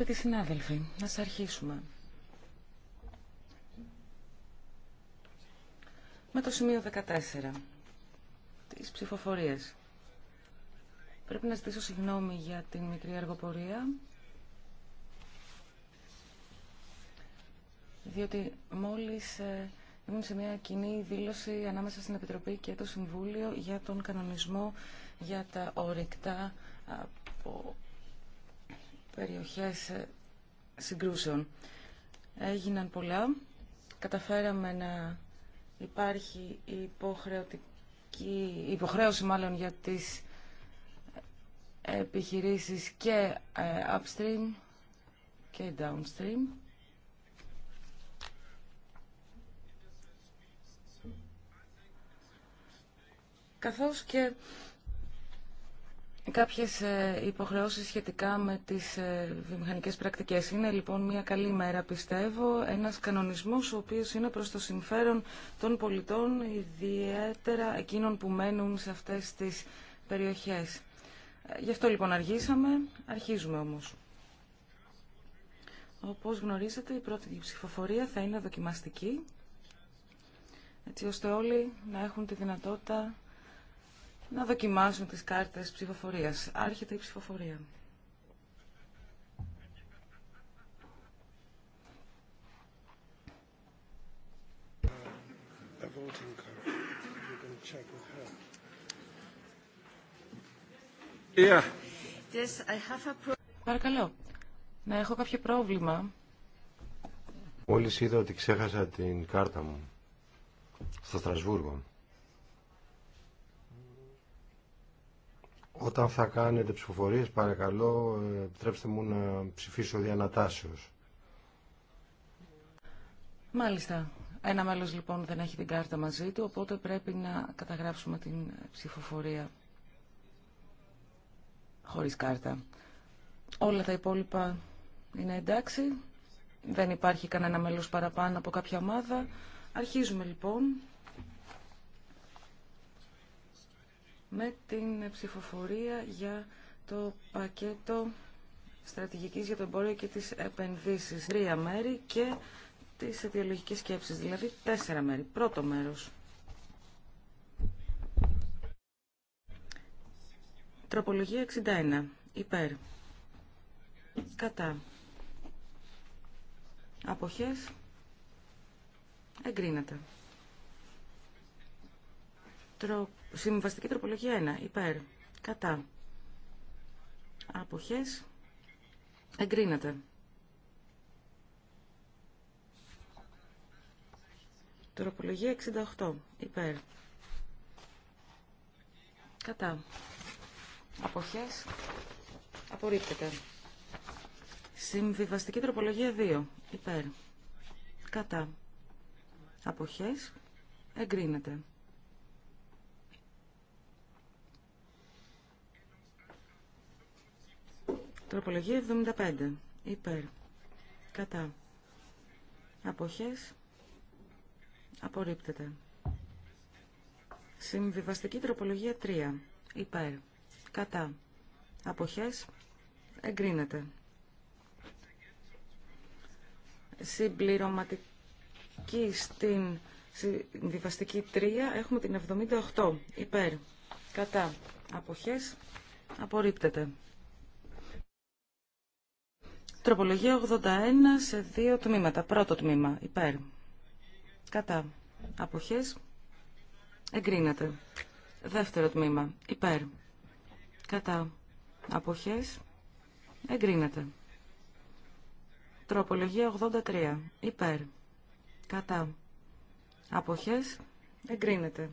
Αγαπητοί συνάδελφοι, να αρχίσουμε. Με το σημείο 14, της ψηφοφορίας. Πρέπει να ζητήσω συγγνώμη για την μικρή αργοπορία, διότι μόλις ε, ήμουν σε μια κοινή δήλωση ανάμεσα στην Επιτροπή και το Συμβούλιο για τον κανονισμό για τα ορυκτά περιοχές ε, συγκρούσεων. Έγιναν πολλά. Καταφέραμε να υπάρχει υποχρεωτική, υποχρέωση μάλλον για τις ε, επιχειρήσεις και ε, upstream και downstream. Καθώς και Κάποιες ε, υποχρεώσεις σχετικά με τις ε, βιομηχανικές πρακτικές. Είναι λοιπόν μια καλή μέρα πιστεύω, ένας κανονισμός ο οποίος είναι προς το συμφέρον των πολιτών, ιδιαίτερα εκείνων που μένουν σε αυτές τις περιοχές. Ε, γι' αυτό λοιπόν αργήσαμε, αρχίζουμε όμως. Όπως γνωρίζετε η πρώτη ψηφοφορία θα είναι δοκιμαστική, έτσι ώστε όλοι να έχουν τη δυνατότητα να δοκιμάσουν τις κάρτες ψηφοφορίας. Άρχεται η ψηφοφορία. Παρακαλώ, να έχω κάποιο πρόβλημα. Μόλις είδα ότι ξέχασα την κάρτα μου στο Στρασβούργο. Όταν θα κάνετε ψηφοφορίε, παρακαλώ, ε, επιτρέψτε μου να ψηφίσω διανατάσεως. Μάλιστα. Ένα μέλο λοιπόν δεν έχει την κάρτα μαζί του, οπότε πρέπει να καταγράψουμε την ψηφοφορία χωρίς κάρτα. Όλα τα υπόλοιπα είναι εντάξει. Δεν υπάρχει κανένα μέλος παραπάνω από κάποια ομάδα. Αρχίζουμε λοιπόν. με την ψηφοφορία για το πακέτο στρατηγικής για το εμπόριο και τις επενδύσεις. Τρία μέρη και τις αιτιολογικές σκέψεις, δηλαδή τέσσερα μέρη. Πρώτο μέρος. Τροπολογία 61. Υπέρ. Κατά. Αποχές. Εγκρίνεται. Τρο... Συμβαστική τροπολογία 1. Υπέρ. Κατά. Αποχές. Εγκρίνεται. Τροπολογία 68. Υπέρ. Κατά. Αποχές. Απορρίπτεται. Συμβιβαστική τροπολογία 2. Υπέρ. Κατά. Αποχές. Εγκρίνεται. Τροπολογία 75. Υπέρ. Κατά. Αποχές. Απορρίπτεται. Συμβιβαστική τροπολογία 3. Υπέρ. Κατά. Αποχές. Εγκρίνεται. Συμπληρωματική στην συμβιβαστική 3 έχουμε την 78. Υπέρ. Κατά. Αποχές. Απορρίπτεται. Τροπολογία 81 σε δύο τμήματα. Πρώτο τμήμα, υπέρ. Κατά. Αποχές. Εγκρίνεται. Δεύτερο τμήμα, υπέρ. Κατά. Αποχές. Εγκρίνεται. Τροπολογία 83. Υπέρ. Κατά. Αποχές. Εγκρίνεται.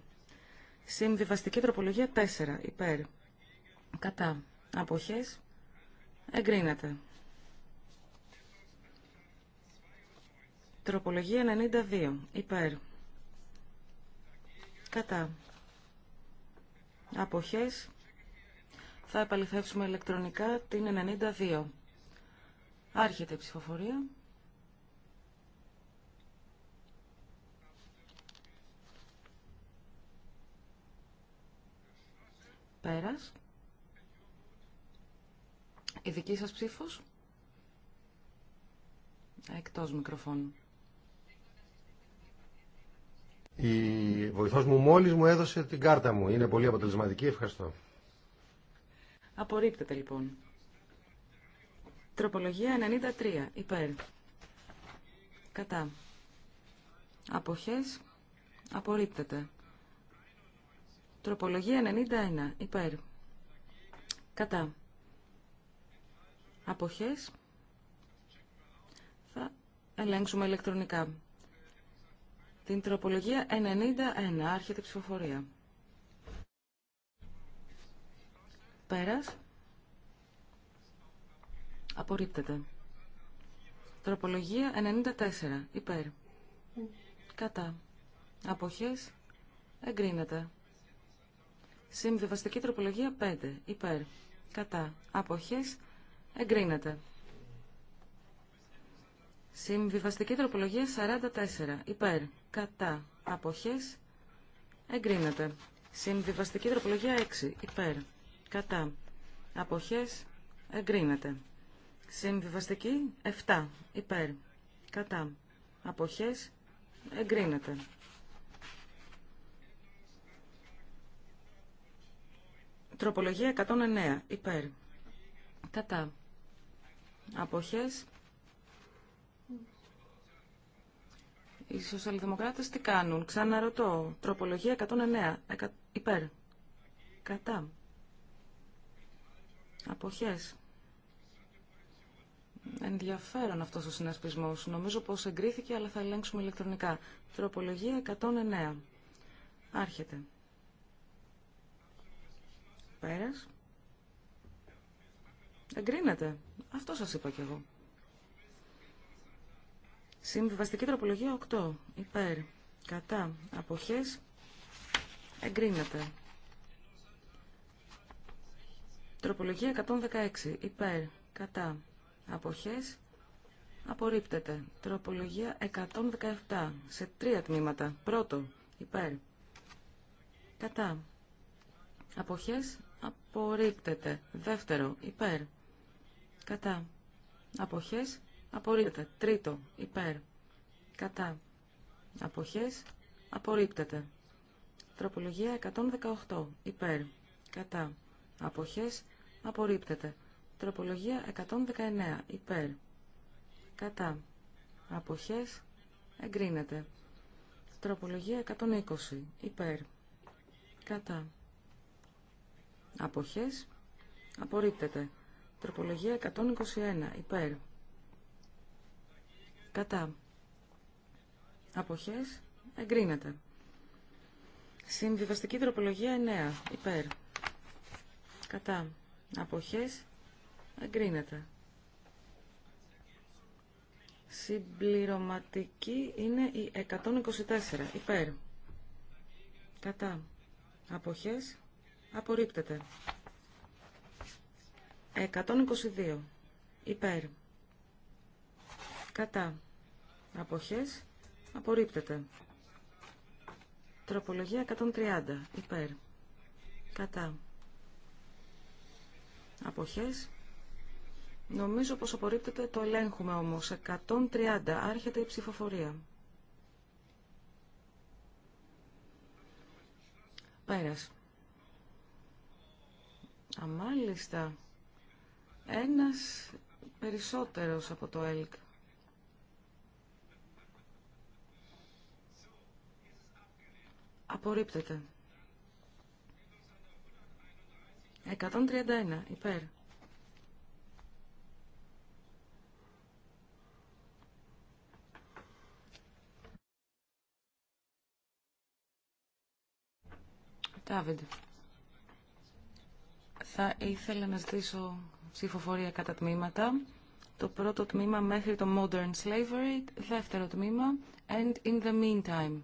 Συμβιβαστική τροπολογία 4. Υπέρ. Κατά. Αποχές. Εγκρίνεται. Τροπολογία 92. Υπέρ. Κατά. Αποχές. Θα επαληθεύσουμε ηλεκτρονικά την 92. Άρχεται η ψηφοφορία. Πέρας. Η δική σας ψήφος. Εκτός μικροφώνου. Η βοηθός μου μόλις μου έδωσε την κάρτα μου. Είναι πολύ αποτελεσματική. Ευχαριστώ. Απορρίπτεται λοιπόν. Τροπολογία 93. Υπέρ. Κατά. Αποχές. Απορρίπτεται. Τροπολογία 91. Υπέρ. Κατά. Αποχές. Θα ελέγξουμε ηλεκτρονικά. Την τροπολογία 91. Άρχεται ψηφοφορία. Πέρας. Απορρίπτεται. Τροπολογία 94. Υπέρ. Κατά. Αποχές. Εγκρίνεται. Συμβιβαστική τροπολογία 5. Υπέρ. Κατά. Αποχές. Εγκρίνεται. Συμβιβαστική τροπολογία 44. Υπέρ. Κατά. Αποχές. Εγκρίνεται. Συμβιβαστική τροπολογία 6. Υπέρ. Κατά. Αποχές. Εγκρίνεται. Συμβιβαστική 7. Υπέρ. Κατά. Αποχές. Εγκρίνεται. Τροπολογία 109. Υπέρ. Κατά. Αποχές. Οι σοσιαλδημοκράτες τι κάνουν. Ξαναρωτώ. Τροπολογία 109. υπέρ. Κατά. Αποχέ. Ενδιαφέρον αυτό ο συνασπισμό. Νομίζω πω εγκρίθηκε, αλλά θα ελέγξουμε ηλεκτρονικά. Τροπολογία 109. Άρχεται. Πέρα. Εγκρίνεται. Αυτό σα είπα κι εγώ. Συμβιβαστική τροπολογία 8. Υπέρ. Κατά. Αποχές. Εγκρίνεται. Τροπολογία 116. Υπέρ. Κατά. Αποχές. Απορρίπτεται. Τροπολογία 117. Σε τρία τμήματα. Πρώτο. Υπέρ. Κατά. Αποχές. Απορρίπτεται. Δεύτερο. Υπέρ. Κατά. Αποχές απορρίπτεται. Τρίτο, υπέρ, κατά, αποχές, απορρίπτεται. Τροπολογία 118, υπέρ, κατά, αποχές, απορρίπτεται. Τροπολογία 119, υπέρ, κατά, αποχές, εγκρίνεται. Τροπολογία 120, υπέρ, κατά, αποχές, απορρίπτεται. Τροπολογία 121, υπέρ, Κατά. Αποχές. Εγκρίνεται. Συμβιβαστική τροπολογία 9. Υπέρ. Κατά. Αποχές. Εγκρίνεται. Συμπληρωματική είναι η 124. Υπέρ. Κατά. Αποχές. Απορρίπτεται. 122. Υπέρ. Κατά αποχές απορρίπτεται. Τροπολογία 130 υπέρ κατά αποχές Νομίζω πως απορρίπτεται, το ελέγχουμε όμως. 130, άρχεται η ψηφοφορία. Πέρας. Αμάλιστα. Ένας περισσότερος από το ΕΛΚ. Απορρίπτεται. 131. Υπέρ. Τάβιντ. Θα ήθελα να ζητήσω ψηφοφορία κατά τμήματα. Το πρώτο τμήμα μέχρι το Modern Slavery, δεύτερο τμήμα, and in the meantime.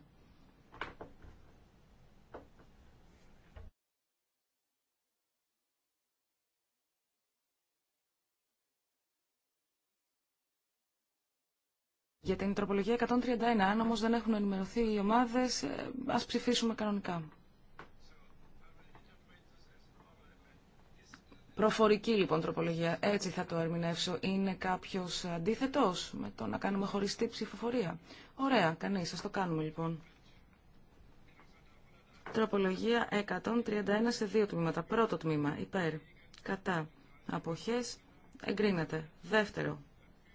Για την τροπολογία 131, αν όμως δεν έχουν ενημερωθεί οι ομάδες, ε, ας ψηφίσουμε κανονικά. Προφορική λοιπόν τροπολογία, έτσι θα το ερμηνεύσω. Είναι κάποιος αντίθετος με το να κάνουμε χωριστή ψηφοφορία. Ωραία, κανείς, ας το κάνουμε λοιπόν. Τροπολογία 131 σε δύο τμήματα. Πρώτο τμήμα, υπέρ, κατά, αποχές, εγκρίνεται. Δεύτερο,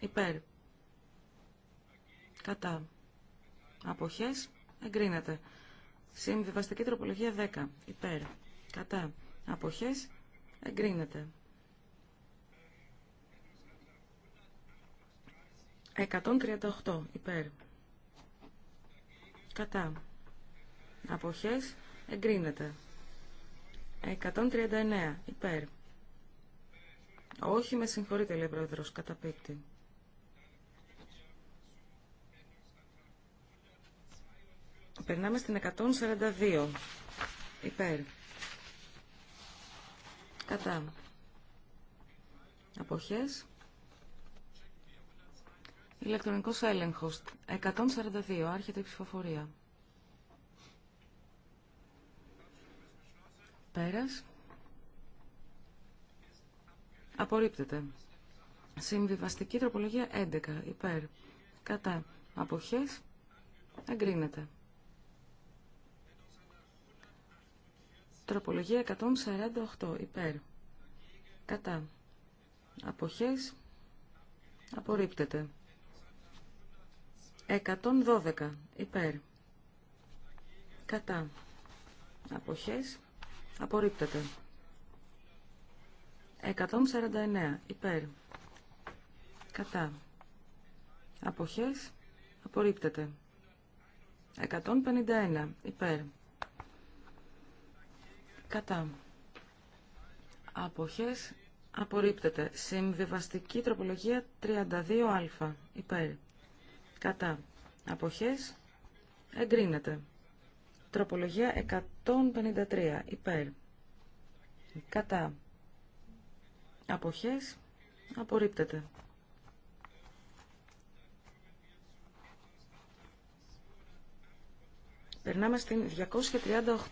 υπέρ, Κατά. Αποχές. Εγκρίνεται. Συμβιβαστική τροπολογία 10. Υπέρ. Κατά. Αποχές. Εγκρίνεται. 138. Υπέρ. Κατά. Αποχές. Εγκρίνεται. 139. Υπέρ. Όχι, με συγχωρείτε, λέει ο Πρόεδρος. Καταπίπτει. Περνάμε στην 142. Υπέρ. Κατά. Αποχές. Ηλεκτρονικός έλεγχος. 142. Άρχεται η ψηφοφορία. Πέρας. Απορρίπτεται. Συμβιβαστική τροπολογία 11. Υπέρ. Κατά. Αποχές. Εγκρίνεται. Τροπολογία 148 υπέρ. Κατά. Αποχές. Απορρίπτεται. 112 υπέρ. Κατά. Αποχές. Απορρίπτεται. 149 υπέρ. Κατά. Αποχές. Απορρίπτεται. 151 υπέρ. Κατά. Αποχές απορρίπτεται. Συμβιβαστική τροπολογία 32α. Υπέρ. Κατά. Αποχές εγκρίνεται. Τροπολογία 153. Υπέρ. Κατά. Αποχές απορρίπτεται. Περνάμε στην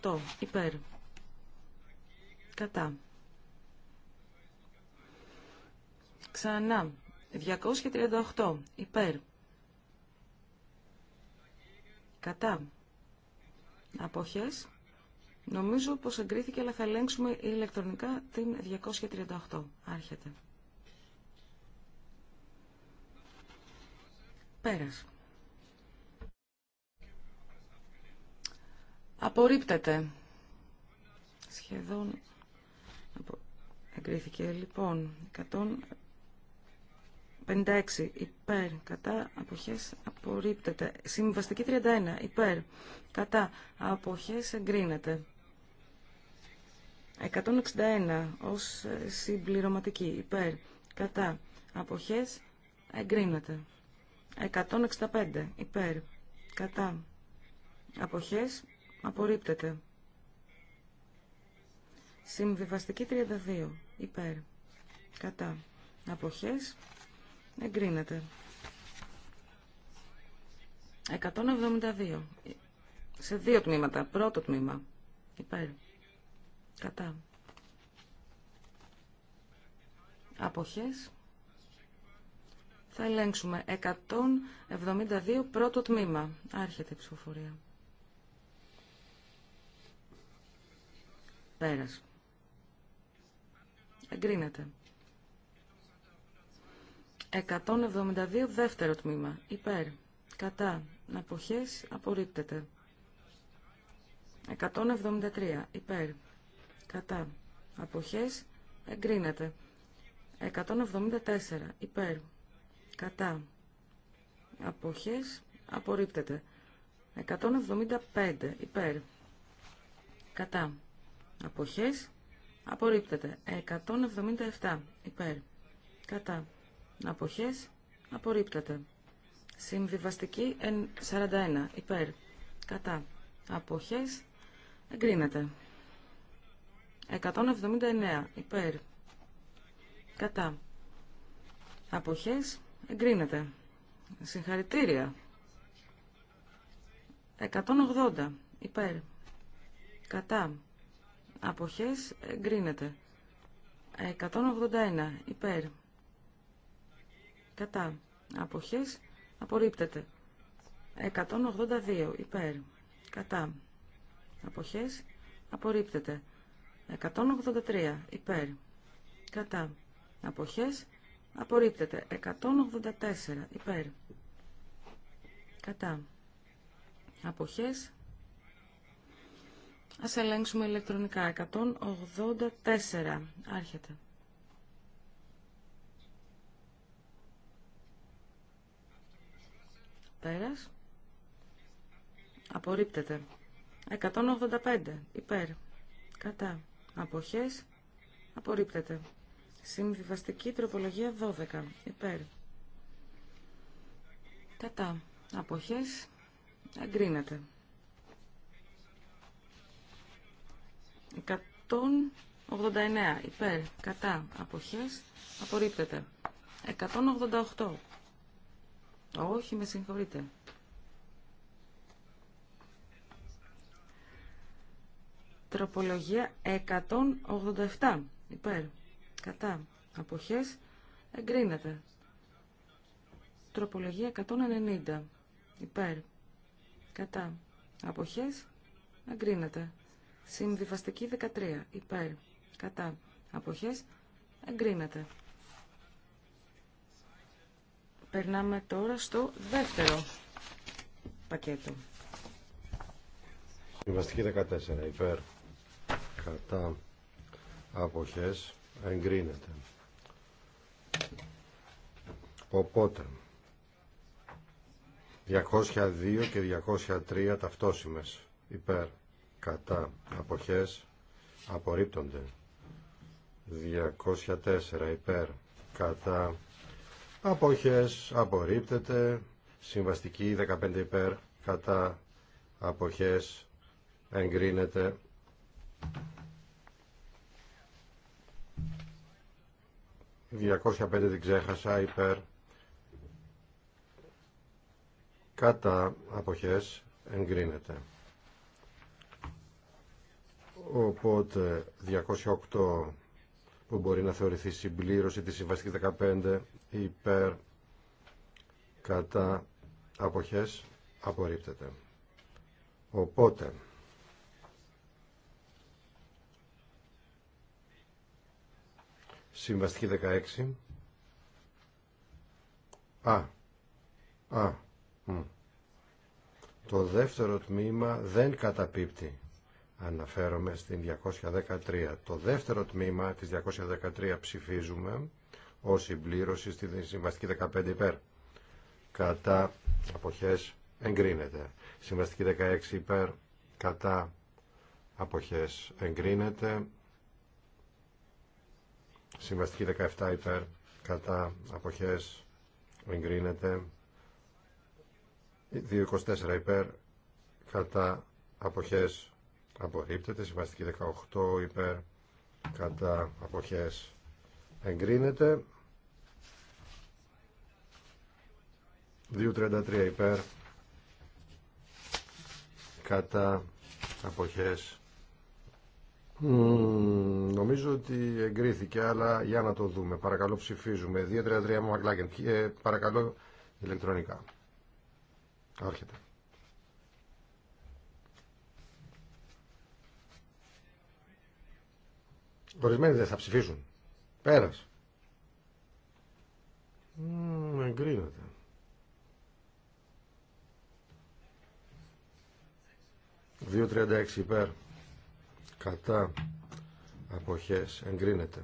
238. Υπέρ. Κατά. Ξανά. 238. Υπέρ. Κατά. Αποχές. Νομίζω πως εγκρίθηκε, αλλά θα ελέγξουμε ηλεκτρονικά την 238. Άρχεται. Πέρας. Απορρίπτεται. Σχεδόν Εγκρίθηκε λοιπόν 156 υπέρ κατά αποχές απορρίπτεται. Συμβαστική 31 υπέρ κατά αποχές εγκρίνεται. 161 ως ε, συμπληρωματική υπέρ κατά αποχές εγκρίνεται. 165 υπέρ κατά αποχές απορρίπτεται. Συμβιβαστική 32 υπέρ κατά αποχές εγκρίνεται 172 σε δύο τμήματα πρώτο τμήμα υπέρ κατά αποχές θα ελέγξουμε 172 πρώτο τμήμα άρχεται η ψηφοφορία Πέρασε. Εγκρίνεται. 172 δεύτερο τμήμα. Υπέρ. Κατά. Αποχές. Απορρίπτεται. 173. Υπέρ. Κατά. Αποχές. Εγκρίνεται. 174. Υπέρ. Κατά. Αποχές. Απορρίπτεται. 175. Υπέρ. Κατά. Αποχές. Απορρίπτεται. 177 υπέρ. Κατά. Αποχές. Απορρίπτεται. Συμβιβαστική 41 υπέρ. Κατά. Αποχές. Εγκρίνεται. 179 υπέρ. Κατά. Αποχές. Εγκρίνεται. Συγχαρητήρια. 180 υπέρ. Κατά αποχές εγκρίνεται. 181 υπέρ κατά αποχές απορρίπτεται. 182 υπέρ κατά αποχές απορρίπτεται. 183 υπέρ κατά αποχές απορρίπτεται. 184 υπέρ κατά αποχές Ας ελέγξουμε ηλεκτρονικά. 184. Άρχεται. Πέρας. Απορρίπτεται. 185. Υπέρ. Κατά. Αποχές. Απορρίπτεται. Συμβιβαστική τροπολογία 12. Υπέρ. Κατά. Αποχές. Εγκρίνεται. 189 υπέρ, κατά, αποχές, απορρίπτεται. 188. Όχι, με συγχωρείτε. Τροπολογία 187 υπέρ, κατά, αποχές, εγκρίνεται. Τροπολογία 190 υπέρ, κατά, αποχές, εγκρίνεται. Συμβιβαστική 13. Υπέρ. Κατά. Αποχές. Εγκρίνεται. Περνάμε τώρα στο δεύτερο πακέτο. Συμβιβαστική 14. Υπέρ. Κατά. Αποχές. Εγκρίνεται. Οπότε 202 και 203 ταυτόσιμες υπέρ κατά αποχές απορρίπτονται 204 υπέρ κατά αποχές απορρίπτεται συμβαστική 15 υπέρ κατά αποχές εγκρίνεται 205 την ξέχασα υπέρ κατά αποχές εγκρίνεται Οπότε 208 που μπορεί να θεωρηθεί συμπλήρωση της συμβαστικής 15 υπέρ κατά αποχές απορρίπτεται. Οπότε Συμβαστική 16. Α. Α. Μ. Το δεύτερο τμήμα δεν καταπίπτει. Αναφέρομαι στην 213. Το δεύτερο τμήμα της 213 ψηφίζουμε ως συμπλήρωση στη συμβαστική 15 υπέρ. Κατά αποχές εγκρίνεται. Συμβαστική 16 υπέρ. Κατά αποχές εγκρίνεται. Συμβαστική 17 υπέρ. Κατά αποχές εγκρίνεται. 224 υπέρ. Κατά αποχές απορρίπτεται. Συμβαστική 18 υπέρ κατά αποχές εγκρίνεται. 2.33 υπέρ κατά αποχές νομίζω ότι εγκρίθηκε αλλά για να το δούμε παρακαλώ ψηφίζουμε 2.33 Μακλάκεν ε, παρακαλώ ηλεκτρονικά άρχεται Ορισμένοι δεν θα ψηφίσουν. Πέρας. Μ, εγκρίνεται. 2.36 υπέρ κατά αποχές εγκρίνεται.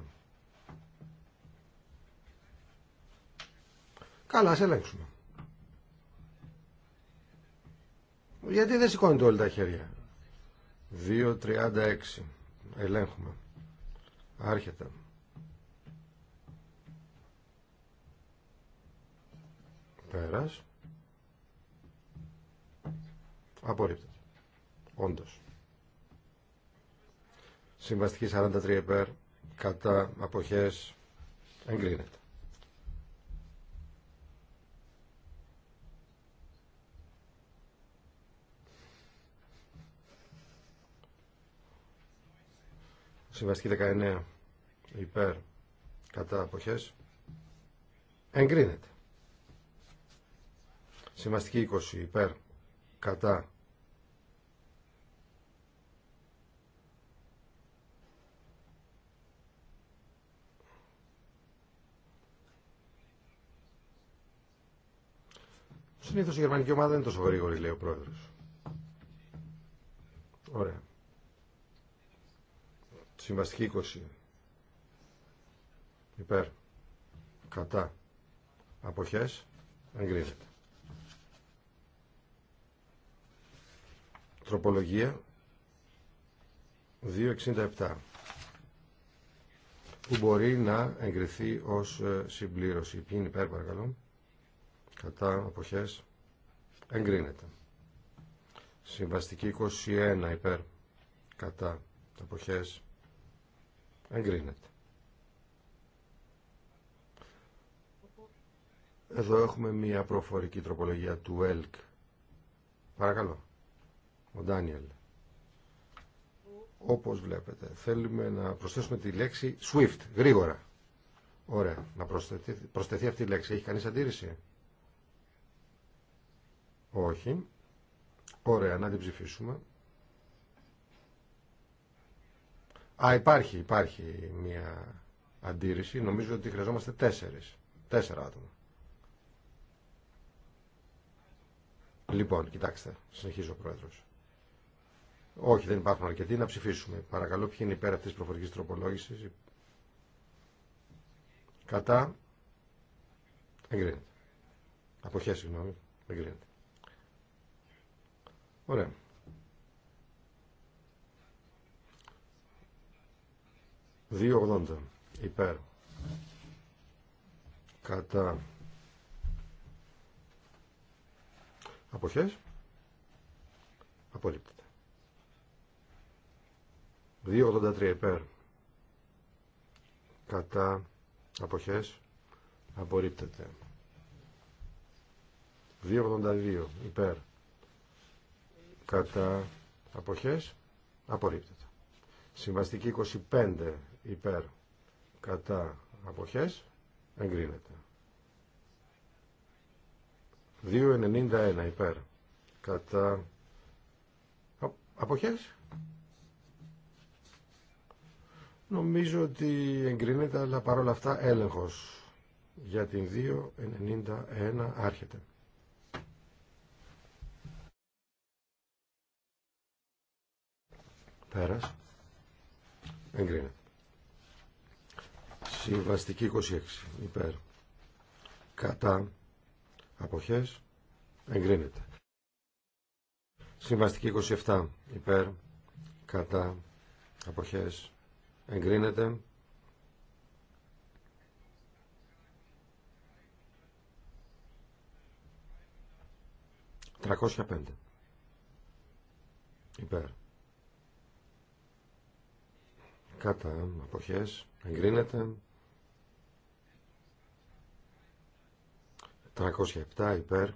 Καλά, ας ελέγξουμε. Γιατί δεν σηκώνετε όλοι τα χέρια. 2.36 ελέγχουμε. Άρχεται. Πέρας. Απορρίπτεται. Όντως. Συμβαστική 43 επέρ κατά αποχές εγκλίνεται. Συμβαστική 19 υπέρ κατά αποχές εγκρίνεται. σημαστική 20 υπέρ κατά Συνήθως η γερμανική ομάδα δεν είναι τόσο γρήγορη, λέει ο πρόεδρος. Ωραία. Συμβαστική 20 υπέρ κατά αποχές εγκρίνεται. Τροπολογία 267 που μπορεί να εγκριθεί ως ε, συμπλήρωση. Ποιοι υπέρ παρακαλώ. Κατά αποχές εγκρίνεται. Συμβαστική 21 υπέρ κατά αποχές εγκρίνεται. Εδώ έχουμε μία προφορική τροπολογία του ΕΛΚ. Παρακαλώ. Ο Ντάνιελ. Όπως βλέπετε, θέλουμε να προσθέσουμε τη λέξη SWIFT, γρήγορα. Ωραία, να προσθεθεί, προσθεθεί αυτή η λέξη. Έχει κανείς αντίρρηση? Όχι. Ωραία, να την ψηφίσουμε. Α, υπάρχει, υπάρχει μία αντίρρηση. Νομίζω ότι χρειαζόμαστε τέσσερις. Τέσσερα άτομα. Λοιπόν, κοιτάξτε, συνεχίζω ο Πρόεδρο. Όχι, δεν υπάρχουν αρκετοί. Να ψηφίσουμε. Παρακαλώ, ποιοι είναι υπέρ αυτή τη προφορική τροπολόγηση. Κατά. Εγκρίνεται. Αποχέ, συγγνώμη. Εγκρίνεται. Ωραία. Δύο ογδόντα. Υπέρ. Κατά. Αποχές. Απορρίπτεται. 2.83 υπέρ. Κατά. Αποχές. Απορρίπτεται. 2.82 υπέρ. Κατά. Αποχές. Απορρίπτεται. Συμβαστική 25 υπέρ. Κατά. Αποχές. Εγκρίνεται. 2.91 υπέρ. Κατά αποχές. Νομίζω ότι εγκρίνεται, αλλά παρόλα αυτά έλεγχος για την 2.91 άρχεται. Πέρας. Εγκρίνεται. Συμβαστική 26 υπέρ. Κατά αποχές εγκρίνεται. Συμβαστική 27 υπέρ κατά αποχές εγκρίνεται. Τρακόσια Υπέρ. Κατά αποχές εγκρίνεται. 307 υπέρ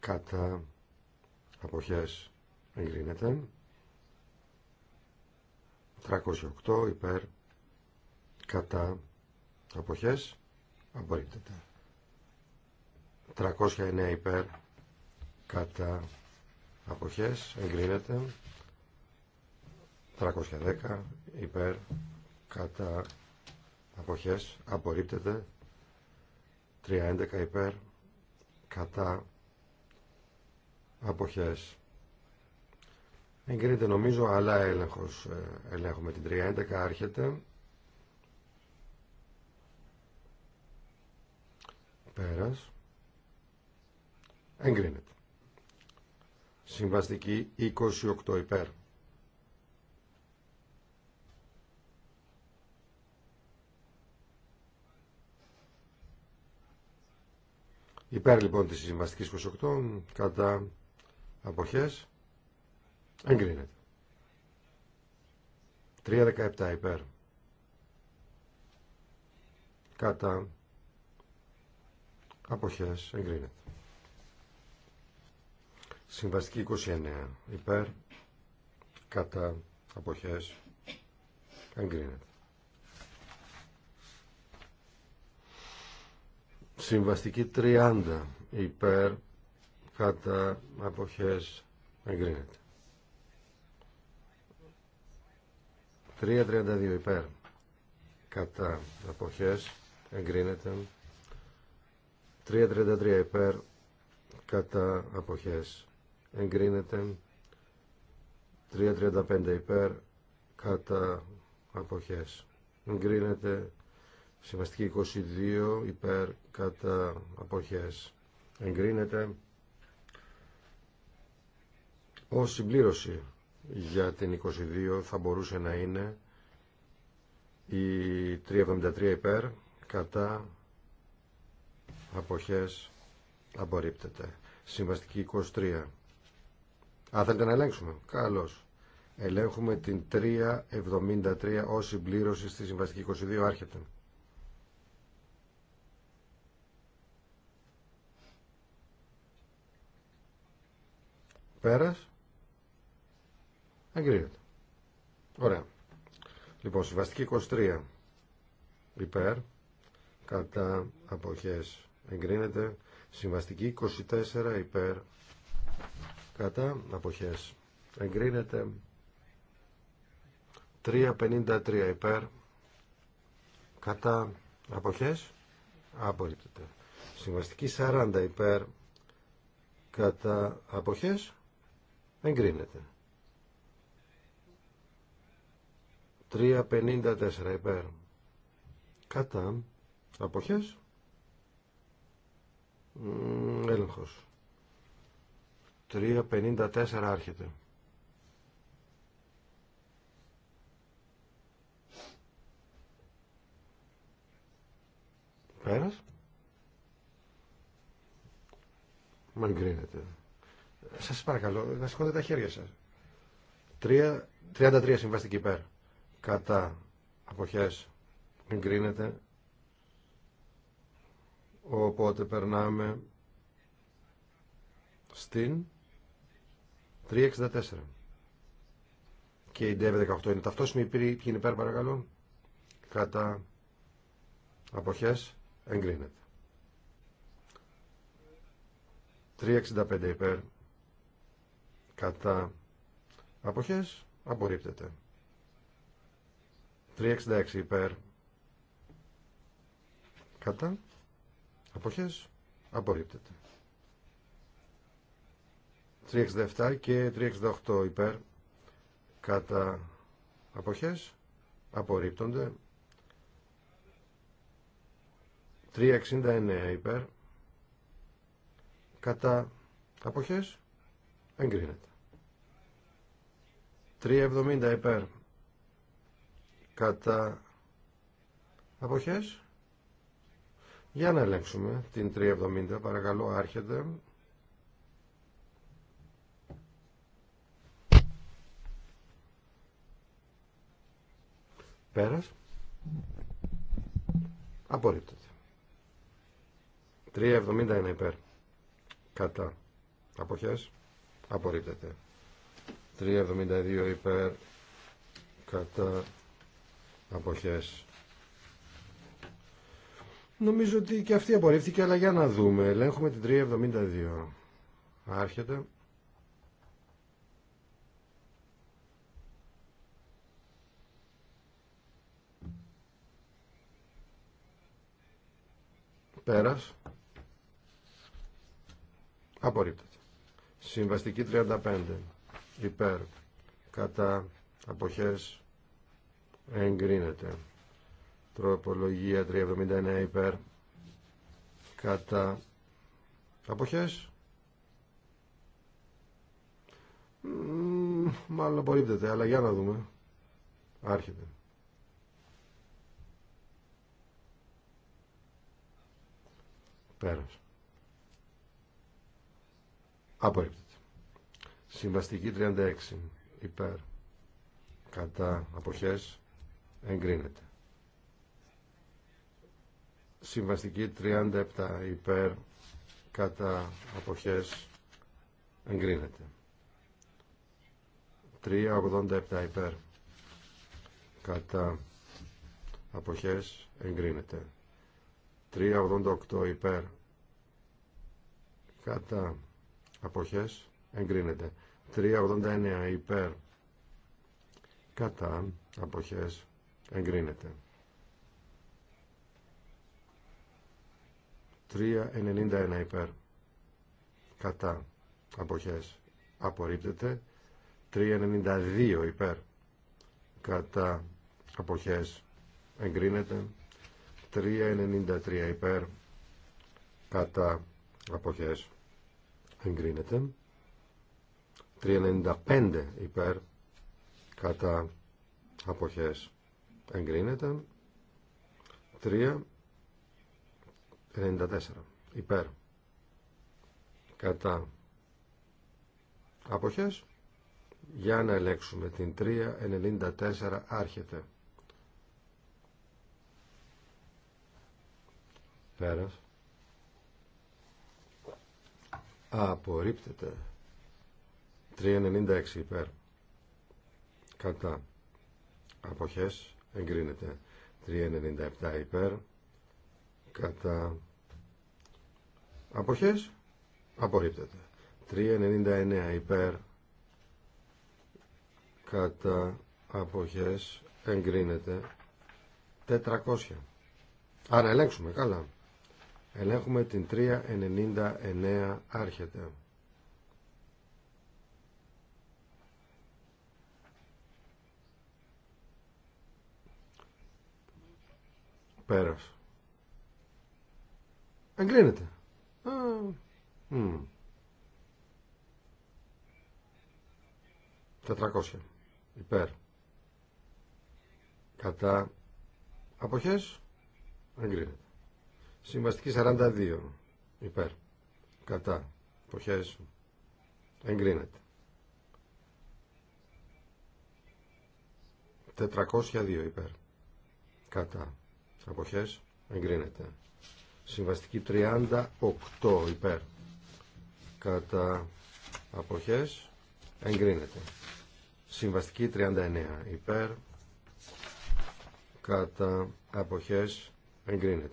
κατά αποχές εγκρίνεται 308 υπέρ κατά αποχές απορρίπτεται 309 υπέρ κατά αποχές εγκρίνεται 310 υπέρ κατά αποχές απορρίπτεται 3.11 υπέρ κατά αποχές εγκρίνεται νομίζω αλλά έλεγχος ε, ελέγχουμε την 3.11 άρχεται πέρας εγκρίνεται συμβαστική 28 υπέρ Υπέρ λοιπόν της συμβαστικής 28 κατά αποχές εγκρίνεται. 3.17 υπέρ κατά αποχές εγκρίνεται. Συμβαστική 29 υπέρ κατά αποχές εγκρίνεται. Συμβαστική 30 υπέρ κατά αποχές εγκρίνεται. 3.32 υπέρ κατά αποχές εγκρίνεται. 3.33 υπέρ κατά αποχές εγκρίνεται. 3.35 υπέρ κατά αποχές εγκρίνεται. Συμβαστική 22 υπέρ κατά αποχές εγκρίνεται ως συμπλήρωση για την 22 θα μπορούσε να είναι η 373 υπέρ κατά αποχές απορρίπτεται. Συμβαστική 23. Α, θέλετε να ελέγξουμε. Καλώς. Ελέγχουμε την 373 ως συμπλήρωση στη συμβαστική 22 άρχεται. Πέρας. Εγκρίνεται. Ωραία. Λοιπόν, συμβαστική 23 υπέρ, κατά αποχές εγκρίνεται. Συμβαστική 24 υπέρ, κατά αποχές εγκρίνεται. 3.53 υπέρ, κατά αποχές απορρίπτεται. Συμβαστική 40 υπέρ, κατά αποχές δεν κρίνεται. 3.54 υπέρ. Κατά. Αποχές. Έλεγχος. 3.54 άρχεται. Πέρας. Μα Σα παρακαλώ, να σηκώνετε τα χέρια σα. 33 συμβαστική υπέρ. Κατά αποχές εγκρίνεται. Οπότε περνάμε στην 364. Και η DV18 είναι ταυτόσιμη. Ποιοι είναι υπέρ παρακαλώ. Κατά αποχές εγκρίνεται. 365 υπέρ κατά αποχές απορρίπτεται 366 υπέρ κατά αποχές απορρίπτεται 367 και 368 υπέρ κατά αποχές απορρίπτονται 369 υπέρ κατά αποχές εγκρίνεται 370 υπέρ κατά αποχές. Για να ελέγξουμε την 370 παρακαλώ άρχεται. Πέρας. Απορρίπτεται. 371 υπέρ. Κατά. Αποχές. Απορρίπτεται. 372 υπέρ κατά αποχές. Νομίζω ότι και αυτή απορρίφθηκε, αλλά για να δούμε. Ελέγχουμε την 372. Άρχεται. Πέρας. Απορρίπτεται. Συμβαστική 35 υπέρ κατά αποχές εγκρίνεται τροπολογία 379 υπέρ κατά αποχές μάλλον απορρίπτεται αλλά για να δούμε άρχεται πέρας απορρίπτεται Συμβαστική 36 υπέρ κατά αποχές εγκρίνεται. Συμβαστική 37 υπέρ κατά αποχές εγκρίνεται. 387 υπέρ κατά αποχές εγκρίνεται. 388 υπέρ κατά αποχές εγκρίνεται. 389 υπέρ κατά αποχές εγκρίνεται. 391 υπέρ κατά αποχές απορρίπτεται. 392 υπέρ κατά αποχές εγκρίνεται. 393 υπέρ κατά αποχές εγκρίνεται. 395 υπέρ κατά αποχές εγκρίνεται 394 υπέρ κατά αποχές για να ελέγξουμε την 394 άρχεται πέρας απορρίπτεται 396 υπέρ κατά αποχές εγκρίνεται 397 υπέρ κατά αποχές απορρίπτεται 399 υπέρ κατά αποχές εγκρίνεται 400 άρα ελέγξουμε καλά ελέγχουμε την 399 άρχεται Πέρας. Εγκρίνεται. 400. Υπέρ. Κατά. Αποχές. Εγκρίνεται. Συμβαστική 42. Υπέρ. Κατά. Αποχές. Εγκρίνεται. 402 υπέρ. Κατά. Αποχές. Εγκρίνεται. Συμβαστική 38 υπέρ. Κατά αποχές. Εγκρίνεται. Συμβαστική 39 υπέρ. Κατά αποχές. Ενδεχόμενη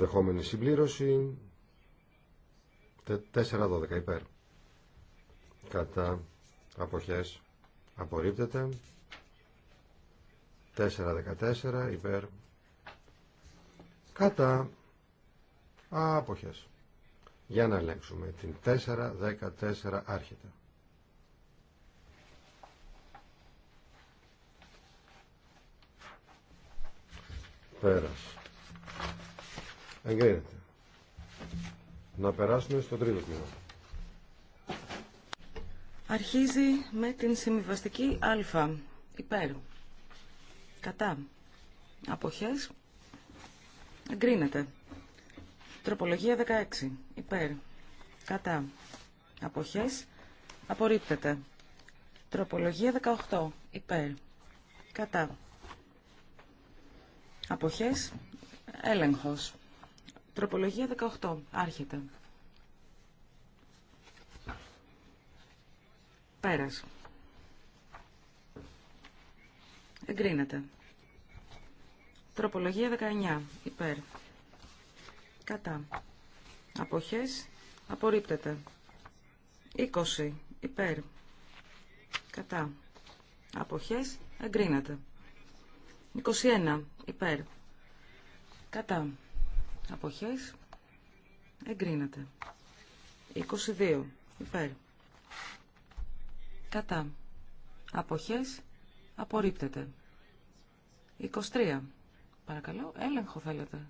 Δεχόμενη συμπλήρωση. 4-12 υπέρ. Κατά αποχές απορρίπτεται 4-14 υπέρ κατά άποχες για να ελέγξουμε την 4-14 άρχεται πέρας εγκρίνεται να περάσουμε στο τρίτο τμήμα Αρχίζει με την συμβιβαστική α. Υπέρ. Κατά. Αποχές. Εγκρίνεται. Τροπολογία 16. Υπέρ. Κατά. Αποχές. Απορρίπτεται. Τροπολογία 18. Υπέρ. Κατά. Αποχές. Έλεγχος. Τροπολογία 18. Άρχεται. Πέρας. Εγκρίνεται. Τροπολογία 19. Υπέρ. Κατά. Αποχές. Απορρίπτεται. 20. Υπέρ. Κατά. Αποχές. Εγκρίνεται. 21. Υπέρ. Κατά. Αποχές. Εγκρίνεται. 22. Υπέρ. Κατά. Αποχές. Απορρίπτεται. 23. Παρακαλώ, έλεγχο θέλετε.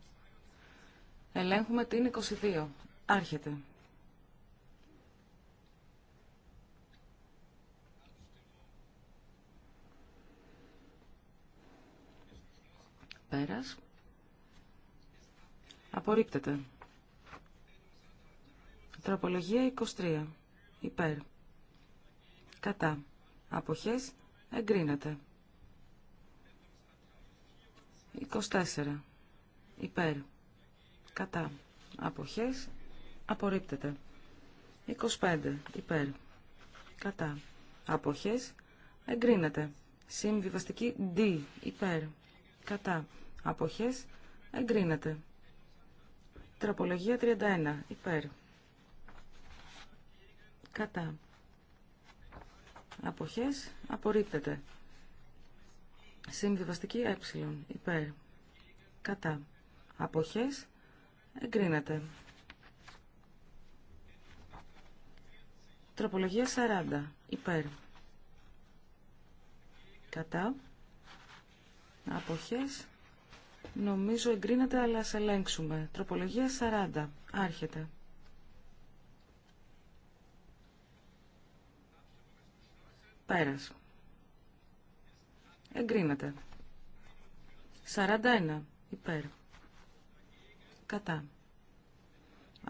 Ελέγχουμε την 22. Άρχεται. Πέρας. Απορρίπτεται. Τροπολογία 23. Υπέρ κατά αποχές εγκρίνεται. 24 υπέρ κατά αποχές απορρίπτεται. 25 υπέρ κατά αποχές εγκρίνεται. Συμβιβαστική D υπέρ κατά αποχές εγκρίνεται. Τραπολογία 31 υπέρ κατά αποχές απορρίπτεται. Συμβιβαστική ε υπέρ κατά αποχές εγκρίνεται. Τροπολογία 40 υπέρ κατά αποχές νομίζω εγκρίνεται αλλά σε ελέγξουμε. Τροπολογία 40 άρχεται. Πέρας. Εγκρίνεται. 41. Υπέρ. Κατά.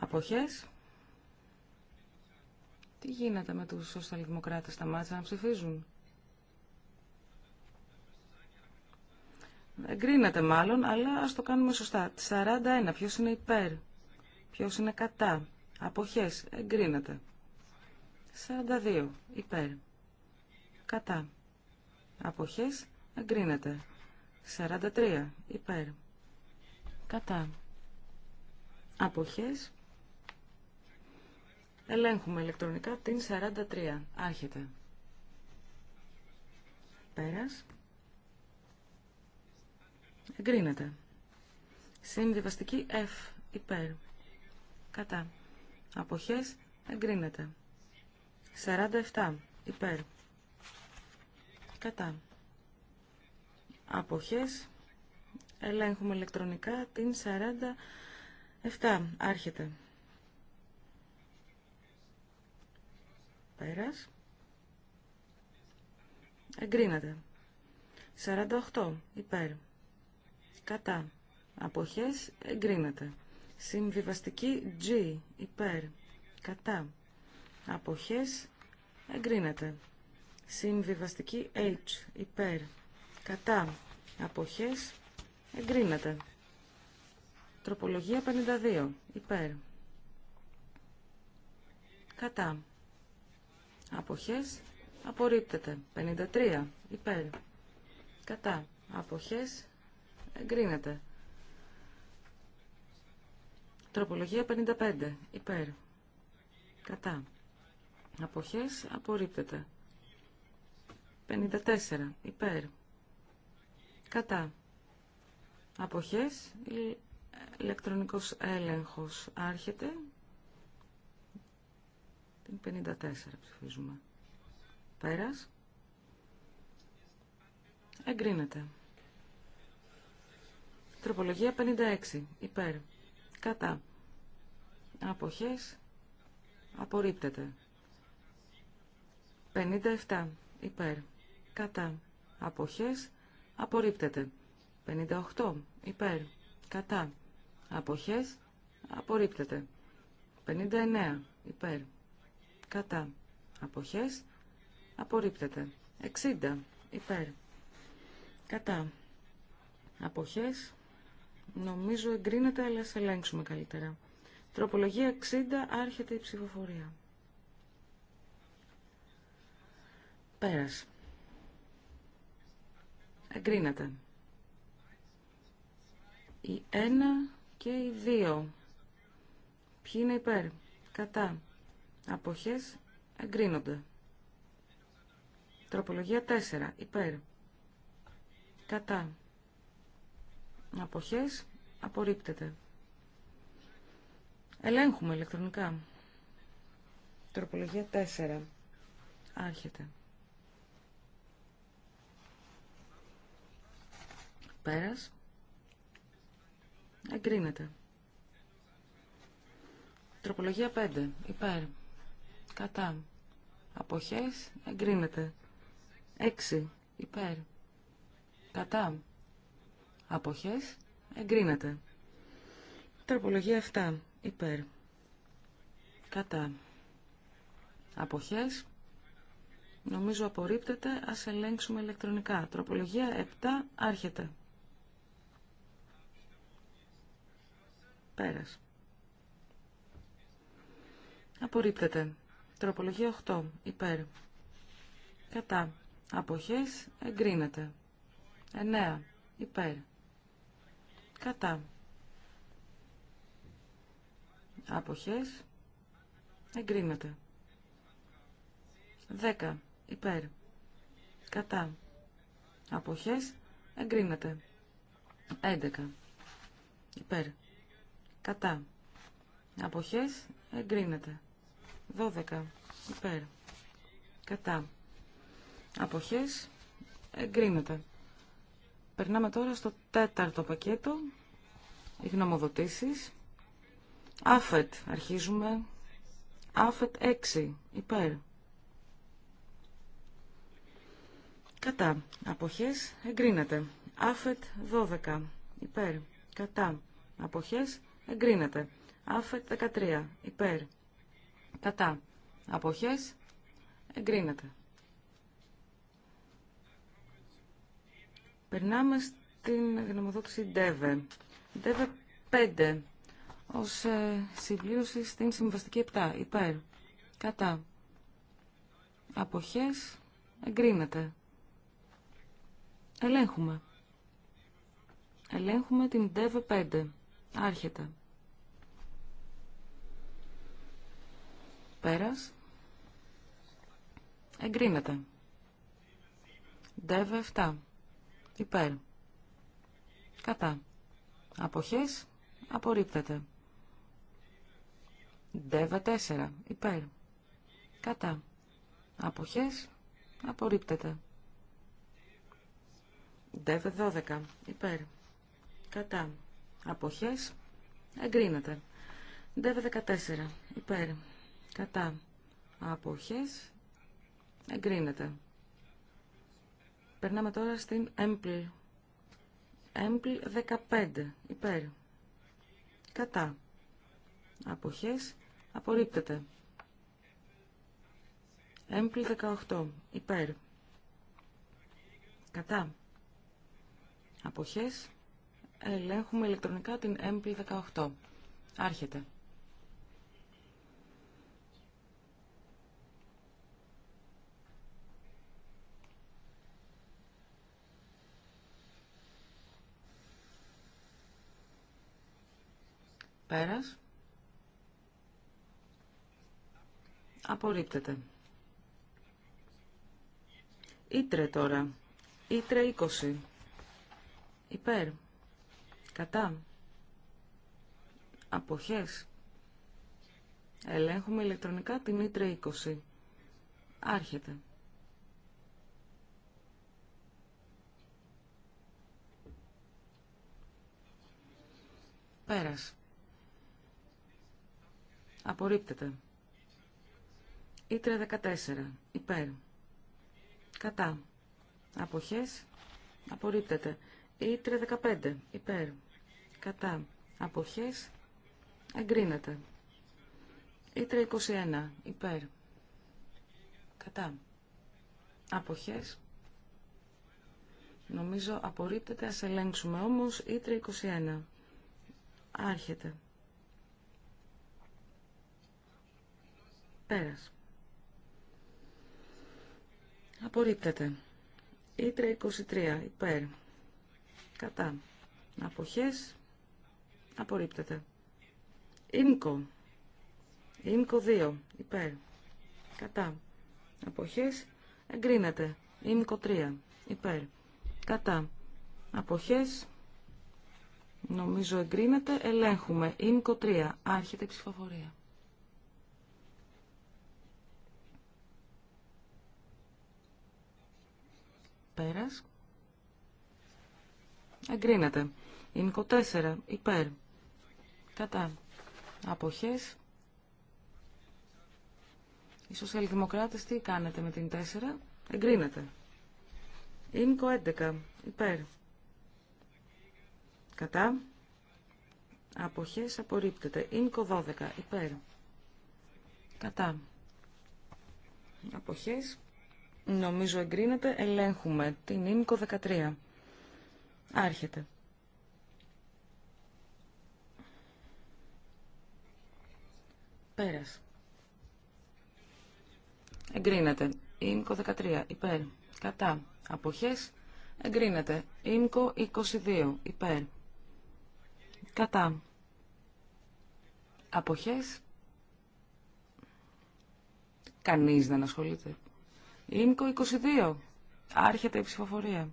Αποχές. Τι γίνεται με τους σοσιαλδημοκράτες, μάτια να ψηφίζουν. Εγκρίνεται μάλλον, αλλά ας το κάνουμε σωστά. 41. Ποιος είναι υπέρ. Ποιος είναι κατά. Αποχές. Εγκρίνεται. 42. Υπέρ κατά. Αποχές εγκρίνεται. 43 υπέρ. Κατά. Αποχές. Ελέγχουμε ηλεκτρονικά την 43. Άρχεται. Πέρας. Εγκρίνεται. Συμβιβαστική F υπέρ. Κατά. Αποχές εγκρίνεται. 47 υπέρ. Κατά. Αποχές. Ελέγχουμε ηλεκτρονικά την 47. Άρχεται. Πέρας. Εγκρίνεται. 48. Υπέρ. Κατά. Αποχές. Εγκρίνεται. Συμβιβαστική G. Υπέρ. Κατά. Αποχές. Εγκρίνεται. Συμβιβαστική H υπέρ κατά αποχές εγκρίνεται. Τροπολογία 52 υπέρ κατά αποχές απορρίπτεται. 53 υπέρ κατά αποχές εγκρίνεται. Τροπολογία 55 υπέρ κατά αποχές απορρίπτεται. 54. Υπέρ. Κατά. Αποχές. Ηλεκτρονικός έλεγχος άρχεται. Την 54 ψηφίζουμε. Πέρας. Εγκρίνεται. Τροπολογία 56. Υπέρ. Κατά. Αποχές. Απορρίπτεται. 57. Υπέρ κατά, αποχές, απορρίπτεται. 58 υπέρ, κατά, αποχές, απορρίπτεται. 59 υπέρ, κατά, αποχές, απορρίπτεται. 60 υπέρ, κατά, αποχές, νομίζω εγκρίνεται, αλλά σε ελέγξουμε καλύτερα. Τροπολογία 60, άρχεται η ψηφοφορία. Πέρασε. Εγκρίνεται. Η 1 και η 2. Ποιοι είναι υπέρ. Κατά. Αποχές εγκρίνονται. Τροπολογία 4. Υπέρ. Κατά. Αποχές απορρίπτεται. Ελέγχουμε ηλεκτρονικά. Τροπολογία 4. Άρχεται. Πέρας. Εγκρίνεται. Τροπολογία 5. Υπέρ. Κατά. Αποχές. Εγκρίνεται. 6. Υπέρ. Κατά. Αποχές. Εγκρίνεται. Τροπολογία 7. Υπέρ. Κατά. Αποχές. Νομίζω απορρίπτεται. Ας ελέγξουμε ηλεκτρονικά. Τροπολογία 7. Άρχεται. Πέρας. Απορρίπτεται. Τροπολογία 8. Υπέρ. Κατά. Αποχές. Εγκρίνεται. 9. Υπέρ. Κατά. Αποχές. Εγκρίνεται. 10. Υπέρ. Κατά. Αποχές. Εγκρίνεται. 11. Υπέρ. Κατά. Αποχές εγκρίνεται. 12. Υπέρ. Κατά. Αποχές εγκρίνεται. Περνάμε τώρα στο τέταρτο πακέτο. Οι γνωμοδοτήσεις. Άφετ. Αρχίζουμε. Άφετ 6. Υπέρ. Κατά. Αποχές εγκρίνεται. Άφετ 12. Υπέρ. Κατά. Αποχές εγκρίνεται. Άφετ 13 υπέρ κατά αποχές εγκρίνεται. Περνάμε στην γνωμοδότηση ΔΕΒΕ. ΔΕΒΕ 5 ως ε, συμπλήρωση στην συμβαστική 7 υπέρ κατά αποχές εγκρίνεται. Ελέγχουμε. Ελέγχουμε την ΔΕΒΕ 5. Άρχεται. Πέρας. Εγκρίνεται. Δεύε 7. Υπέρ. Κατά. Αποχές. Απορρίπτεται. Δεύε 4. Υπέρ. Κατά. Αποχές. Απορρίπτεται. Δεύε 12. Υπέρ. Κατά. Αποχές. Εγκρίνεται. Δεύε 14. Υπέρ κατά αποχές εγκρίνεται. Περνάμε τώρα στην έμπλη έμπλη 15 υπέρ κατά αποχές απορρίπτεται. έμπλη 18 υπέρ κατά αποχές ελέγχουμε ηλεκτρονικά την έμπλη 18. Άρχεται. Πέρας. Απορρίπτεται. Ήτρε τώρα. Ήτρε 20. Υπέρ. Κατά. Αποχές. Ελέγχουμε ηλεκτρονικά την Ήτρε 20. Άρχεται. Πέρας. Απορρίπτεται. Ήτρε 14. Υπέρ. Κατά. Αποχές. Απορρίπτεται. Ήτρε 15. Υπέρ. Κατά. Αποχές. Εγκρίνεται. Ήτρε 21. Υπέρ. Κατά. Αποχές. Νομίζω απορρίπτεται. Ας ελέγξουμε όμως. Ήτρε 21. Άρχεται. Πέρας. Απορρίπτεται. Ήτρε 23. Υπέρ. Κατά. Αποχές. Απορρίπτεται. Ήμκο. Ήμκο 2. Υπέρ. Κατά. Αποχές. Εγκρίνεται. Ήμκο 3. Υπέρ. Κατά. Αποχές. Νομίζω εγκρίνεται. Ελέγχουμε. Ήμκο 3. Άρχεται η ψηφοφορία. Πέρας. Εγκρίνεται. Ινικό 4. Υπέρ. Κατά. Αποχές. Οι σοσιαλδημοκράτες τι κάνετε με την 4. Εγκρίνεται. Ινικό 11. Υπέρ. Κατά. Αποχές απορρίπτεται. Ινικό 12. Υπέρ. Κατά. Αποχές Νομίζω εγκρίνεται. Ελέγχουμε την ΙΜΚΟ 13. Άρχεται. Πέρας. Εγκρίνεται. ΙΜΚΟ 13. Υπέρ. Κατά. Αποχές. Εγκρίνεται. ΙΜΚΟ 22. Υπέρ. Κατά. Αποχές. Κανείς δεν ασχολείται. Ήμκο 22. Άρχεται η ψηφοφορία.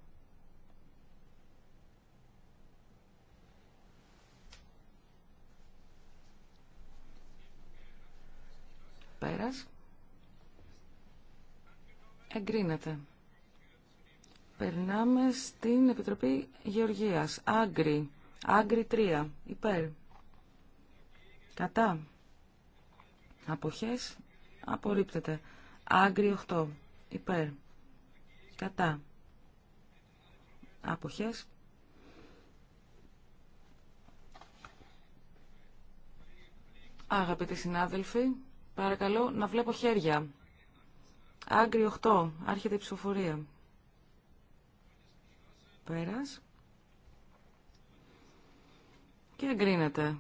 Πέρας. Εγκρίνεται. Περνάμε στην Επιτροπή Γεωργίας. Άγκρι. Άγκρι 3. Υπέρ. Κατά. Αποχές. Απορρίπτεται. Άγκρι 8 υπέρ, κατά, άποχες. Αγαπητοί συνάδελφοι, παρακαλώ να βλέπω χέρια. Άγκρι 8, άρχεται η ψηφοφορία. Πέρας. Και εγκρίνεται.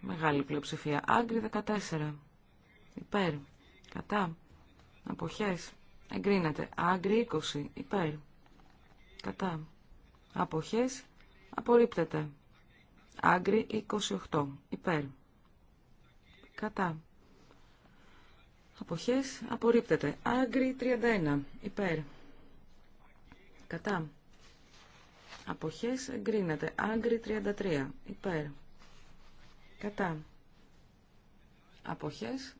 Μεγάλη πλειοψηφία. Άγκρι 14. Υπέρ. Κατά. Αποχές εγκρίνεται. Άγκρι 20 υπέρ. Κατά. Αποχές απορρίπτεται. Άγκρι 28 υπέρ. Κατά. Αποχές απορρίπτεται. Άγκρι 31 υπέρ. Κατά. Αποχές εγκρίνεται. Άγκρι 33 υπέρ. Κατά. Αποχές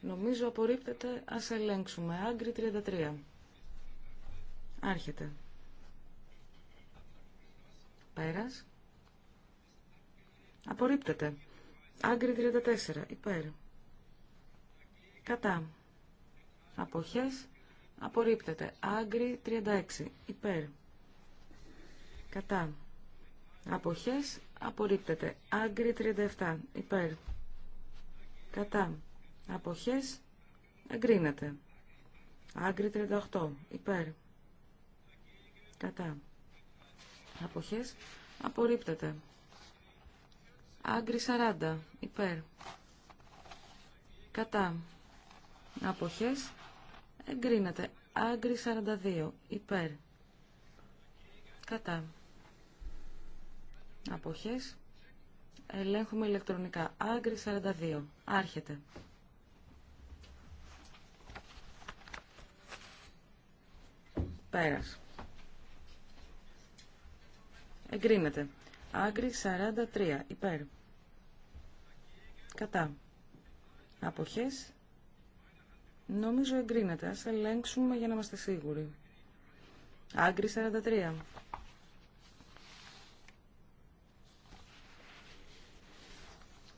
Νομίζω απορρίπτεται. Ας ελέγξουμε. Άγκρι 33. Άρχεται. Πέρας. Απορρίπτεται. Άγκρι 34. Υπέρ. Κατά. Αποχές. Απορρίπτεται. Άγκρι 36. Υπέρ. Κατά. Αποχές. Απορρίπτεται. Άγκρι 37. Υπέρ. Κατά. Αποχές εγκρίνεται. Άγκρι 38. Υπέρ. Κατά. Αποχές απορρίπτεται. Άγκρι 40. Υπέρ. Κατά. Αποχές εγκρίνεται. Άγκρι 42. Υπέρ. Κατά. Αποχές. Ελέγχουμε ηλεκτρονικά. Άγκρι 42. Άρχεται. Πέρας. Εγκρίνεται. Άγκρι 43. Υπέρ. Κατά. Αποχές. Νομίζω εγκρίνεται. Ας ελέγξουμε για να είμαστε σίγουροι. Άγκρι 43.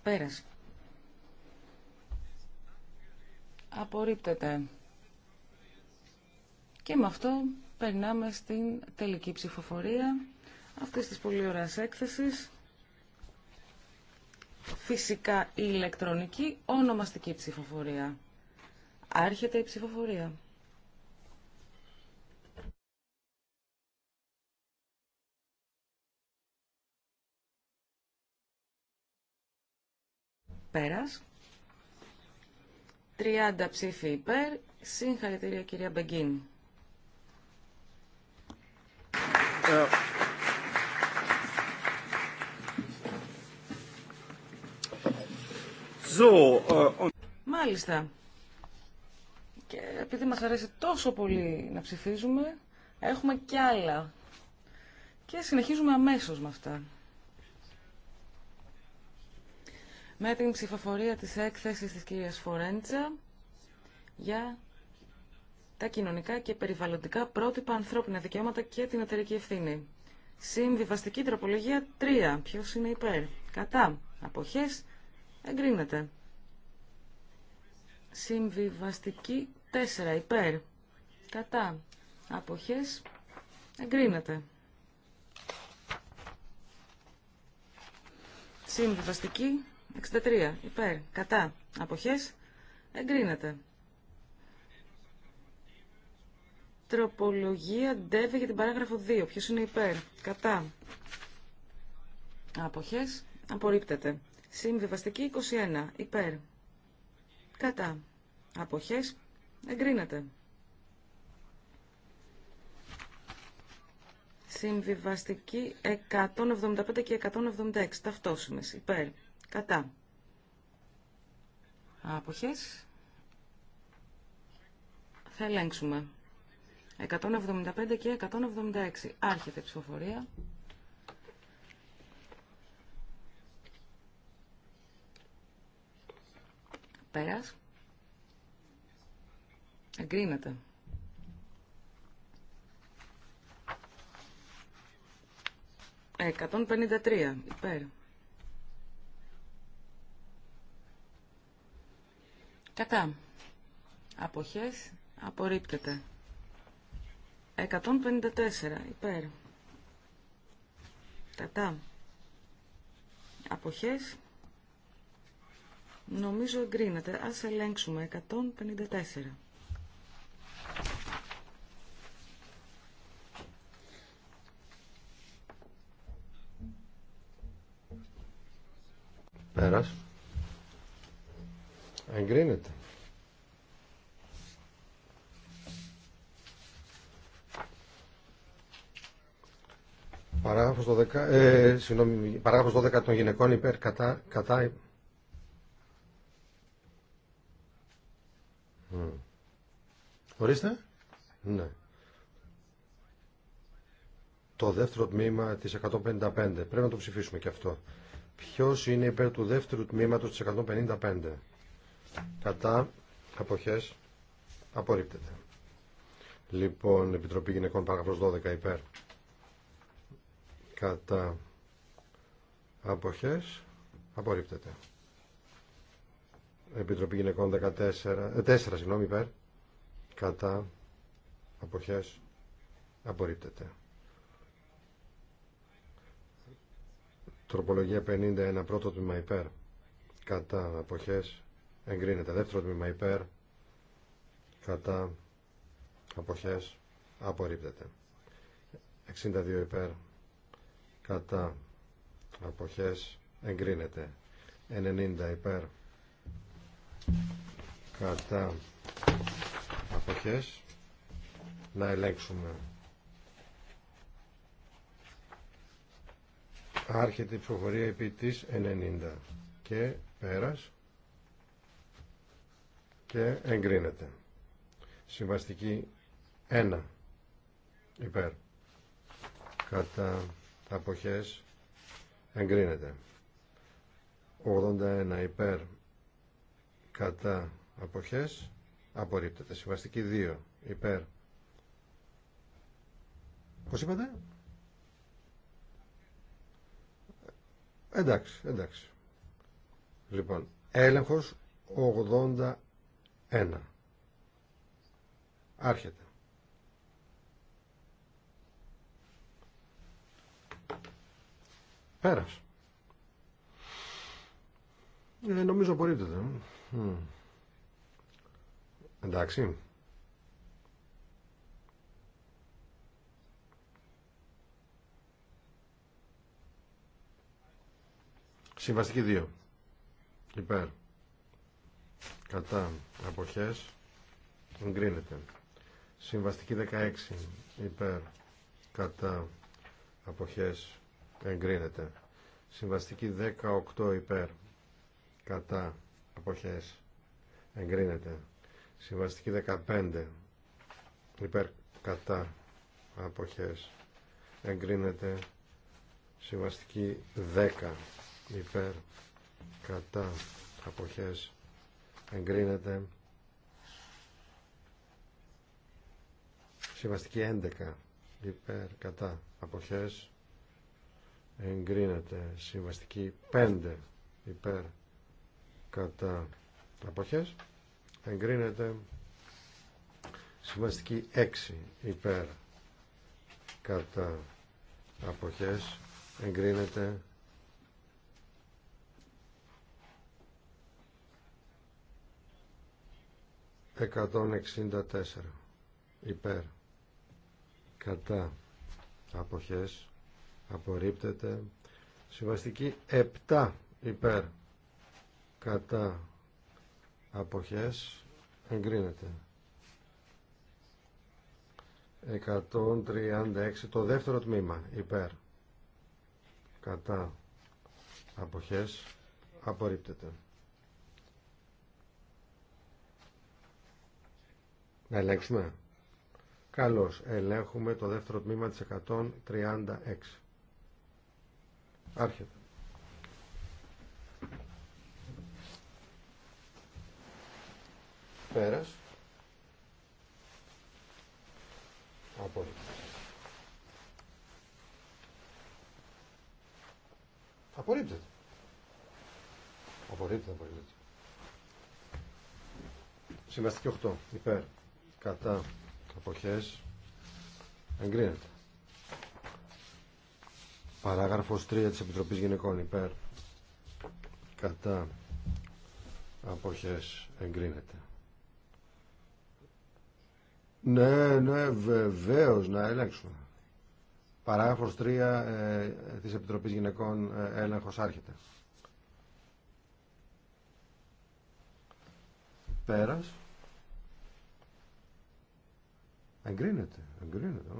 Πέρας. Απορρίπτεται. Και με αυτό περνάμε στην τελική ψηφοφορία αυτής της πολύ ωραίας έκθεσης. Φυσικά η ηλεκτρονική ονομαστική ψηφοφορία. Άρχεται η ψηφοφορία. Πέρας. 30 ψήφοι υπέρ. Συγχαρητήρια κυρία Μπεγκίν. Ε, ε, Μάλιστα. Και επειδή μας αρέσει τόσο πολύ να ψηφίζουμε, έχουμε κι άλλα. Και συνεχίζουμε αμέσως με αυτά. Με την ψηφοφορία της έκθεσης της κυρίας Φορέντσα για τα κοινωνικά και περιβαλλοντικά πρότυπα, ανθρώπινα δικαιώματα και την εταιρική ευθύνη. Συμβιβαστική τροπολογία 3. Ποιο είναι υπέρ. Κατά. απόχέ, Εγκρίνεται. Συμβιβαστική 4. Υπέρ. Κατά. απόχέ. Εγκρίνεται. Συμβιβαστική 63. Υπέρ. Κατά. αποχέ, Εγκρίνεται. Τροπολογία Ντέβε για την παράγραφο 2. Ποιος είναι υπέρ. Κατά. Αποχές. Απορρίπτεται. Συμβιβαστική 21. Υπέρ. Κατά. Αποχές. Εγκρίνεται. Συμβιβαστική 175 και 176. Ταυτόσιμες. Υπέρ. Κατά. Αποχές. Θα ελέγξουμε. 175 και 176. Άρχεται η ψηφοφορία. Πέρας. Εγκρίνεται. Ε, 153. Υπέρ. Κατά. Αποχές. Απορρίπτεται. 154 υπέρ. Κατά. Αποχές. Νομίζω εγκρίνεται. Ας ελέγξουμε. 154. Πέρας. Εγκρίνεται. Παράγραφος 12, ε, παράγραφος 12 των γυναικών υπέρ κατά, κατά Mm. Ορίστε. Ναι. Το δεύτερο τμήμα της 155. Πρέπει να το ψηφίσουμε και αυτό. Ποιος είναι υπέρ του δεύτερου τμήματος της 155. Κατά αποχές απορρίπτεται. Λοιπόν, Επιτροπή Γυναικών παράγραφος 12 υπέρ κατά αποχές απορρίπτεται Επιτροπή Γυναικών 14 4 ε, συγγνώμη υπέρ κατά αποχές απορρίπτεται Τροπολογία 51 πρώτο τμήμα υπέρ κατά αποχές εγκρίνεται δεύτερο τμήμα υπέρ κατά αποχές απορρίπτεται 62 υπέρ κατά αποχές εγκρίνεται 90 υπέρ κατά αποχές να ελέγξουμε άρχεται η ψηφοφορία επί της 90 και πέρας και εγκρίνεται συμβαστική 1 υπέρ κατά αποχές εγκρίνεται 81 υπέρ κατά αποχές απορρίπτεται συμβαστική 2 υπέρ πως είπατε εντάξει εντάξει λοιπόν έλεγχος 81 άρχεται Πέρας. Ε, νομίζω απορρίπτεται. Mm. Εντάξει. Συμβαστική 2. Υπέρ. Κατά αποχές εγκρίνεται. Συμβαστική 16. Υπέρ. Κατά αποχές εγκρίνεται. Συμβαστική 18 υπέρ κατά αποχές εγκρίνεται. Συμβαστική 15 υπέρ κατά αποχές εγκρίνεται. Συμβαστική 10 υπέρ κατά αποχές εγκρίνεται. Συμβαστική 11 υπέρ κατά αποχές εγκρίνεται συμβαστική 5 υπέρ κατά αποχές εγκρίνεται συμβαστική 6 υπέρ κατά αποχές εγκρίνεται 164 υπέρ κατά αποχές απορρίπτεται. Συμβαστική 7 υπέρ κατά αποχές εγκρίνεται. 136 το δεύτερο τμήμα υπέρ κατά αποχές απορρίπτεται. Να ελέγξουμε. Καλώς, ελέγχουμε το δεύτερο τμήμα της 136. Άρχεται. Πέρας. Απόλυτα. Απορρίπτεται. Απορρίπτεται, απορρίπτεται. Συμβαστική 8. Υπέρ. Κατά. Αποχές. Εγκρίνεται. Παράγραφος 3 της Επιτροπής Γυναικών υπέρ κατά αποχές εγκρίνεται. Ναι, ναι, βεβαίως να ελέγξουμε. Παράγραφος 3 ε, της Επιτροπής Γυναικών ε, έλεγχος άρχεται. Πέρας. Εγκρίνεται, εγκρίνεται.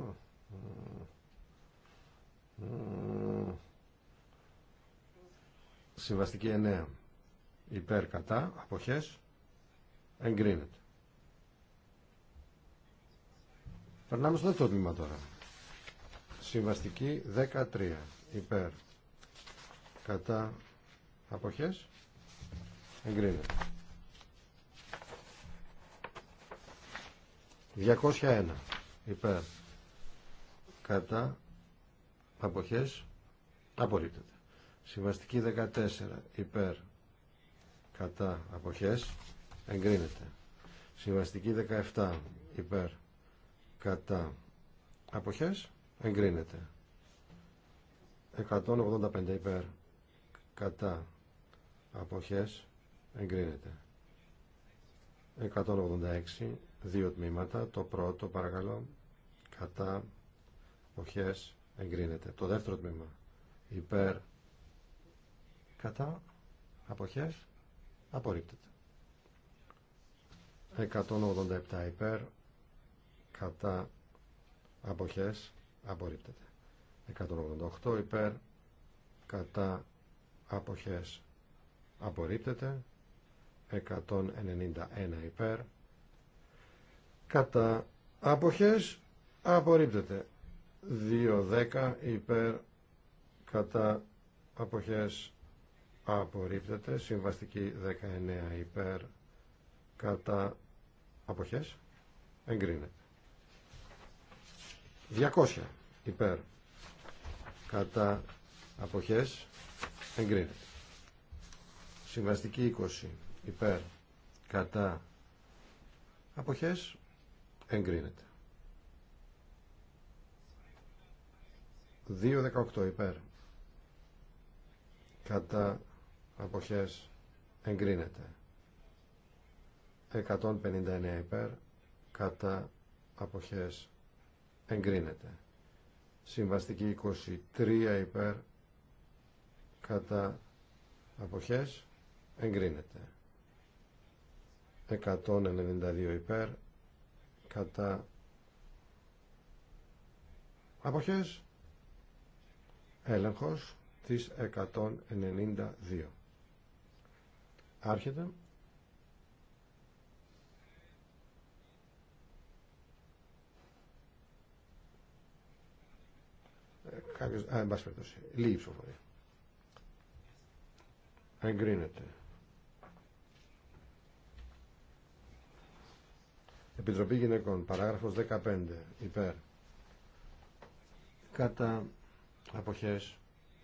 Συμβαστική 9. Υπέρ κατά αποχές εγκρίνεται. Περνάμε στο δεύτερο τμήμα τώρα. Συμβαστική 13. Υπέρ κατά αποχές εγκρίνεται. 201 υπέρ κατά αποχές απορρίπτεται. Συμβαστική 14 υπέρ κατά αποχές εγκρίνεται. Συμβαστική 17 υπέρ κατά αποχές εγκρίνεται. 185 υπέρ κατά αποχές εγκρίνεται. 186 δύο τμήματα. Το πρώτο παρακαλώ κατά αποχές εγκρίνεται. Το δεύτερο τμήμα υπέρ κατά αποχές απορρίπτεται. 187 υπέρ κατά αποχές απορρίπτεται. 188 υπέρ κατά αποχές απορρίπτεται. 191 υπέρ κατά αποχές απορρίπτεται. 2.10 υπέρ κατά αποχές απορρίπτεται. Συμβαστική 19 υπέρ κατά αποχές εγκρίνεται. 200 υπέρ κατά αποχές εγκρίνεται. Συμβαστική 20 υπέρ κατά αποχές εγκρίνεται. 2.18 υπέρ κατά αποχές εγκρίνεται 159 υπέρ κατά αποχές εγκρίνεται συμβαστική 23 υπέρ κατά αποχές εγκρίνεται 192 υπέρ κατά αποχές έλεγχος της 192. Άρχεται. Ε, κάποιος, α, εν πάση λίγη ψηφοφορία. Εγκρίνεται. Επιτροπή Γυναικών, παράγραφος 15, υπέρ. Κατά αποχές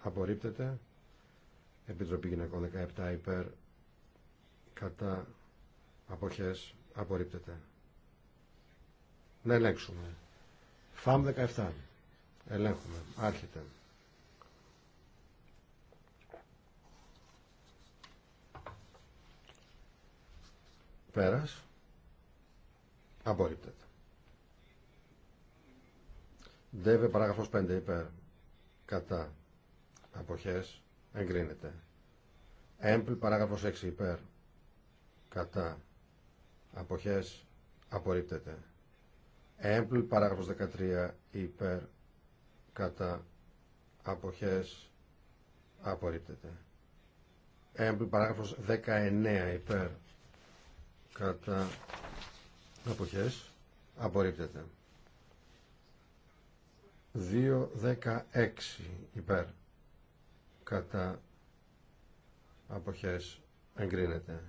απορρίπτεται Επιτροπή Γυναικών 17 υπέρ κατά αποχές απορρίπτεται να ελέγξουμε ΦΑΜ 17 ελέγχουμε άρχεται πέρας απορρίπτεται ΔΕΒΕ παράγραφος 5 υπέρ κατά αποχές εγκρίνεται έμπλ παράγραφος 6 υπέρ κατά αποχές απορρίπτεται έμπλ παράγραφος 13 υπέρ κατά αποχές απορρίπτεται έμπλ παράγραφος 19 υπέρ κατά αποχές απορρίπτεται 2.16 υπέρ κατά αποχές εγκρίνεται.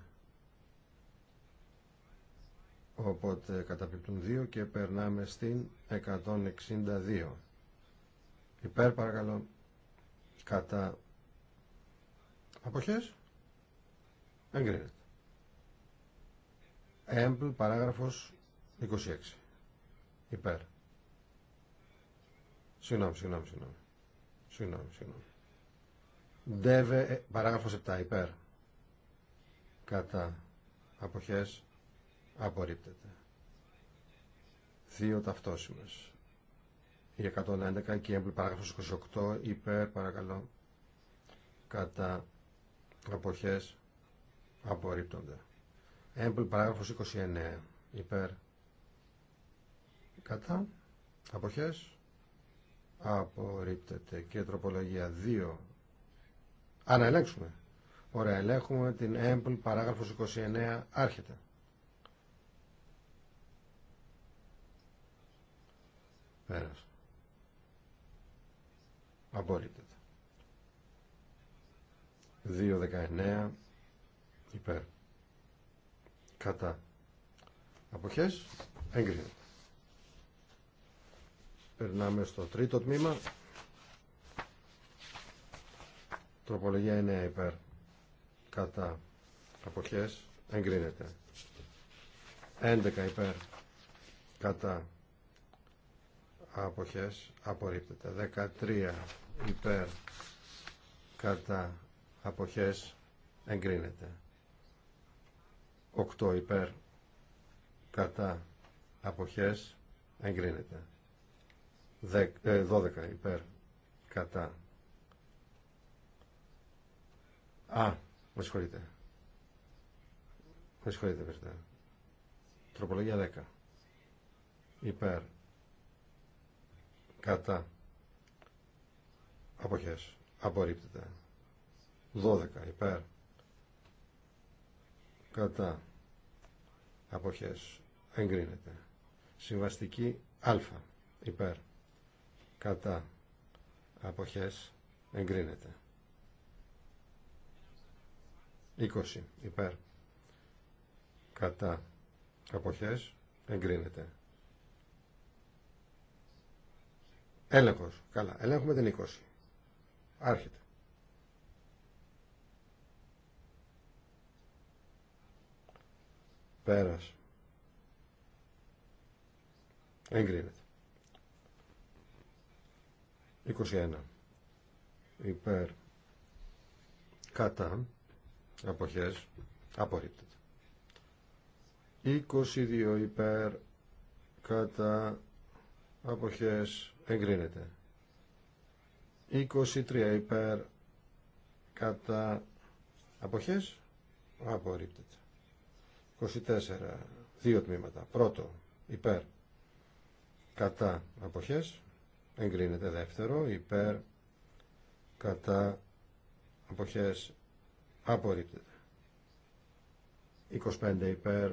Οπότε καταπληκτούν 2 και περνάμε στην 162. Υπέρ παρακαλώ κατά αποχές εγκρίνεται. Έμπλ παράγραφος 26. Υπέρ. Συγγνώμη, συγγνώμη, συγγνώμη. Συγγνώμη, συγγνώμη. ΔΕΒΕ ε, παράγραφος 7, υπέρ. Κατά. Αποχές. Απορρίπτεται. Δύο ταυτόσημες. Η 111 και η έμπλη παράγραφος 28, υπέρ, παρακαλώ. Κατά. Αποχές. Απορρίπτονται. Έμπλη παράγραφος 29, υπέρ. Κατά. Αποχές απορρίπτεται και τροπολογία 2 αναελέξουμε ωραία ελέγχουμε την έμπλ παράγραφος 29 άρχεται πέρας απορρίπτεται 2.19 υπέρ κατά αποχές εγκρίνεται Περνάμε στο τρίτο τμήμα. Τροπολογία 9 υπέρ. Κατά. Αποχές. Εγκρίνεται. 11 υπέρ. Κατά. Αποχές. Απορρίπτεται. 13 υπέρ. Κατά. Αποχές. Εγκρίνεται. 8 υπέρ. Κατά. Αποχές. Εγκρίνεται. 12 ε, υπέρ κατά α με συγχωρείτε με συγχωρείτε τροπολογία 10 υπέρ κατά αποχές απορρίπτεται 12 υπέρ κατά αποχές εγκρίνεται συμβαστική α υπέρ κατά αποχές εγκρίνεται 20 υπέρ κατά αποχές εγκρίνεται έλεγχος καλά ελέγχουμε την 20 άρχεται πέρας εγκρίνεται 21 υπέρ κατά αποχές απορρίπτεται 22 υπέρ κατά αποχές εγκρίνεται 23 υπέρ κατά αποχές απορρίπτεται 24 δύο τμήματα πρώτο υπέρ κατά αποχές εγκρίνεται δεύτερο υπέρ κατά αποχές απορρίπτεται 25 υπέρ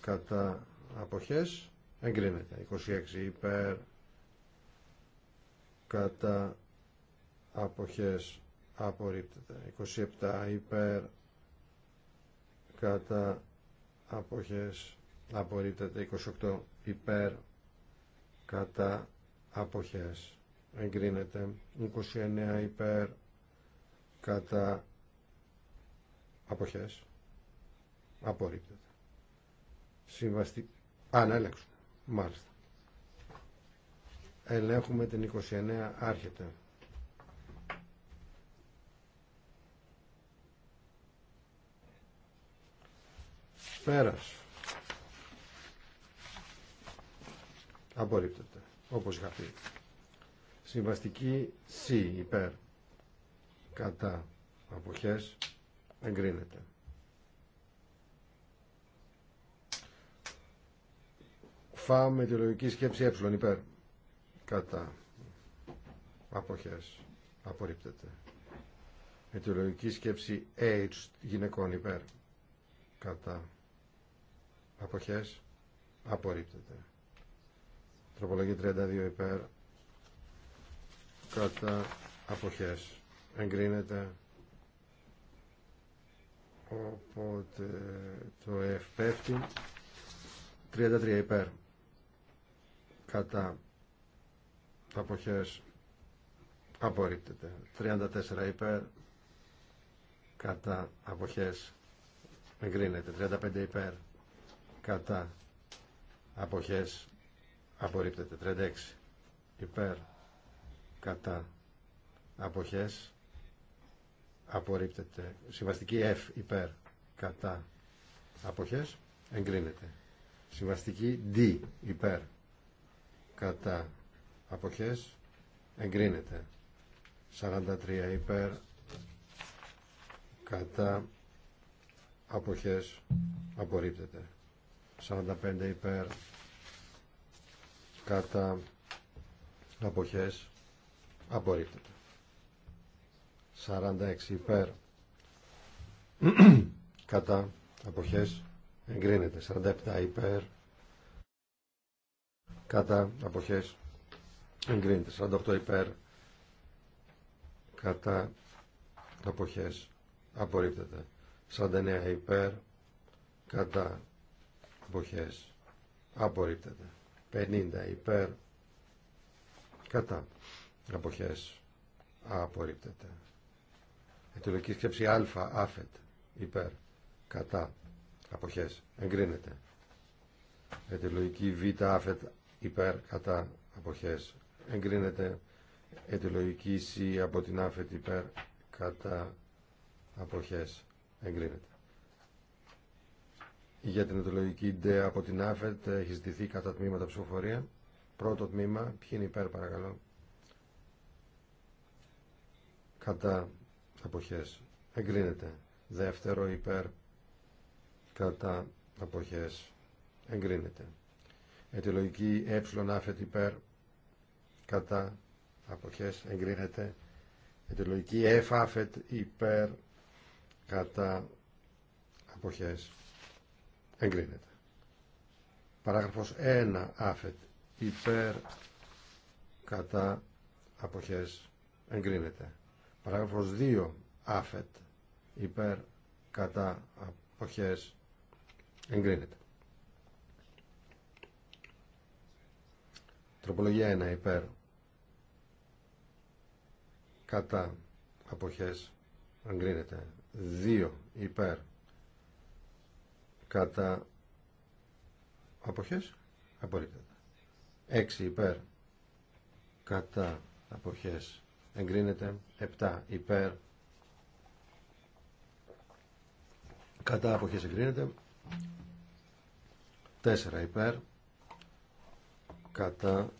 κατά αποχές εγκρίνεται 26 υπέρ κατά αποχές απορρίπτεται 27 υπέρ κατά αποχές απορρίπτεται 28 υπέρ κατά αποχές εγκρίνεται 29 υπέρ κατά αποχές απορρίπτεται συμβαστή α μάλιστα ελέγχουμε την 29 άρχεται πέρας απορρίπτεται όπως είχα πει. Συμβαστική C υπέρ κατά αποχές εγκρίνεται. Φα με τη λογική σκέψη ε υπέρ κατά αποχές απορρίπτεται. Με τη λογική σκέψη H γυναικών υπέρ κατά αποχές απορρίπτεται. Τροπολογία 32 υπέρ. Κατά αποχές. Εγκρίνεται. Οπότε το F πέφτει. 33 υπέρ. Κατά αποχές. Απορρίπτεται. 34 υπέρ. Κατά αποχές. Εγκρίνεται. 35 υπέρ. Κατά αποχές απορρίπτεται 36 υπέρ κατά αποχές απορρίπτεται συμβαστική F υπέρ κατά αποχές εγκρίνεται συμβαστική D υπέρ κατά αποχές εγκρίνεται 43 υπέρ κατά αποχές απορρίπτεται 45 υπέρ κατά αποχές απορρίπτεται 46 υπέρ κατά αποχές εγκρίνεται 47 υπέρ κατά αποχές εγκρίνεται 48 υπέρ κατά αποχές απορρίπτεται 49 υπέρ κατά αποχές απορρίπτεται 50 υπέρ κατά αποχές απορρίπτεται αιτιολογική σκέψη α άφετ υπέρ κατά αποχές εγκρίνεται αιτιολογική β άφετ υπέρ κατά αποχές εγκρίνεται ετολογικη σι από την άφετ υπέρ κατά αποχές εγκρίνεται για την ιδεολογική ιδέα από την ΑΦΕΤ ε, έχει ζητηθεί κατά τμήματα ψηφοφορία. Πρώτο τμήμα, ποιοι είναι υπέρ παρακαλώ. Κατά αποχές. Εγκρίνεται. Δεύτερο υπέρ κατά αποχές. Εγκρίνεται. Αιτιολογική ε άφετ υπέρ κατά αποχές. Εγκρίνεται. Αιτιολογική εφ άφετ υπέρ κατά αποχές Εγκρίνεται. Παράγραφος 1 άφετ υπέρ κατά αποχές εγκρίνεται. Παράγραφος 2 άφετ υπέρ κατά αποχές εγκρίνεται. Τροπολογία 1 υπέρ κατά αποχές εγκρίνεται. 2 υπέρ κατά αποχές απορρίπτεται 6 υπέρ κατά αποχές εγκρίνεται 7 υπέρ κατά αποχές εγκρίνεται 4 υπέρ κατά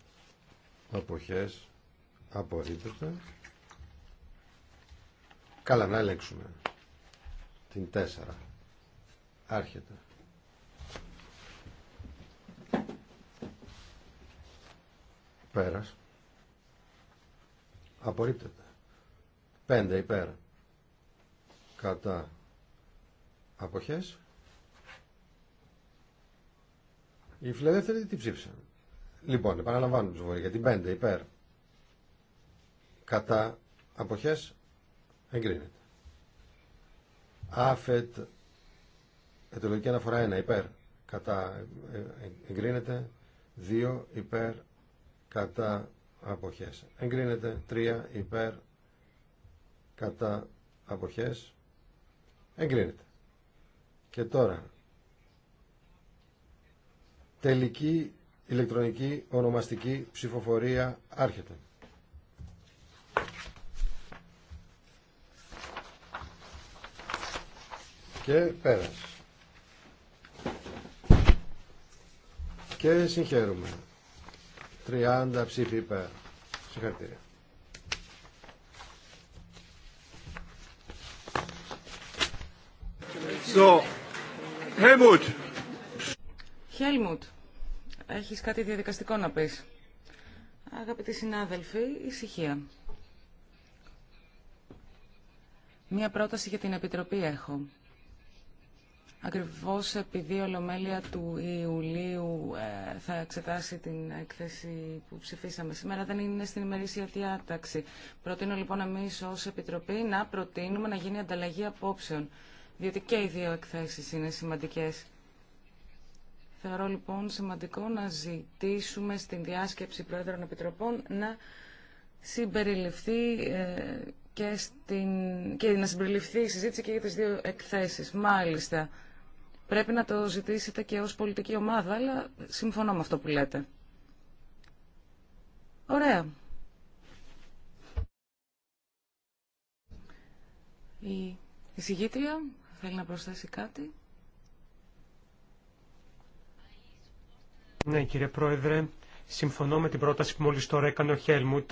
αποχές απορρίπτεται καλά να ελέγξουμε την 4 Άρχεται. Πέρας. Απορρίπτεται. πέντε υπέρ. Κατά. Αποχές. Οι φιλελεύθεροι τι ψήφισαν. Λοιπόν, επαναλαμβάνω τους βοήθεια. την πέντε υπέρ. Κατά αποχές εγκρίνεται. Άφετ Ετολογική αναφορά 1 υπέρ κατά ε, ε, εγκρίνεται 2 υπέρ κατά αποχές εγκρίνεται 3 υπέρ κατά αποχές εγκρίνεται και τώρα τελική ηλεκτρονική ονομαστική ψηφοφορία άρχεται και πέρασε και συγχαίρουμε. 30 ψήφοι υπέρ. Συγχαρητήρια. So, Helmut. Helmut, έχεις κάτι διαδικαστικό να πεις. Αγαπητοί συνάδελφοι, ησυχία. Μία πρόταση για την Επιτροπή έχω. Ακριβώς επειδή η Ολομέλεια του Ιουλίου ε, θα εξετάσει την έκθεση που ψηφίσαμε σήμερα, δεν είναι στην ημερήσια διάταξη. Προτείνω λοιπόν εμεί ως Επιτροπή να προτείνουμε να γίνει ανταλλαγή απόψεων, διότι και οι δύο εκθέσεις είναι σημαντικές. Θεωρώ λοιπόν σημαντικό να ζητήσουμε στην διάσκεψη Πρόεδρων Επιτροπών να συμπεριληφθεί ε, και, στην... και να συμπεριληφθεί η συζήτηση και για τις δύο εκθέσεις. Μάλιστα. Πρέπει να το ζητήσετε και ως πολιτική ομάδα, αλλά συμφωνώ με αυτό που λέτε. Ωραία. Η εισηγήτρια θέλει να προσθέσει κάτι. Ναι, κύριε Πρόεδρε, συμφωνώ με την πρόταση που μόλις τώρα έκανε ο Χέλμουτ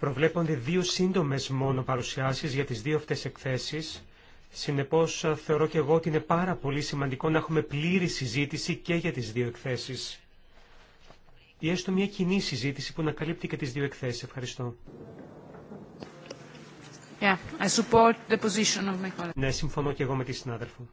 Προβλέπονται δύο σύντομες μόνο παρουσιάσεις για τις δύο αυτές εκθέσεις. Συνεπώς θεωρώ και εγώ ότι είναι πάρα πολύ σημαντικό να έχουμε πλήρη συζήτηση και για τις δύο εκθέσεις. Ή έστω μια κοινή συζήτηση που να καλύπτει και τις δύο εκθέσεις. Ευχαριστώ. Yeah, I support the position of my colleague. Ναι, συμφωνώ και εγώ με τη συνάδελφο.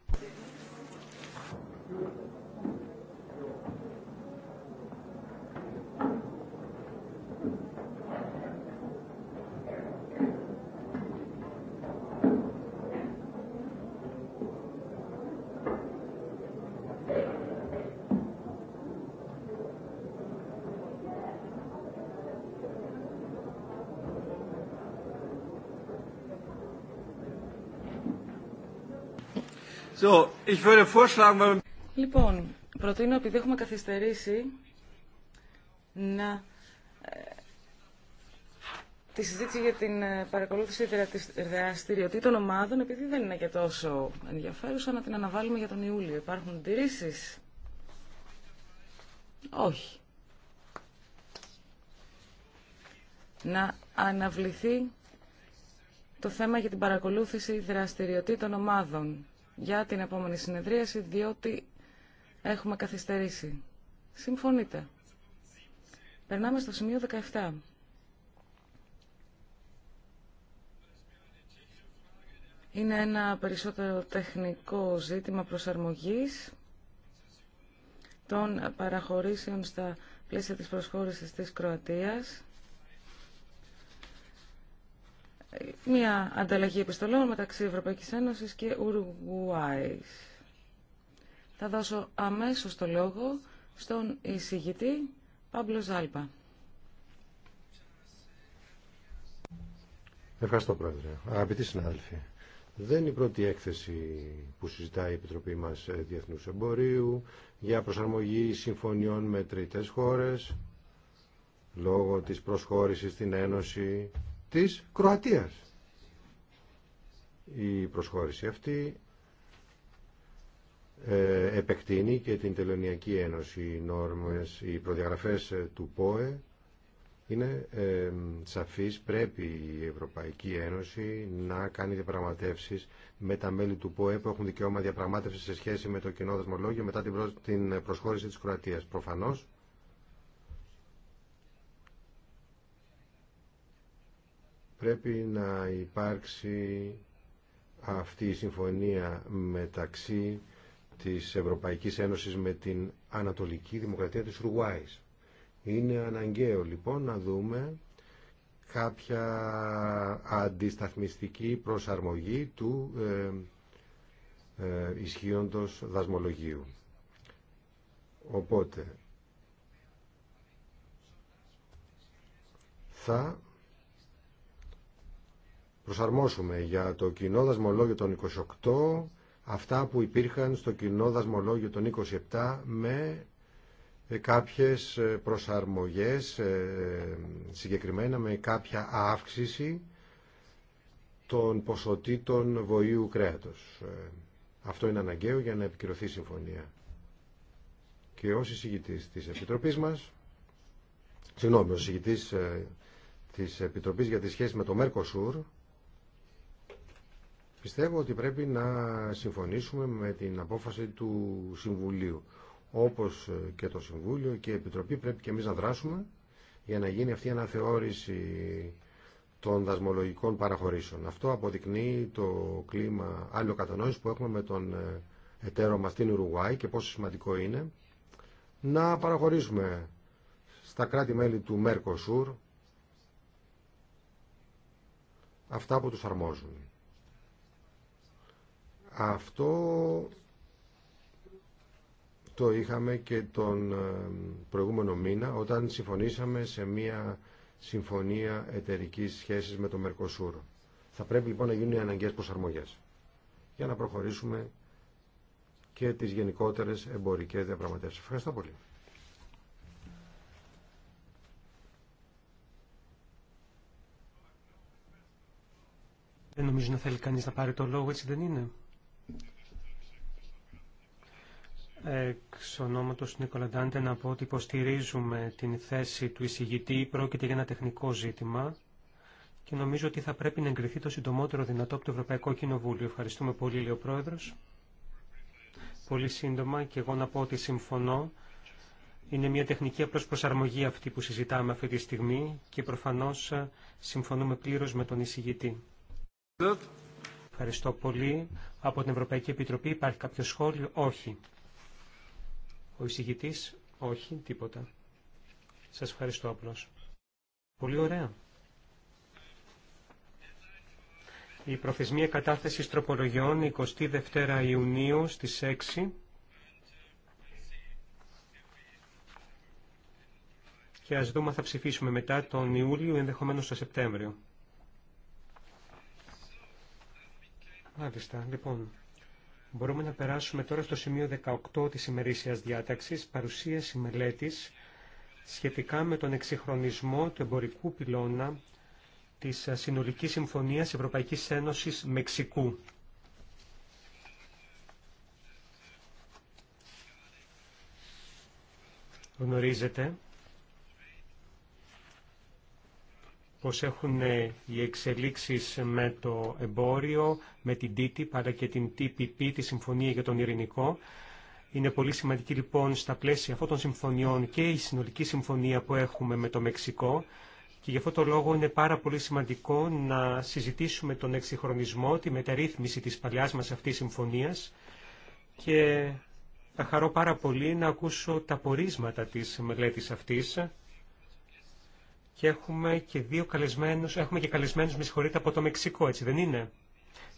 So, ich würde vorschlagen... Λοιπόν, προτείνω επειδή έχουμε καθυστερήσει να ε, τη συζήτηση για την ε, παρακολούθηση δραστηριοτήτων ομάδων, επειδή δεν είναι και τόσο ενδιαφέρουσα, να την αναβάλουμε για τον Ιούλιο. Υπάρχουν αντιρρήσει. Όχι. Να αναβληθεί το θέμα για την παρακολούθηση δραστηριοτήτων ομάδων για την επόμενη συνεδρίαση, διότι έχουμε καθυστερήσει. Συμφωνείτε. Περνάμε στο σημείο 17. Είναι ένα περισσότερο τεχνικό ζήτημα προσαρμογής των παραχωρήσεων στα πλαίσια της προσχώρησης της Κροατίας μια ανταλλαγή επιστολών μεταξύ Ευρωπαϊκής Ένωσης και Ουρουγουάης. Θα δώσω αμέσως το λόγο στον εισηγητή Πάμπλο Ζάλπα. Ευχαριστώ Πρόεδρε. Αγαπητοί συνάδελφοι, δεν είναι η πρώτη έκθεση που συζητάει η Επιτροπή μας ε, Διεθνούς Εμπορίου για προσαρμογή συμφωνιών με τρίτες χώρες λόγω της προσχώρησης στην Ένωση της Κροατίας. Η προσχώρηση αυτή ε, επεκτείνει και την Τελωνιακή Ένωση. Οι, νόρμες, οι προδιαγραφές ε, του ΠΟΕ είναι ε, Πρέπει η Ευρωπαϊκή Ένωση να κάνει διαπραγματεύσεις με τα μέλη του ΠΟΕ που έχουν δικαιώμα διαπραγμάτευσης σε σχέση με το κοινό δεσμολόγιο μετά την προσχώρηση της Κροατίας. Προφανώς πρέπει να υπάρξει αυτή η συμφωνία μεταξύ της Ευρωπαϊκής Ένωσης με την Ανατολική Δημοκρατία της Ουρουάης. Είναι αναγκαίο λοιπόν να δούμε κάποια αντισταθμιστική προσαρμογή του ε, ε, ισχύοντος δασμολογίου. Οπότε θα προσαρμόσουμε για το κοινό δασμολόγιο των 28 αυτά που υπήρχαν στο κοινό δασμολόγιο των 27 με ε, κάποιες ε, προσαρμογές ε, συγκεκριμένα με κάποια αύξηση των ποσοτήτων βοήου κρέατος. Αυτό είναι αναγκαίο για να επικυρωθεί η συμφωνία. Και ως εισηγητής της Επιτροπής μας, συγγνώμη, ως εισηγητής της Επιτροπής για τη σχέση με το Μέρκοσουρ, Πιστεύω ότι πρέπει να συμφωνήσουμε με την απόφαση του Συμβουλίου. Όπως ε, και το Συμβούλιο και η Επιτροπή πρέπει και εμείς να δράσουμε για να γίνει αυτή η αναθεώρηση των δασμολογικών παραχωρήσεων. Αυτό αποδεικνύει το κλίμα άλλο που έχουμε με τον ε, εταίρο μας στην Ουρουάη και πόσο σημαντικό είναι να παραχωρήσουμε στα κράτη-μέλη του Μέρκοσουρ αυτά που τους αρμόζουν. Αυτό το είχαμε και τον ε, προηγούμενο μήνα όταν συμφωνήσαμε σε μια συμφωνία εταιρικής σχέσης με το Μερκοσούρ. Θα πρέπει λοιπόν να γίνουν οι αναγκαίες προσαρμογές για να προχωρήσουμε και τις γενικότερες εμπορικές διαπραγματεύσεις. Ευχαριστώ πολύ. Δεν νομίζω να θέλει κανείς να πάρει το λόγο, έτσι δεν είναι. Εξ ονόματος Νίκολα Ντάντε να πω ότι υποστηρίζουμε την θέση του εισηγητή. Πρόκειται για ένα τεχνικό ζήτημα και νομίζω ότι θα πρέπει να εγκριθεί το συντομότερο δυνατό από το Ευρωπαϊκό Κοινοβούλιο. Ευχαριστούμε πολύ, λέει ο Πρόεδρος. Πολύ σύντομα και εγώ να πω ότι συμφωνώ. Είναι μια τεχνική απλώς προσαρμογή αυτή που συζητάμε αυτή τη στιγμή και προφανώς συμφωνούμε πλήρως με τον εισηγητή. Ευχαριστώ πολύ. Από την Ευρωπαϊκή Επιτροπή υπάρχει κάποιο σχόλιο. Όχι. Ο εισηγητή όχι, τίποτα. Σας ευχαριστώ απλώ. Πολύ ωραία. Η προθεσμία κατάθεσης τροπολογιών 22 Ιουνίου στι 6 και ας δούμε αν θα ψηφίσουμε μετά τον Ιούλιο ενδεχομένως τον Σεπτέμβριο. Μάλιστα, λοιπόν. Μπορούμε να περάσουμε τώρα στο σημείο 18 της ημερήσιας διάταξης, παρουσίαση μελέτης σχετικά με τον εξυγχρονισμό του εμπορικού πυλώνα της Συνολικής Συμφωνίας Ευρωπαϊκής Ένωσης Μεξικού. Γνωρίζετε πώς έχουν ε, οι εξελίξεις με το εμπόριο, με την TTIP αλλά και την TPP, τη Συμφωνία για τον Ειρηνικό. Είναι πολύ σημαντική λοιπόν στα πλαίσια αυτών των συμφωνιών και η συνολική συμφωνία που έχουμε με το Μεξικό και γι' αυτό το λόγο είναι πάρα πολύ σημαντικό να συζητήσουμε τον εξυγχρονισμό, τη μεταρρύθμιση της παλιάς μας αυτής συμφωνίας και θα χαρώ πάρα πολύ να ακούσω τα πορίσματα της μελέτης αυτής και έχουμε και δύο καλεσμένους, έχουμε και καλεσμένους, με συγχωρείτε, από το Μεξικό, έτσι δεν είναι.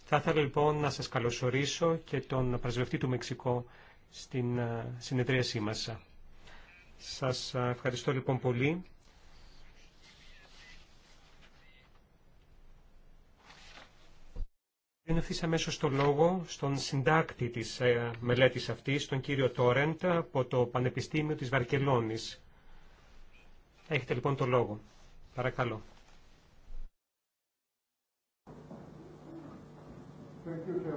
Θα ήθελα λοιπόν να σας καλωσορίσω και τον πρεσβευτή του Μεξικό στην ε, συνεδρίασή μας. Σας ε, ευχαριστώ λοιπόν πολύ. Δίνω ευθύς το λόγο στον συντάκτη της ε, μελέτης αυτής, τον κύριο Τόρεντ, από το Πανεπιστήμιο της Βαρκελόνης. Έχετε λοιπόν το λόγο. Παρακαλώ. Thank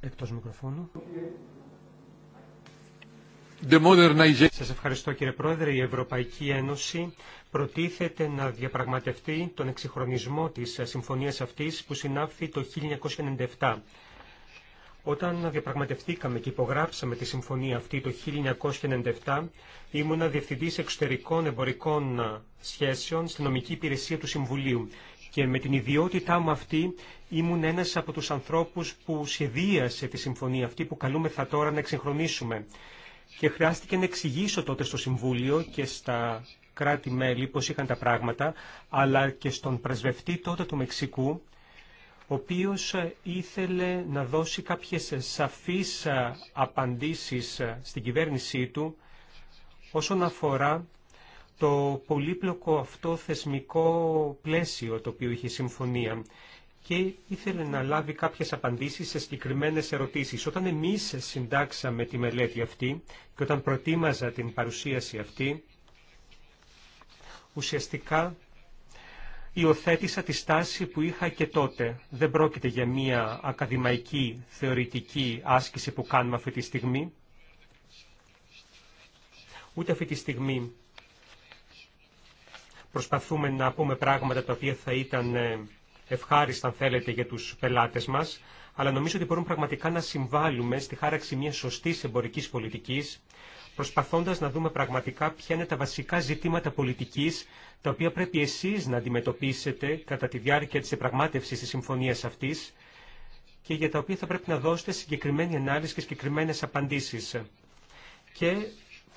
Εκτός μικροφώνου. Σας ευχαριστώ κύριε Πρόεδρε. Η Ευρωπαϊκή Ένωση προτίθεται να διαπραγματευτεί τον εξυγχρονισμό της συμφωνίας αυτής που συνάφθη το 1997. Όταν διαπραγματευτήκαμε και υπογράψαμε τη συμφωνία αυτή το 1997, ήμουνα διευθυντή εξωτερικών εμπορικών ε, σχέσεων στην νομική υπηρεσία του Συμβουλίου. Και με την ιδιότητά μου αυτή ήμουν ένας από τους ανθρώπους που σχεδίασε τη συμφωνία αυτή που καλούμεθα τώρα να εξυγχρονίσουμε. Και χρειάστηκε να εξηγήσω τότε στο Συμβούλιο και στα κράτη-μέλη πώς είχαν τα πράγματα, αλλά και στον πρεσβευτή τότε του Μεξικού, ο οποίος ε, ήθελε να δώσει κάποιες ε, σαφείς ε, απαντήσεις στην κυβέρνησή του όσον αφορά το πολύπλοκο αυτό θεσμικό πλαίσιο το οποίο είχε συμφωνία και ήθελε να λάβει κάποιες απαντήσεις σε συγκεκριμένες ερωτήσεις. Όταν εμείς συντάξαμε τη μελέτη αυτή και όταν προτίμαζα την παρουσίαση αυτή, ουσιαστικά υιοθέτησα τη στάση που είχα και τότε. Δεν πρόκειται για μια ακαδημαϊκή θεωρητική άσκηση που κάνουμε αυτή τη στιγμή. Ούτε αυτή τη στιγμή προσπαθούμε να πούμε πράγματα τα οποία θα ήταν ε, ευχάριστα, αν θέλετε, για τους πελάτες μας, αλλά νομίζω ότι μπορούμε πραγματικά να συμβάλλουμε στη χάραξη μιας σωστής εμπορικής πολιτικής, προσπαθώντας να δούμε πραγματικά ποια είναι τα βασικά ζητήματα πολιτικής, τα οποία πρέπει εσείς να αντιμετωπίσετε κατά τη διάρκεια της επραγμάτευσης της συμφωνίας αυτής και για τα οποία θα πρέπει να δώσετε συγκεκριμένη ανάλυση και συγκεκριμένες απαντήσεις. Και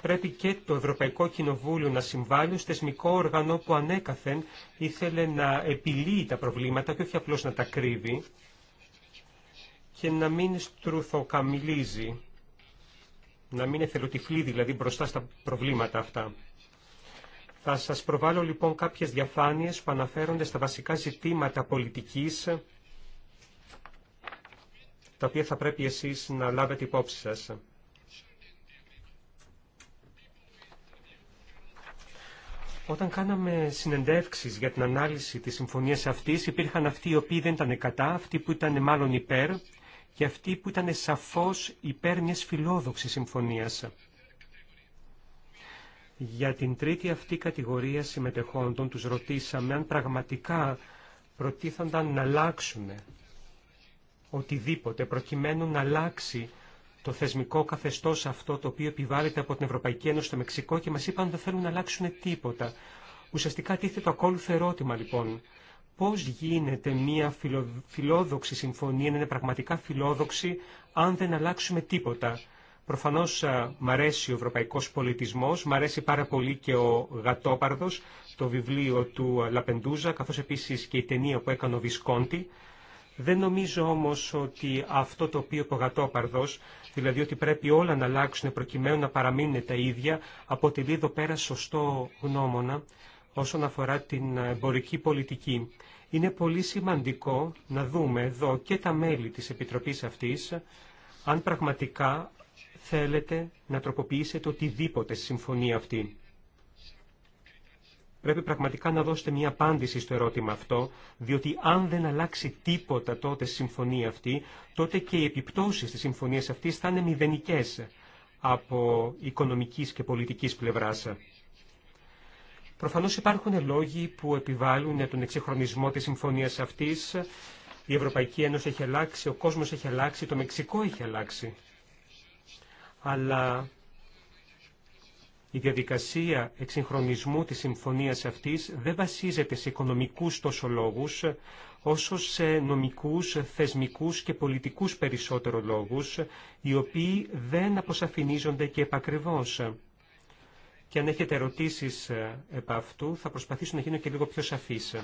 πρέπει και το Ευρωπαϊκό Κοινοβούλιο να συμβάλλει ως θεσμικό όργανο που ανέκαθεν ήθελε να επιλύει τα προβλήματα και όχι απλώς να τα κρύβει και να μην στρουθοκαμιλίζει να μην εθελοτυφλεί δηλαδή μπροστά στα προβλήματα αυτά. Θα σας προβάλλω λοιπόν κάποιες διαφάνειες που αναφέρονται στα βασικά ζητήματα πολιτικής, τα οποία θα πρέπει εσείς να λάβετε υπόψη σας. Όταν κάναμε συνεντεύξεις για την ανάλυση της συμφωνίας αυτής, υπήρχαν αυτοί οι οποίοι δεν ήταν κατά, αυτοί που ήταν μάλλον υπέρ και αυτοί που ήταν σαφώς υπέρ μιας φιλόδοξης συμφωνίας. Για την τρίτη αυτή κατηγορία συμμετεχόντων τους ρωτήσαμε αν πραγματικά προτίθανταν να αλλάξουν οτιδήποτε προκειμένου να αλλάξει το θεσμικό καθεστώς αυτό το οποίο επιβάλλεται από την Ευρωπαϊκή Ένωση στο Μεξικό και μας είπαν δεν θέλουν να αλλάξουν τίποτα. Ουσιαστικά τίθεται το ακόλουθο ερώτημα λοιπόν. Πώς γίνεται μια φιλόδοξη συμφωνία να είναι πραγματικά φιλόδοξη αν δεν αλλάξουμε τίποτα. Προφανώς μ' αρέσει ο ευρωπαϊκός πολιτισμός, μ' αρέσει πάρα πολύ και ο Γατόπαρδος, το βιβλίο του Λαπεντούζα, καθώς επίσης και η ταινία που έκανε ο Βισκόντι. Δεν νομίζω όμως ότι αυτό το οποίο είπε ο Γατόπαρδος, δηλαδή ότι πρέπει όλα να αλλάξουν προκειμένου να παραμείνουν τα ίδια, αποτελεί εδώ πέρα σωστό γνώμονα όσον αφορά την εμπορική πολιτική. Είναι πολύ σημαντικό να δούμε εδώ και τα μέλη της Επιτροπής αυτής, αν πραγματικά θέλετε να τροποποιήσετε οτιδήποτε στη συμφωνία αυτή. Πρέπει πραγματικά να δώσετε μια απάντηση στο ερώτημα αυτό, διότι αν δεν αλλάξει τίποτα τότε στη συμφωνία αυτή, τότε και οι επιπτώσεις της συμφωνίας αυτής θα είναι μηδενικές από οικονομικής και πολιτικής πλευράς. Προφανώς υπάρχουν λόγοι που επιβάλλουν τον εξυγχρονισμό της συμφωνίας αυτής. Η Ευρωπαϊκή Ένωση έχει αλλάξει, ο κόσμος έχει αλλάξει, το Μεξικό έχει αλλάξει. Αλλά η διαδικασία εξυγχρονισμού της συμφωνίας αυτής δεν βασίζεται σε οικονομικούς τόσο λόγους, όσο σε νομικούς, θεσμικούς και πολιτικούς περισσότερο λόγους, οι οποίοι δεν αποσαφηνίζονται και επακριβώς και αν έχετε ερωτήσεις ε, επ' αυτού θα προσπαθήσω να γίνω και λίγο πιο σαφής.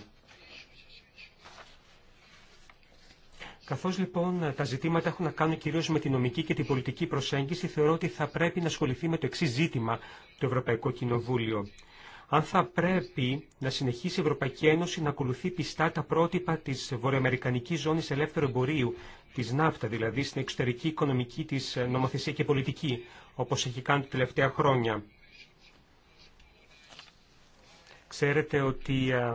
Καθώς λοιπόν τα ζητήματα έχουν να κάνουν κυρίως με την νομική και την πολιτική προσέγγιση, θεωρώ ότι θα πρέπει να ασχοληθεί με το εξή ζήτημα το Ευρωπαϊκό Κοινοβούλιο. Αν θα πρέπει να συνεχίσει η Ευρωπαϊκή Ένωση να ακολουθεί πιστά τα πρότυπα της Βορειοαμερικανικής Ζώνης Ελεύθερου Εμπορίου, της ναύτα, δηλαδή, στην εξωτερική οικονομική της ε, νομοθεσία και πολιτική, όπως έχει κάνει τα τελευταία χρόνια. Ξέρετε ότι ε,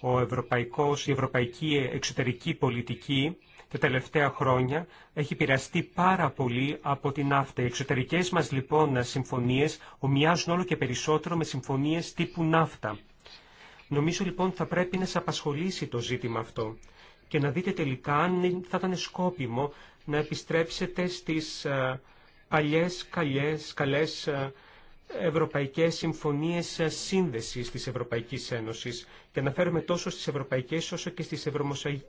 ο ευρωπαϊκός, η ευρωπαϊκή εξωτερική πολιτική τα τελευταία χρόνια έχει πειραστεί πάρα πολύ από την ναύτα. Οι εξωτερικές μας λοιπόν συμφωνίες ομοιάζουν όλο και περισσότερο με συμφωνίες τύπου ναύτα. Νομίζω λοιπόν θα πρέπει να σε απασχολήσει το ζήτημα αυτό και να δείτε τελικά αν θα ήταν σκόπιμο να επιστρέψετε στις ε, παλιές, καλές, καλές ε, ευρωπαϊκές συμφωνίες σύνδεσης της Ευρωπαϊκής Ένωσης και αναφέρομαι τόσο στις ευρωπαϊκές όσο και στις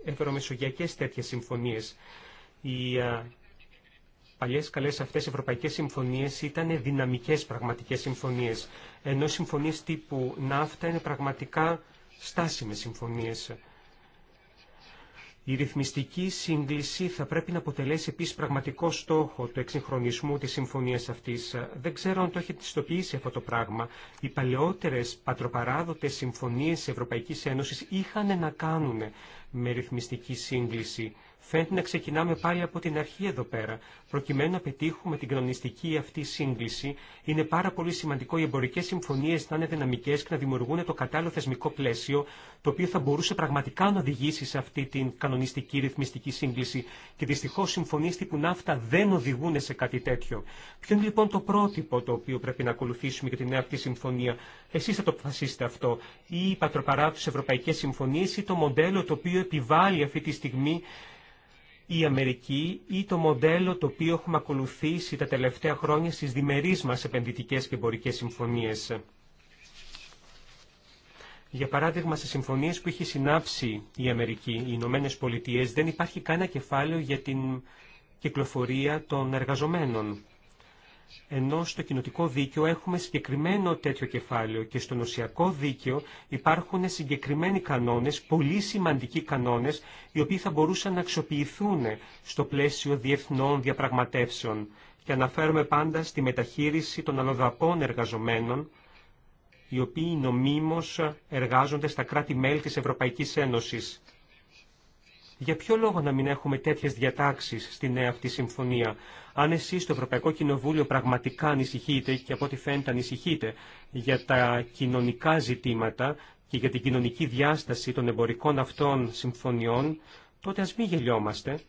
ευρωμεσογειακές τέτοιες συμφωνίες. Οι παλιές καλές αυτές ευρωπαϊκές συμφωνίες ήταν δυναμικές πραγματικές συμφωνίες, ενώ συμφωνίες τύπου ναύτα είναι πραγματικά στάσιμες συμφωνίες. Η ρυθμιστική σύγκληση θα πρέπει να αποτελέσει επίση πραγματικό στόχο του εξυγχρονισμού τη συμφωνία αυτή. Δεν ξέρω αν το έχετε ιστοποιήσει αυτό το πράγμα. Οι παλαιότερε πατροπαράδοτε συμφωνίε Ευρωπαϊκή Ένωση είχαν να κάνουν με ρυθμιστική σύγκληση. Φαίνεται να ξεκινάμε πάλι από την αρχή εδώ πέρα. Προκειμένου να πετύχουμε την κανονιστική αυτή σύγκληση, είναι πάρα πολύ σημαντικό οι εμπορικέ συμφωνίε να είναι δυναμικέ και να δημιουργούν το κατάλληλο θεσμικό πλαίσιο, το οποίο θα μπορούσε πραγματικά να οδηγήσει σε αυτή την κανονιστική ρυθμιστική σύγκληση. Και δυστυχώ συμφωνίε τύπου ναύτα δεν οδηγούν σε κάτι τέτοιο. Ποιο είναι λοιπόν το πρότυπο το οποίο πρέπει να ακολουθήσουμε για την νέα αυτή συμφωνία. Εσεί θα το αποφασίσετε αυτό. Ή η πατροπαρά του Ευρωπαϊκέ Συμφωνίε ή το μοντέλο το οποίο επιβάλλει αυτή τη στιγμή η Αμερική ή το μοντέλο το οποίο έχουμε ακολουθήσει τα τελευταία χρόνια στις διμερείς μας επενδυτικές και εμπορικές συμφωνίες. Για παράδειγμα, σε συμφωνίες που έχει συνάψει η Αμερική, οι Ηνωμένε Πολιτείε, δεν υπάρχει κανένα κεφάλαιο για την κυκλοφορία των εργαζομένων ενώ στο κοινοτικό δίκαιο έχουμε συγκεκριμένο τέτοιο κεφάλαιο και στο νοσιακό δίκαιο υπάρχουν συγκεκριμένοι κανόνες, πολύ σημαντικοί κανόνες, οι οποίοι θα μπορούσαν να αξιοποιηθούν στο πλαίσιο διεθνών διαπραγματεύσεων. Και αναφέρομαι πάντα στη μεταχείριση των αλλοδαπών εργαζομένων, οι οποίοι νομίμως εργάζονται στα κράτη-μέλη της Ευρωπαϊκής Ένωσης. Για ποιο λόγο να μην έχουμε τέτοιες διατάξεις στη νέα αυτή συμφωνία. Αν εσείς στο Ευρωπαϊκό Κοινοβούλιο πραγματικά ανησυχείτε και από ό,τι φαίνεται ανησυχείτε για τα κοινωνικά ζητήματα και για την κοινωνική διάσταση των εμπορικών αυτών συμφωνιών, τότε ας μην γελιόμαστε.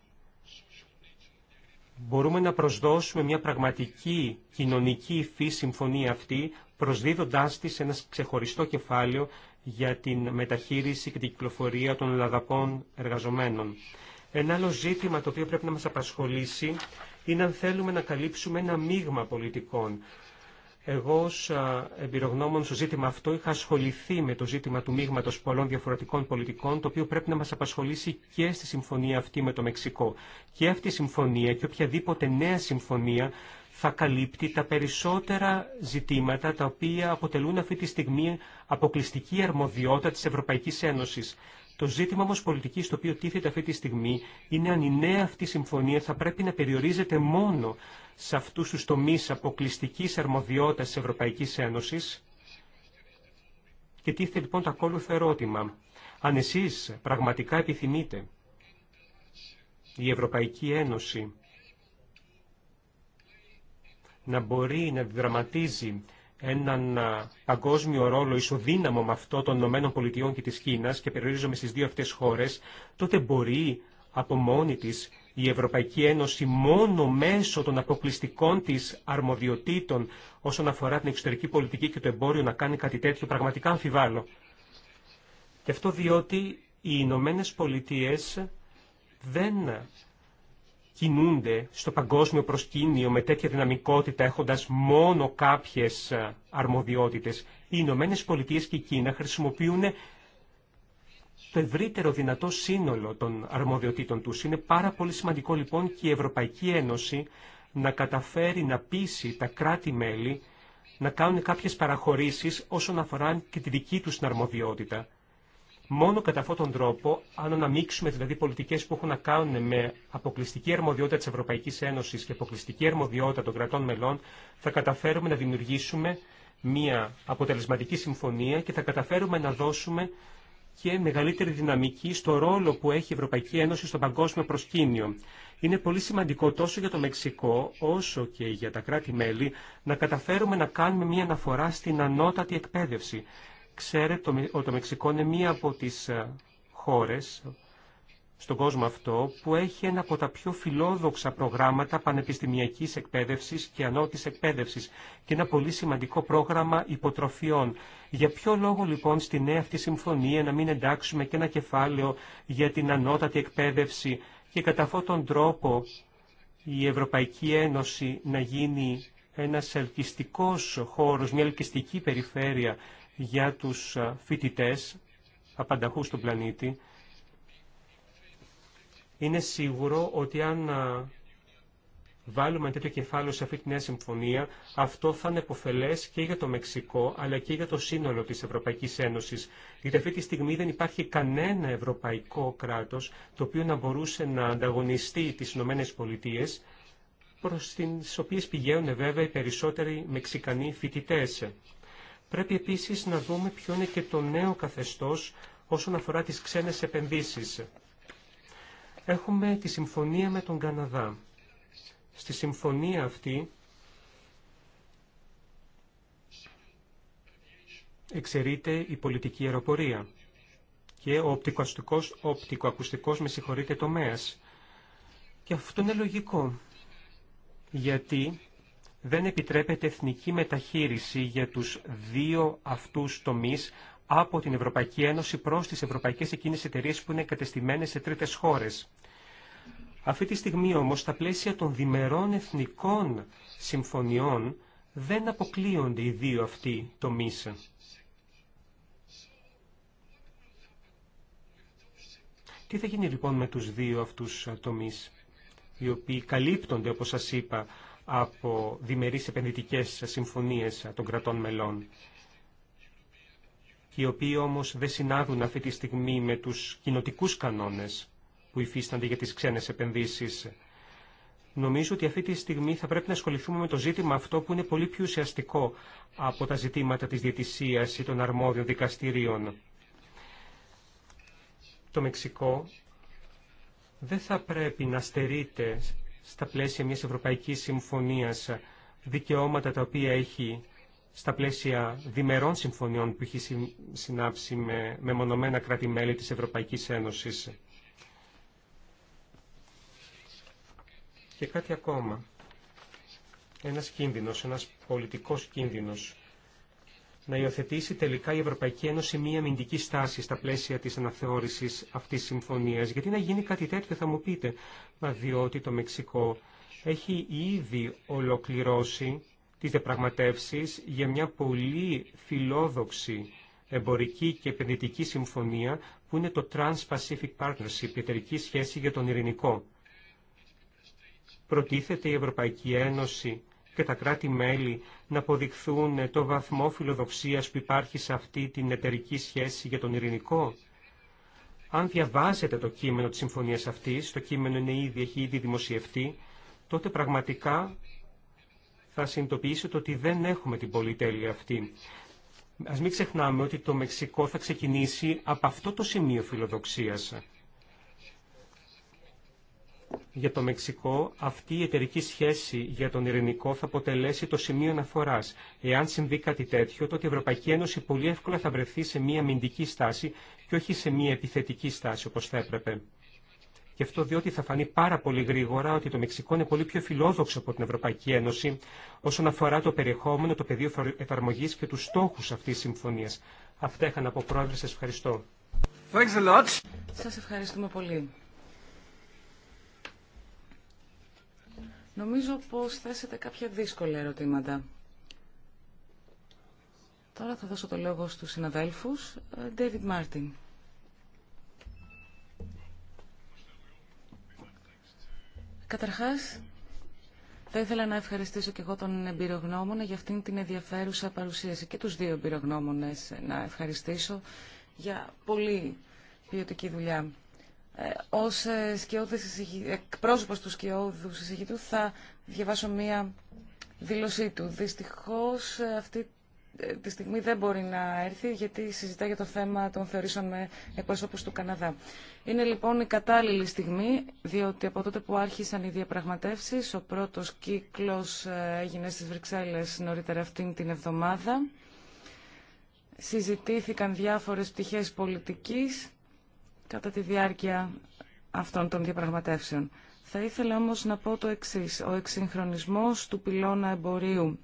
Μπορούμε να προσδώσουμε μια πραγματική κοινωνική υφή συμφωνία αυτή, προσδίδοντάς της ένα ξεχωριστό κεφάλαιο για την μεταχείριση και την κυκλοφορία των λαδακών εργαζομένων. Ένα άλλο ζήτημα το οποίο πρέπει να μας απασχολήσει είναι αν θέλουμε να καλύψουμε ένα μείγμα πολιτικών. Εγώ ως εμπειρογνώμων στο ζήτημα αυτό είχα ασχοληθεί με το ζήτημα του μείγματο πολλών διαφορετικών πολιτικών, το οποίο πρέπει να μας απασχολήσει και στη συμφωνία αυτή με το Μεξικό. Και αυτή η συμφωνία και οποιαδήποτε νέα συμφωνία θα καλύπτει τα περισσότερα ζητήματα τα οποία αποτελούν αυτή τη στιγμή αποκλειστική αρμοδιότητα της Ευρωπαϊκής Ένωσης. Το ζήτημα όμως, πολιτικής, το οποίο τίθεται αυτή τη στιγμή είναι αν η νέα αυτή συμφωνία θα πρέπει να περιορίζεται μόνο σε αυτού του τομεί αποκλειστική αρμοδιότητα τη Ευρωπαϊκή Ένωση. Και τίθεται λοιπόν το ακόλουθο ερώτημα. Αν εσεί πραγματικά επιθυμείτε η Ευρωπαϊκή Ένωση να μπορεί να δραματίζει έναν παγκόσμιο ρόλο ισοδύναμο με αυτό των Ηνωμένων Πολιτειών και της Κίνας και περιορίζομαι στις δύο αυτές χώρες, τότε μπορεί από μόνη της η Ευρωπαϊκή Ένωση μόνο μέσω των αποκλειστικών της αρμοδιοτήτων όσον αφορά την εξωτερική πολιτική και το εμπόριο να κάνει κάτι τέτοιο πραγματικά αμφιβάλλω. Και αυτό διότι οι Ηνωμένε Πολιτείε δεν κινούνται στο παγκόσμιο προσκήνιο με τέτοια δυναμικότητα έχοντας μόνο κάποιες ε, αρμοδιότητες. Οι Ηνωμένε Πολιτείε και η Κίνα χρησιμοποιούν το ευρύτερο δυνατό σύνολο των αρμοδιοτήτων τους. Είναι πάρα πολύ σημαντικό λοιπόν και η Ευρωπαϊκή Ένωση να καταφέρει να πείσει τα κράτη-μέλη να κάνουν κάποιες παραχωρήσεις όσον αφορά και τη δική τους αρμοδιότητα. Μόνο κατά αυτόν τον τρόπο, αν αναμίξουμε δηλαδή πολιτικέ που έχουν να κάνουν με αποκλειστική αρμοδιότητα τη Ευρωπαϊκή Ένωση και αποκλειστική αρμοδιότητα των κρατών μελών, θα καταφέρουμε να δημιουργήσουμε μια αποτελεσματική συμφωνία και θα καταφέρουμε να δώσουμε και μεγαλύτερη δυναμική στο ρόλο που έχει η Ευρωπαϊκή Ένωση στο παγκόσμιο προσκήνιο. Είναι πολύ σημαντικό τόσο για το Μεξικό όσο και για τα κράτη-μέλη να καταφέρουμε να κάνουμε μια αναφορά στην ανώτατη εκπαίδευση. Ξέρετε ότι το Μεξικό είναι μία από τις ε, χώρες στον κόσμο αυτό που έχει ένα από τα πιο φιλόδοξα προγράμματα πανεπιστημιακής εκπαίδευσης και ανώτης εκπαίδευσης και ένα πολύ σημαντικό πρόγραμμα υποτροφιών. Για ποιο λόγο λοιπόν στη νέα αυτή συμφωνία να μην εντάξουμε και ένα κεφάλαιο για την ανώτατη εκπαίδευση και κατά αυτόν τον τρόπο η Ευρωπαϊκή Ένωση να γίνει ένας ελκυστικός χώρος, μια ελκυστική περιφέρεια για τους ε, φοιτητές απανταχού στον πλανήτη. Είναι σίγουρο ότι αν ε, βάλουμε τέτοιο κεφάλαιο σε αυτή τη νέα συμφωνία, αυτό θα είναι και για το Μεξικό, αλλά και για το σύνολο της Ευρωπαϊκής Ένωσης Γιατί αυτή τη στιγμή δεν υπάρχει κανένα ευρωπαϊκό κράτος το οποίο να μπορούσε να ανταγωνιστεί τις Ηνωμένε Πολιτείε, προς τις οποίες πηγαίνουν βέβαια οι περισσότεροι Μεξικανοί φοιτητέ. Πρέπει επίσης να δούμε ποιο είναι και το νέο καθεστώς όσον αφορά τις ξένες επενδύσεις. Έχουμε τη συμφωνία με τον Καναδά. Στη συμφωνία αυτή εξαιρείται η πολιτική αεροπορία και ο οπτικοακουστικός, οπτικοακουστικός με το τομέας. Και αυτό είναι λογικό, γιατί δεν επιτρέπεται εθνική μεταχείριση για τους δύο αυτούς τομείς από την Ευρωπαϊκή Ένωση προς τις ευρωπαϊκές εκείνες εταιρείες που είναι κατεστημένες σε τρίτες χώρες. Αυτή τη στιγμή όμως στα πλαίσια των διμερών εθνικών συμφωνιών δεν αποκλείονται οι δύο αυτοί τομείς. Τι θα γίνει λοιπόν με τους δύο αυτούς τομείς, οι οποίοι καλύπτονται όπως σας είπα από διμερείς επενδυτικές συμφωνίες των κρατών μελών οι οποίοι όμως δεν συνάδουν αυτή τη στιγμή με τους κοινοτικούς κανόνες που υφίστανται για τις ξένες επενδύσεις. Νομίζω ότι αυτή τη στιγμή θα πρέπει να ασχοληθούμε με το ζήτημα αυτό που είναι πολύ πιο ουσιαστικό από τα ζητήματα της διαιτησίας ή των αρμόδιων δικαστηρίων. Το Μεξικό δεν θα πρέπει να στερείται στα πλαίσια μιας Ευρωπαϊκής Συμφωνίας δικαιώματα τα οποία έχει στα πλαίσια διμερών συμφωνιών που έχει συνάψει με, μονομένα κράτη-μέλη της Ευρωπαϊκής Ένωσης. Και κάτι ακόμα. Ένας κίνδυνος, ένας πολιτικός κίνδυνος να υιοθετήσει τελικά η Ευρωπαϊκή Ένωση μία αμυντική στάση στα πλαίσια της αναθεώρησης αυτής της συμφωνίας. Γιατί να γίνει κάτι τέτοιο θα μου πείτε, μα διότι το Μεξικό έχει ήδη ολοκληρώσει τις διαπραγματεύσεις για μια πολύ φιλόδοξη εμπορική και επενδυτική συμφωνία που είναι το Trans-Pacific Partnership, η εταιρική σχέση για τον ειρηνικό. Προτίθεται η Ευρωπαϊκή Ένωση και τα κράτη-μέλη να αποδειχθούν το βαθμό φιλοδοξίας που υπάρχει σε αυτή την εταιρική σχέση για τον ειρηνικό. Αν διαβάζετε το κείμενο της συμφωνίας αυτής, το κείμενο είναι ήδη, έχει ήδη δημοσιευτεί, τότε πραγματικά θα συνειδητοποιήσετε ότι δεν έχουμε την πολυτέλεια αυτή. Ας μην ξεχνάμε ότι το Μεξικό θα ξεκινήσει από αυτό το σημείο φιλοδοξίας για το Μεξικό, αυτή η εταιρική σχέση για τον ειρηνικό θα αποτελέσει το σημείο αναφορά. Εάν συμβεί κάτι τέτοιο, τότε η Ευρωπαϊκή Ένωση πολύ εύκολα θα βρεθεί σε μια αμυντική στάση και όχι σε μια επιθετική στάση όπω θα έπρεπε. Γι' αυτό διότι θα φανεί πάρα πολύ γρήγορα ότι το Μεξικό είναι πολύ πιο φιλόδοξο από την Ευρωπαϊκή Ένωση όσον αφορά το περιεχόμενο, το πεδίο εφαρμογή και του στόχου αυτή τη συμφωνία. Αυτά είχα να Πρόεδρε. Σα ευχαριστώ. Σα ευχαριστούμε πολύ. Νομίζω πως θέσετε κάποια δύσκολα ερωτήματα. Τώρα θα δώσω το λόγο στους συναδέλφους. Ε, David Martin. Καταρχάς, θα ήθελα να ευχαριστήσω και εγώ τον εμπειρογνώμονα για αυτήν την ενδιαφέρουσα παρουσίαση και τους δύο εμπειρογνώμονες να ευχαριστήσω για πολύ ποιοτική δουλειά. Ε, ως ε, σκιώδης, εκπρόσωπος του σκιώδου συζητητού θα διαβάσω μία δήλωσή του. Δυστυχώς ε, αυτή τη στιγμή δεν μπορεί να έρθει γιατί συζητά για το θέμα των θεωρήσεων με εκπροσώπους του Καναδά. Είναι λοιπόν η κατάλληλη στιγμή διότι από τότε που άρχισαν οι διαπραγματεύσεις ο πρώτος κύκλος έγινε στις Βρυξέλλες νωρίτερα αυτήν την εβδομάδα. Συζητήθηκαν διάφορες πτυχές πολιτικής κατά τη διάρκεια αυτών των διαπραγματεύσεων. Θα ήθελα όμως να πω το εξής. Ο εξυγχρονισμός του πυλώνα εμπορίου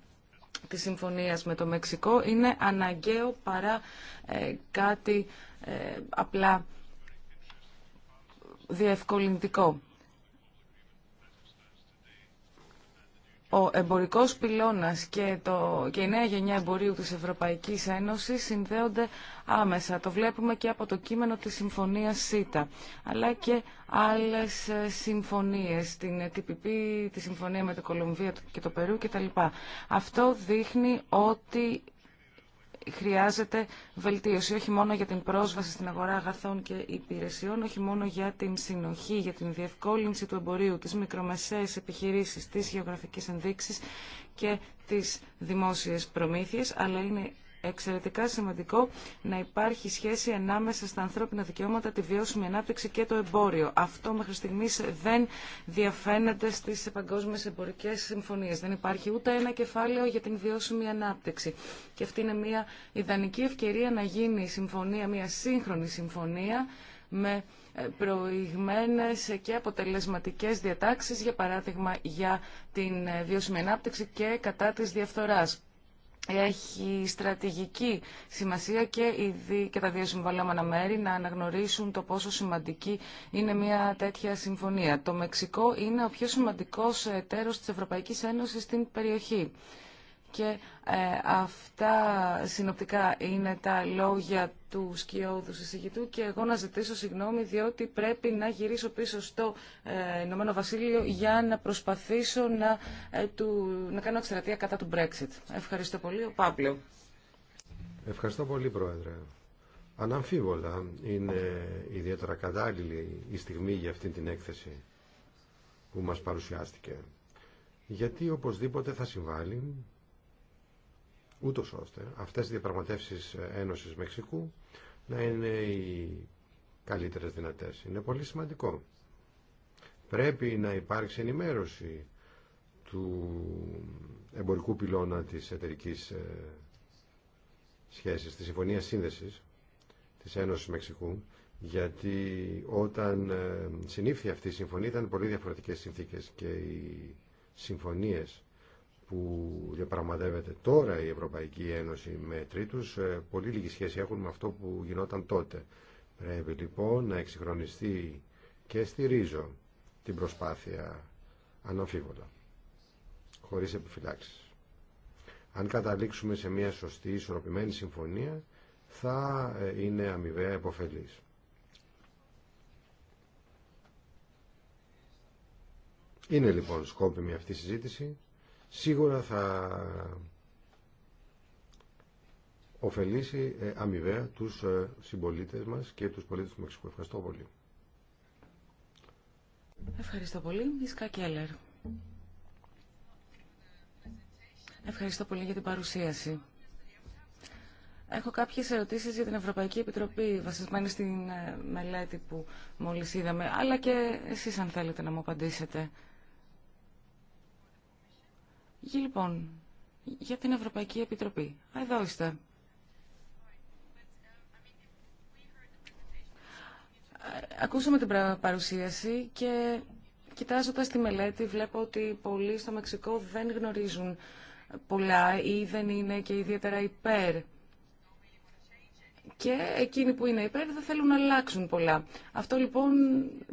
της συμφωνίας με το Μεξικό είναι αναγκαίο παρά ε, κάτι ε, απλά διευκολυντικό. Ο εμπορικός πυλώνας και, το, η νέα γενιά εμπορίου της Ευρωπαϊκής Ένωσης συνδέονται άμεσα. Το βλέπουμε και από το κείμενο της Συμφωνίας ΣΥΤΑ, αλλά και άλλες ε, συμφωνίες, την TPP, τη Συμφωνία με την Κολομβία και το Περού κτλ. Αυτό δείχνει ότι χρειάζεται βελτίωση, όχι μόνο για την πρόσβαση στην αγορά αγαθών και υπηρεσιών, όχι μόνο για την συνοχή, για την διευκόλυνση του εμπορίου, τις μικρομεσαίες επιχειρήσεις, τις γεωγραφικές ενδείξεις και τις δημόσιες προμήθειες, αλλά είναι εξαιρετικά σημαντικό να υπάρχει σχέση ανάμεσα στα ανθρώπινα δικαιώματα, τη βιώσιμη ανάπτυξη και το εμπόριο. Αυτό μέχρι στιγμή δεν διαφαίνεται στι παγκόσμιε εμπορικέ συμφωνίε. Δεν υπάρχει ούτε ένα κεφάλαιο για την βιώσιμη ανάπτυξη. Και αυτή είναι μια ιδανική ευκαιρία να γίνει συμφωνία, μια σύγχρονη συμφωνία με ε, προηγμένες και αποτελεσματικές διατάξεις, για παράδειγμα για την ε, βιώσιμη ανάπτυξη και κατά της διαφθοράς έχει στρατηγική σημασία και, και τα δύο συμβαλόμενα μέρη να αναγνωρίσουν το πόσο σημαντική είναι μια τέτοια συμφωνία. Το Μεξικό είναι ο πιο σημαντικός εταίρος της Ευρωπαϊκής Ένωσης στην περιοχή. Και ε, αυτά συνοπτικά είναι τα λόγια του σκιώδου συζητού και εγώ να ζητήσω συγγνώμη διότι πρέπει να γυρίσω πίσω στο ε, Ηνωμένο Βασίλειο για να προσπαθήσω να, ε, του, να κάνω εξτρατεία κατά του Brexit. Ευχαριστώ πολύ. Ο Πάπλο. Ευχαριστώ πολύ, Πρόεδρε. Αναμφίβολα είναι ιδιαίτερα κατάλληλη η στιγμή για αυτή την έκθεση που μας παρουσιάστηκε. Γιατί οπωσδήποτε θα συμβάλλει ούτως ώστε αυτές οι διαπραγματεύσεις Ένωσης Μεξικού να είναι οι καλύτερες δυνατές. Είναι πολύ σημαντικό. Πρέπει να υπάρξει ενημέρωση του εμπορικού πυλώνα της εταιρική ε, σχέσης, της Συμφωνίας Σύνδεσης της Ένωσης Μεξικού, γιατί όταν ε, συνήφθη αυτή η συμφωνία ήταν πολύ διαφορετικές συνθήκες και οι συμφωνίες που διαπραγματεύεται τώρα η Ευρωπαϊκή Ένωση με τρίτους ε, πολύ λίγη σχέση έχουν με αυτό που γινόταν τότε. Πρέπει λοιπόν να εξυγχρονιστεί και στη στηρίζω την προσπάθεια αναμφίβολα, χωρίς επιφυλάξεις. Αν καταλήξουμε σε μια σωστή, ισορροπημένη συμφωνία, θα ε, είναι αμοιβαία επωφελής. Είναι λοιπόν σκόπιμη αυτή η συζήτηση σίγουρα θα ωφελήσει ε, αμοιβαία τους ε, συμπολίτες μας και τους πολίτες του Μεξικού. Ευχαριστώ πολύ. Ευχαριστώ πολύ. Ισκά Κέλλερ. Ευχαριστώ πολύ για την παρουσίαση. Έχω κάποιες ερωτήσεις για την Ευρωπαϊκή Επιτροπή, βασισμένη στην ε, μελέτη που μόλις είδαμε, αλλά και εσείς αν θέλετε να μου απαντήσετε. Για λοιπόν, για την Ευρωπαϊκή Επιτροπή. Εδώ είστε. Ακούσαμε την παρουσίαση και κοιτάζοντας τη μελέτη βλέπω ότι πολλοί στο Μεξικό δεν γνωρίζουν πολλά ή δεν είναι και ιδιαίτερα υπέρ και εκείνοι που είναι υπέρ δεν θέλουν να αλλάξουν πολλά. Αυτό λοιπόν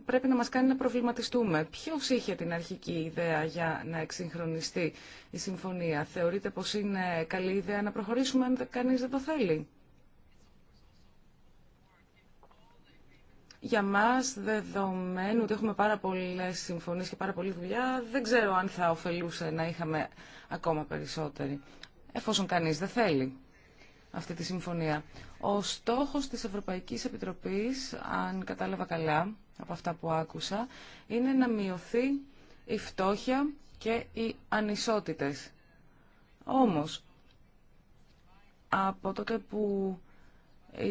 πρέπει να μας κάνει να προβληματιστούμε. Ποιο είχε την αρχική ιδέα για να εξυγχρονιστεί η συμφωνία. Θεωρείτε πως είναι καλή ιδέα να προχωρήσουμε αν κανείς δεν το θέλει. Για μας, δεδομένου ότι έχουμε πάρα πολλές συμφωνίες και πάρα πολλή δουλειά, δεν ξέρω αν θα ωφελούσε να είχαμε ακόμα περισσότεροι, εφόσον κανείς δεν θέλει αυτή τη συμφωνία. Ο στόχος της Ευρωπαϊκής Επιτροπής, αν κατάλαβα καλά από αυτά που άκουσα, είναι να μειωθεί η φτώχεια και οι ανισότητες. Όμως, από τότε που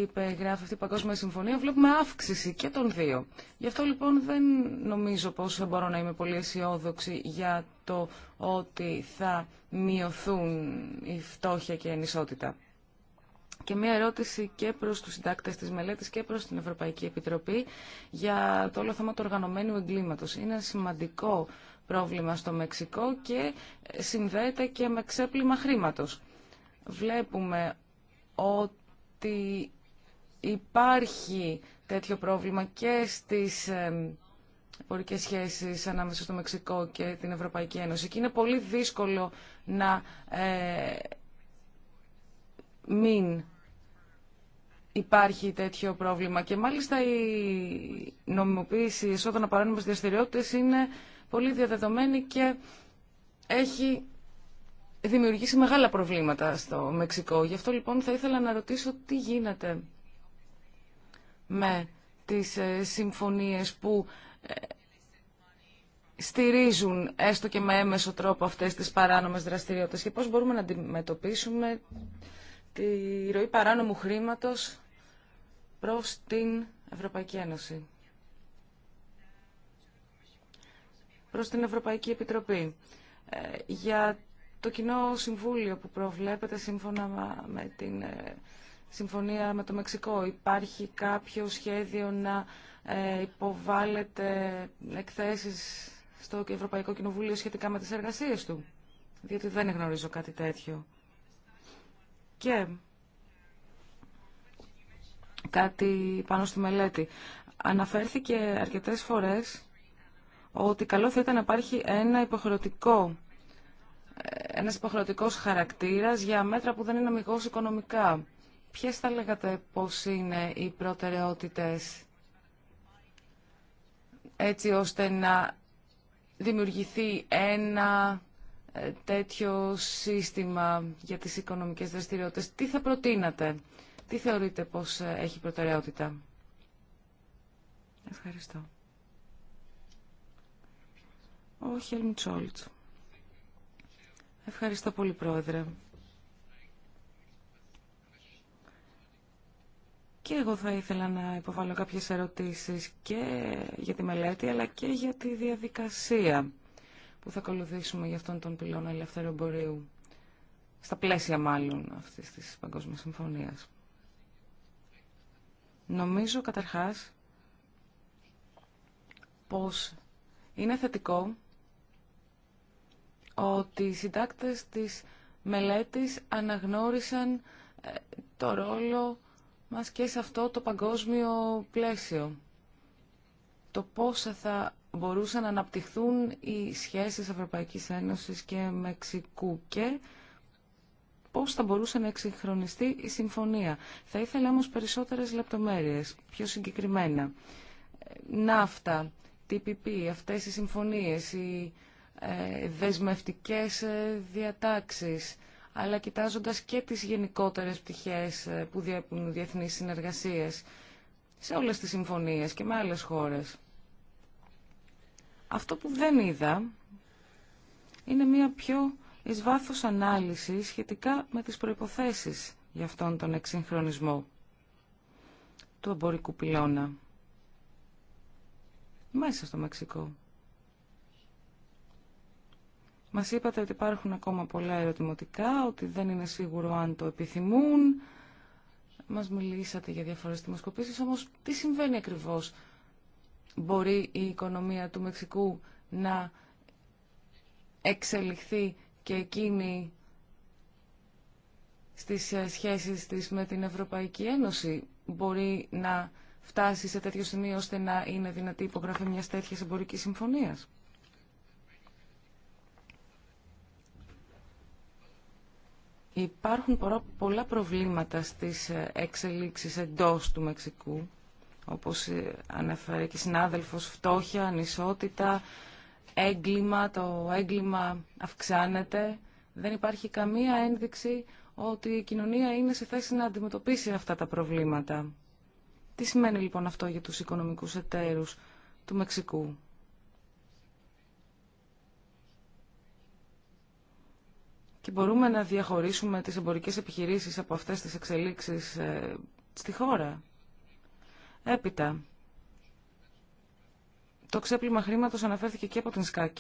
υπεγράφει αυτή η Παγκόσμια Συμφωνία, βλέπουμε αύξηση και των δύο. Γι' αυτό λοιπόν δεν νομίζω πως μπορώ να είμαι πολύ αισιόδοξη για το ότι θα μειωθούν η φτώχεια και η ανισότητα. Και μία ερώτηση και προς τους συντάκτες τη μελέτη και προς την Ευρωπαϊκή Επιτροπή για το όλο θέμα του οργανωμένου εγκλήματο. Είναι ένα σημαντικό πρόβλημα στο Μεξικό και συνδέεται και με ξέπλυμα χρήματο. Βλέπουμε ότι υπάρχει τέτοιο πρόβλημα και στις πορικέ σχέσει ανάμεσα στο Μεξικό και την Ευρωπαϊκή Ένωση. Και είναι πολύ δύσκολο να ε, μην υπάρχει τέτοιο πρόβλημα. Και μάλιστα η νομιμοποίηση εσόδων από παράνομες δραστηριότητες είναι πολύ διαδεδομένη και έχει δημιουργήσει μεγάλα προβλήματα στο Μεξικό. Γι' αυτό λοιπόν θα ήθελα να ρωτήσω τι γίνεται με τις ε, συμφωνίες που ε, στηρίζουν έστω και με έμεσο τρόπο αυτές τις παράνομες δραστηριότητες και πώς μπορούμε να αντιμετωπίσουμε τη ροή παράνομου χρήματος προς την Ευρωπαϊκή Ένωση. Προς την Ευρωπαϊκή Επιτροπή. Ε, για το κοινό συμβούλιο που προβλέπεται σύμφωνα με την ε, συμφωνία με το Μεξικό. Υπάρχει κάποιο σχέδιο να ε, υποβάλλεται εκθέσεις στο Ευρωπαϊκό Κοινοβούλιο σχετικά με τις εργασίες του. Διότι δεν γνωρίζω κάτι τέτοιο. Και κάτι πάνω στη μελέτη. Αναφέρθηκε αρκετές φορές ότι καλό θα ήταν να υπάρχει ένα υποχρεωτικό ένας υποχρεωτικός χαρακτήρας για μέτρα που δεν είναι αμυγός οικονομικά. Ποιες θα λέγατε πώς είναι οι προτεραιότητες έτσι ώστε να δημιουργηθεί ένα ε, τέτοιο σύστημα για τις οικονομικές δραστηριότητες. Τι θα προτείνατε, τι θεωρείτε πως ε, έχει προτεραιότητα. Ευχαριστώ. Ο Ευχαριστώ πολύ, Πρόεδρε. Και εγώ θα ήθελα να υποβάλω κάποιες ερωτήσεις και για τη μελέτη, αλλά και για τη διαδικασία που θα ακολουθήσουμε για αυτόν τον πυλώνα ελεύθερου εμπορίου, στα πλαίσια μάλλον αυτή της παγκόσμια συμφωνία. Νομίζω καταρχάς Πώ είναι θετικό ότι οι συντάκτες της μελέτης αναγνώρισαν ε, το ρόλο μας και σε αυτό το παγκόσμιο πλαίσιο. Το πώς θα μπορούσαν να αναπτυχθούν οι σχέσεις Ευρωπαϊκής Ένωσης και Μεξικού και πώς θα μπορούσε να εξυγχρονιστεί η συμφωνία. Θα ήθελα όμως περισσότερες λεπτομέρειες, πιο συγκεκριμένα. Ναύτα, TPP, αυτές οι συμφωνίες, οι ε, δεσμευτικές ε, διατάξεις, αλλά κοιτάζοντας και τις γενικότερες πτυχές ε, που διέπουν διεθνείς συνεργασίες σε όλες τις συμφωνίες και με άλλες χώρες. Αυτό που δεν είδα είναι μια πιο εις βάθος ανάλυση σχετικά με τις προϋποθέσεις για αυτόν τον εξυγχρονισμό του εμπορικού πυλώνα μέσα στο Μεξικό. Μας είπατε ότι υπάρχουν ακόμα πολλά ερωτηματικά, ότι δεν είναι σίγουρο αν το επιθυμούν. Μας μιλήσατε για διαφορές δημοσκοπήσεις, όμως τι συμβαίνει ακριβώς μπορεί η οικονομία του Μεξικού να εξελιχθεί και εκείνη στις ε, σχέσεις της με την Ευρωπαϊκή Ένωση μπορεί να φτάσει σε τέτοιο σημείο ώστε να είναι δυνατή η υπογραφή μιας τέτοια εμπορική συμφωνίας. Υπάρχουν πολλά προβλήματα στις ε, εξελίξεις εντός του Μεξικού όπως ε, ανέφερε και η συνάδελφος, φτώχεια, ανισότητα, έγκλημα, το έγκλημα αυξάνεται. Δεν υπάρχει καμία ένδειξη ότι η κοινωνία είναι σε θέση να αντιμετωπίσει αυτά τα προβλήματα. Τι σημαίνει λοιπόν αυτό για τους οικονομικούς εταίρους του Μεξικού. Και μπορούμε να διαχωρίσουμε τις εμπορικές επιχειρήσεις από αυτές τις εξελίξεις ε, στη χώρα. Έπειτα, το ξέπλυμα χρήματος αναφέρθηκε και από την Σκά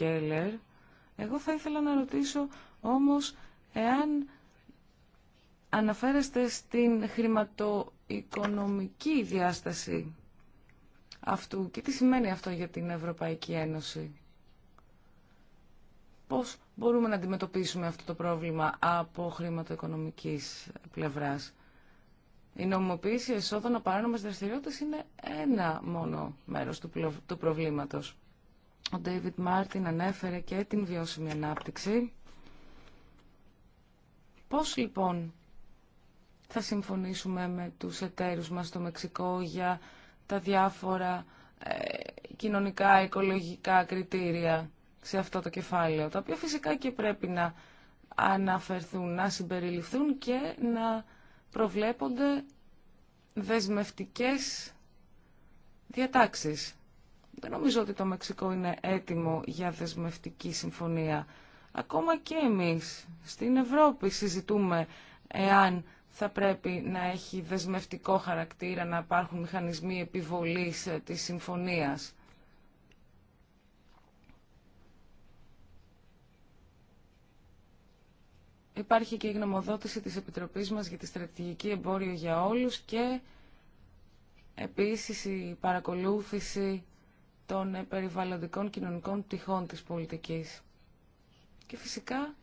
Εγώ θα ήθελα να ρωτήσω όμως εάν αναφέρεστε στην χρηματοοικονομική διάσταση αυτού και τι σημαίνει αυτό για την Ευρωπαϊκή Ένωση. Πώς μπορούμε να αντιμετωπίσουμε αυτό το πρόβλημα από χρηματοοικονομικής πλευράς. Η νομοποίηση εσόδων από παράνομες δραστηριότητε είναι ένα μόνο μέρος του προβλήματος. Ο Ντέιβιτ Μάρτιν ανέφερε και την βιώσιμη ανάπτυξη. Πώς λοιπόν θα συμφωνήσουμε με τους εταίρους μας στο Μεξικό για τα διάφορα ε, κοινωνικά, οικολογικά κριτήρια σε αυτό το κεφάλαιο, τα οποία φυσικά και πρέπει να αναφερθούν, να συμπεριληφθούν και να προβλέπονται δεσμευτικές διατάξεις. Δεν νομίζω ότι το Μεξικό είναι έτοιμο για δεσμευτική συμφωνία. Ακόμα και εμείς στην Ευρώπη συζητούμε εάν θα πρέπει να έχει δεσμευτικό χαρακτήρα, να υπάρχουν μηχανισμοί επιβολής ε, της συμφωνίας. Υπάρχει και η γνωμοδότηση της Επιτροπής μας για τη στρατηγική εμπόριο για όλους και επίσης η παρακολούθηση των περιβαλλοντικών κοινωνικών πτυχών της πολιτικής. Και φυσικά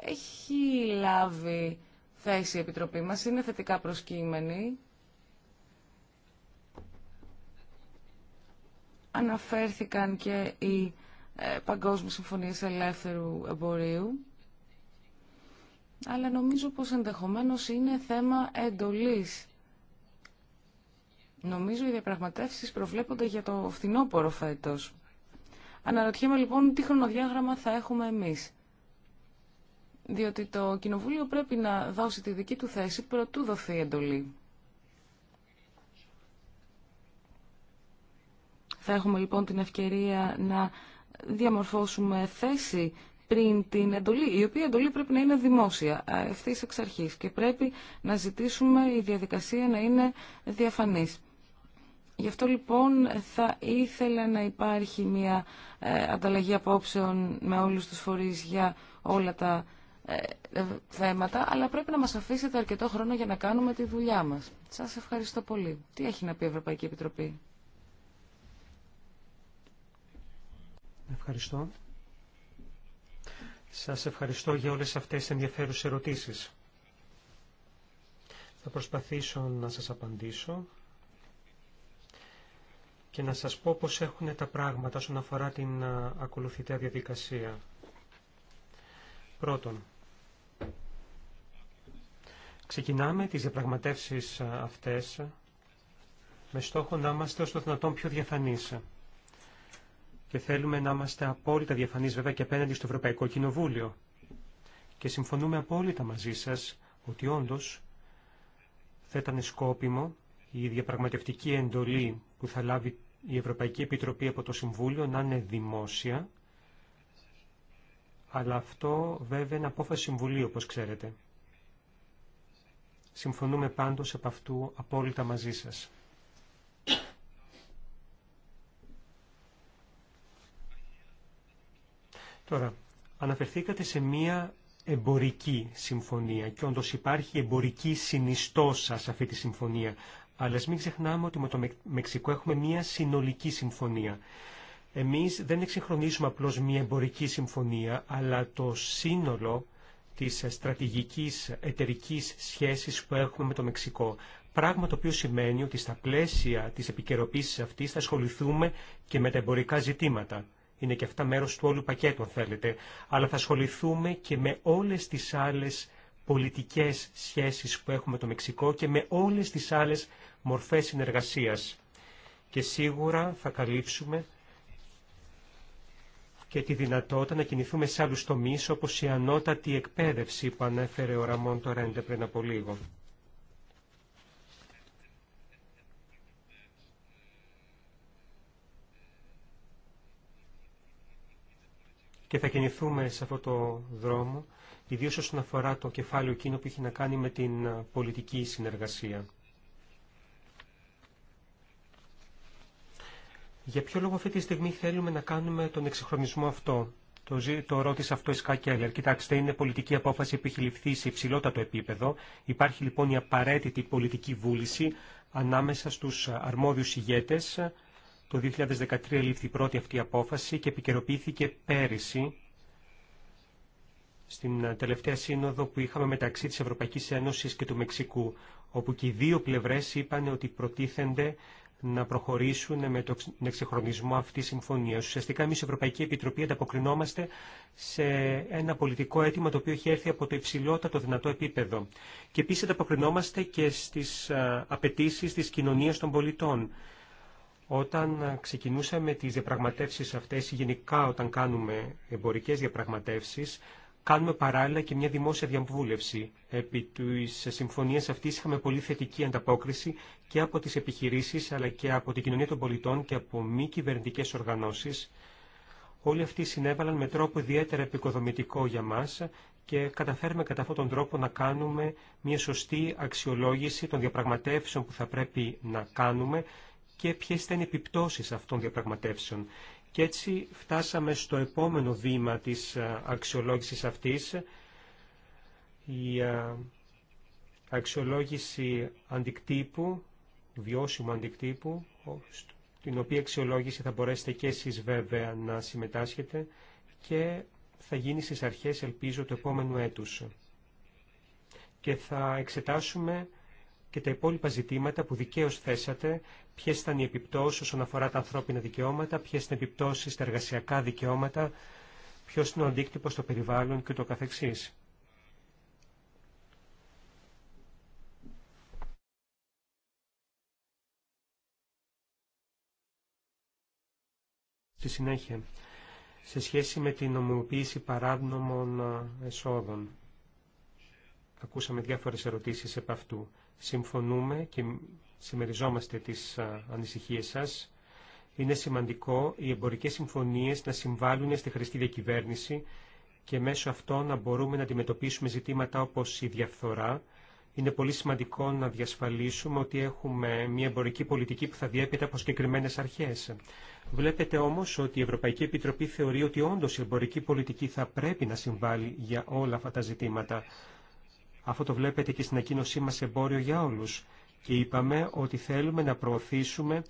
έχει λάβει θέση η Επιτροπή μας, είναι θετικά προσκύμενη. Αναφέρθηκαν και οι ε, Παγκόσμιες Συμφωνίες Ελεύθερου Εμπορίου αλλά νομίζω πως ενδεχομένως είναι θέμα εντολής. Νομίζω οι διαπραγματεύσεις προβλέπονται για το φθινόπωρο φέτος. Αναρωτιέμαι λοιπόν τι χρονοδιάγραμμα θα έχουμε εμείς. Διότι το Κοινοβούλιο πρέπει να δώσει τη δική του θέση προτού δοθεί εντολή. Θα έχουμε λοιπόν την ευκαιρία να διαμορφώσουμε θέση πριν την εντολή, η οποία εντολή πρέπει να είναι δημόσια ευθύ εξ αρχή. και πρέπει να ζητήσουμε η διαδικασία να είναι διαφανής. Γι' αυτό λοιπόν θα ήθελα να υπάρχει μια ε, ανταλλαγή απόψεων με όλους τους φορείς για όλα τα ε, ε, θέματα, αλλά πρέπει να μας αφήσετε αρκετό χρόνο για να κάνουμε τη δουλειά μας. Σας ευχαριστώ πολύ. Τι έχει να πει η Ευρωπαϊκή Επιτροπή. Ευχαριστώ. Σας ευχαριστώ για όλες αυτές τις ενδιαφέρουσες ερωτήσεις. Θα προσπαθήσω να σας απαντήσω και να σας πω πώς έχουν τα πράγματα όσον αφορά την ακολουθητέα διαδικασία. Πρώτον, ξεκινάμε τις διαπραγματεύσεις αυτές με στόχο να είμαστε ως το δυνατόν πιο διαφανείς και θέλουμε να είμαστε απόλυτα διαφανείς βέβαια και απέναντι στο Ευρωπαϊκό Κοινοβούλιο. Και συμφωνούμε απόλυτα μαζί σας ότι όντως θα ήταν σκόπιμο η διαπραγματευτική εντολή που θα λάβει η Ευρωπαϊκή Επιτροπή από το Συμβούλιο να είναι δημόσια, αλλά αυτό βέβαια είναι απόφαση Συμβουλίου, όπως ξέρετε. Συμφωνούμε πάντως από αυτού απόλυτα μαζί σας. Τώρα, αναφερθήκατε σε μία εμπορική συμφωνία και όντως υπάρχει εμπορική συνιστόσα σε αυτή τη συμφωνία. Αλλά μην ξεχνάμε ότι με το Μεξικό έχουμε μία συνολική συμφωνία. Εμείς δεν εξυγχρονίζουμε απλώς μία εμπορική συμφωνία, αλλά το σύνολο της στρατηγικής εταιρικής σχέσης που έχουμε με το Μεξικό. Πράγμα το οποίο σημαίνει ότι στα πλαίσια της επικαιροποίησης αυτής θα ασχοληθούμε και με τα εμπορικά ζητήματα είναι και αυτά μέρος του όλου πακέτου αν θέλετε, αλλά θα ασχοληθούμε και με όλες τις άλλες πολιτικές σχέσεις που έχουμε το Μεξικό και με όλες τις άλλες μορφές συνεργασίας. Και σίγουρα θα καλύψουμε και τη δυνατότητα να κινηθούμε σε άλλους τομείς όπως η ανώτατη εκπαίδευση που ανέφερε ο Ραμόν Τορέντε πριν από λίγο. και θα κινηθούμε σε αυτό το δρόμο, ιδίως όσον αφορά το κεφάλαιο εκείνο που έχει να κάνει με την ε, πολιτική συνεργασία. Για ποιο λόγο αυτή τη στιγμή θέλουμε να κάνουμε τον εξυγχρονισμό αυτό. Το, το ρώτησε αυτό η Σκά Κέλλερ. Κοιτάξτε, είναι πολιτική απόφαση που έχει ληφθεί σε υψηλότατο επίπεδο. Υπάρχει λοιπόν η απαραίτητη πολιτική βούληση ανάμεσα στους ε, αρμόδιους ηγέτες το 2013 λήφθη η πρώτη αυτή απόφαση και επικαιροποιήθηκε πέρυσι στην τελευταία σύνοδο που είχαμε μεταξύ της Ευρωπαϊκής Ένωσης και του Μεξικού, όπου και οι δύο πλευρές είπαν ότι προτίθενται να προχωρήσουν με τον εξεχρονισμό αυτή τη συμφωνία. Ουσιαστικά εμεί η Ευρωπαϊκή Επιτροπή ανταποκρινόμαστε σε ένα πολιτικό αίτημα το οποίο έχει έρθει από το υψηλότατο δυνατό επίπεδο. Και επίση, ανταποκρινόμαστε και στι απαιτήσει τη κοινωνία των πολιτών. Όταν ξεκινούσαμε τις διαπραγματεύσεις αυτές, γενικά όταν κάνουμε εμπορικές διαπραγματεύσεις, κάνουμε παράλληλα και μια δημόσια διαβούλευση. Επί της συμφωνίας αυτής είχαμε πολύ θετική ανταπόκριση και από τις επιχειρήσεις, αλλά και από την κοινωνία των πολιτών και από μη κυβερνητικέ οργανώσεις. Όλοι αυτοί συνέβαλαν με τρόπο ιδιαίτερα επικοδομητικό για μας και καταφέρουμε κατά αυτόν τον τρόπο να κάνουμε μια σωστή αξιολόγηση των διαπραγματεύσεων που θα πρέπει να κάνουμε και ποιες ήταν οι επιπτώσει αυτών των διαπραγματεύσεων. Και έτσι φτάσαμε στο επόμενο βήμα της ε, αξιολόγησης αυτής, η ε, αξιολόγηση αντικτύπου, βιώσιμου αντικτύπου, την οποία αξιολόγηση θα μπορέσετε και εσείς βέβαια να συμμετάσχετε και θα γίνει στις αρχές, ελπίζω, του επόμενου έτους. Και θα εξετάσουμε και τα υπόλοιπα ζητήματα που δικαίω θέσατε, ποιε ήταν οι επιπτώσει όσον αφορά τα ανθρώπινα δικαιώματα, ποιε είναι οι επιπτώσει στα εργασιακά δικαιώματα, ποιο είναι ο αντίκτυπο στο περιβάλλον και το καθεξής. Στη συνέχεια, σε σχέση με την ομοιοποίηση παράνομων ε, εσόδων, ακούσαμε διάφορες ερωτήσεις επ' αυτού συμφωνούμε και συμμεριζόμαστε τις ανησυχίες σας. Είναι σημαντικό οι εμπορικές συμφωνίες να συμβάλλουν στη χρηστή διακυβέρνηση και μέσω αυτό να μπορούμε να αντιμετωπίσουμε ζητήματα όπως η διαφθορά. Είναι πολύ σημαντικό να διασφαλίσουμε ότι έχουμε μια εμπορική πολιτική που θα διέπεται από συγκεκριμένε αρχές. Βλέπετε όμως ότι η Ευρωπαϊκή Επιτροπή θεωρεί ότι όντως η εμπορική πολιτική θα πρέπει να συμβάλλει για όλα αυτά τα ζητήματα. Αυτό το βλέπετε και στην ακοίνωσή μας εμπόριο για όλους. Και είπαμε ότι θέλουμε να προωθήσουμε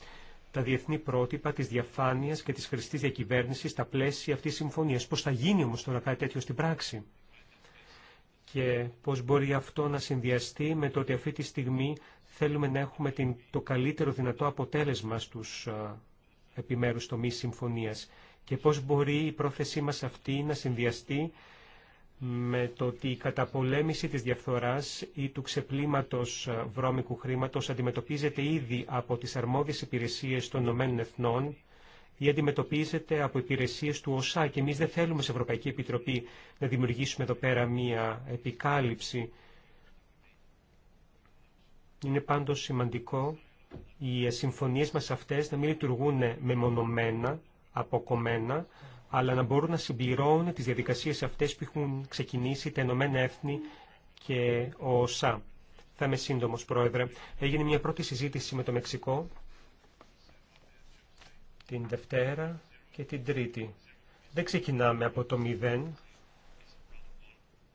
τα διεθνή πρότυπα της διαφάνειας και της χρηστής διακυβέρνησης στα πλαίσια αυτής της συμφωνίας. Πώς θα γίνει όμως τώρα κάτι τέτοιο στην πράξη και πώς μπορεί αυτό να συνδυαστεί με το ότι αυτή τη στιγμή θέλουμε να έχουμε την, το καλύτερο δυνατό αποτέλεσμα στους α, επιμέρους τομείς συμφωνίας και πώς μπορεί η πρόθεσή μας αυτή να συνδυαστεί με το ότι η καταπολέμηση της διαφθοράς ή του ξεπλήματος ε, βρώμικου χρήματος αντιμετωπίζεται ήδη από τις αρμόδιες υπηρεσίες των Ηνωμένων Εθνών ή αντιμετωπίζεται από υπηρεσίες του ΟΣΑ και εμείς δεν θέλουμε σε Ευρωπαϊκή Επιτροπή να δημιουργήσουμε εδώ πέρα μία επικάλυψη. Είναι πάντως σημαντικό οι συμφωνίες μας αυτές να μην λειτουργούν μεμονωμένα, αποκομμένα, αλλά να μπορούν να συμπληρώνουν τις διαδικασίες αυτές που έχουν ξεκινήσει τα Ενωμένα Έθνη και ο ΩΣΑ. Θα είμαι σύντομο, Πρόεδρε. Έγινε μια πρώτη συζήτηση με το Μεξικό την Δευτέρα και την Τρίτη. Δεν ξεκινάμε από το μηδέν.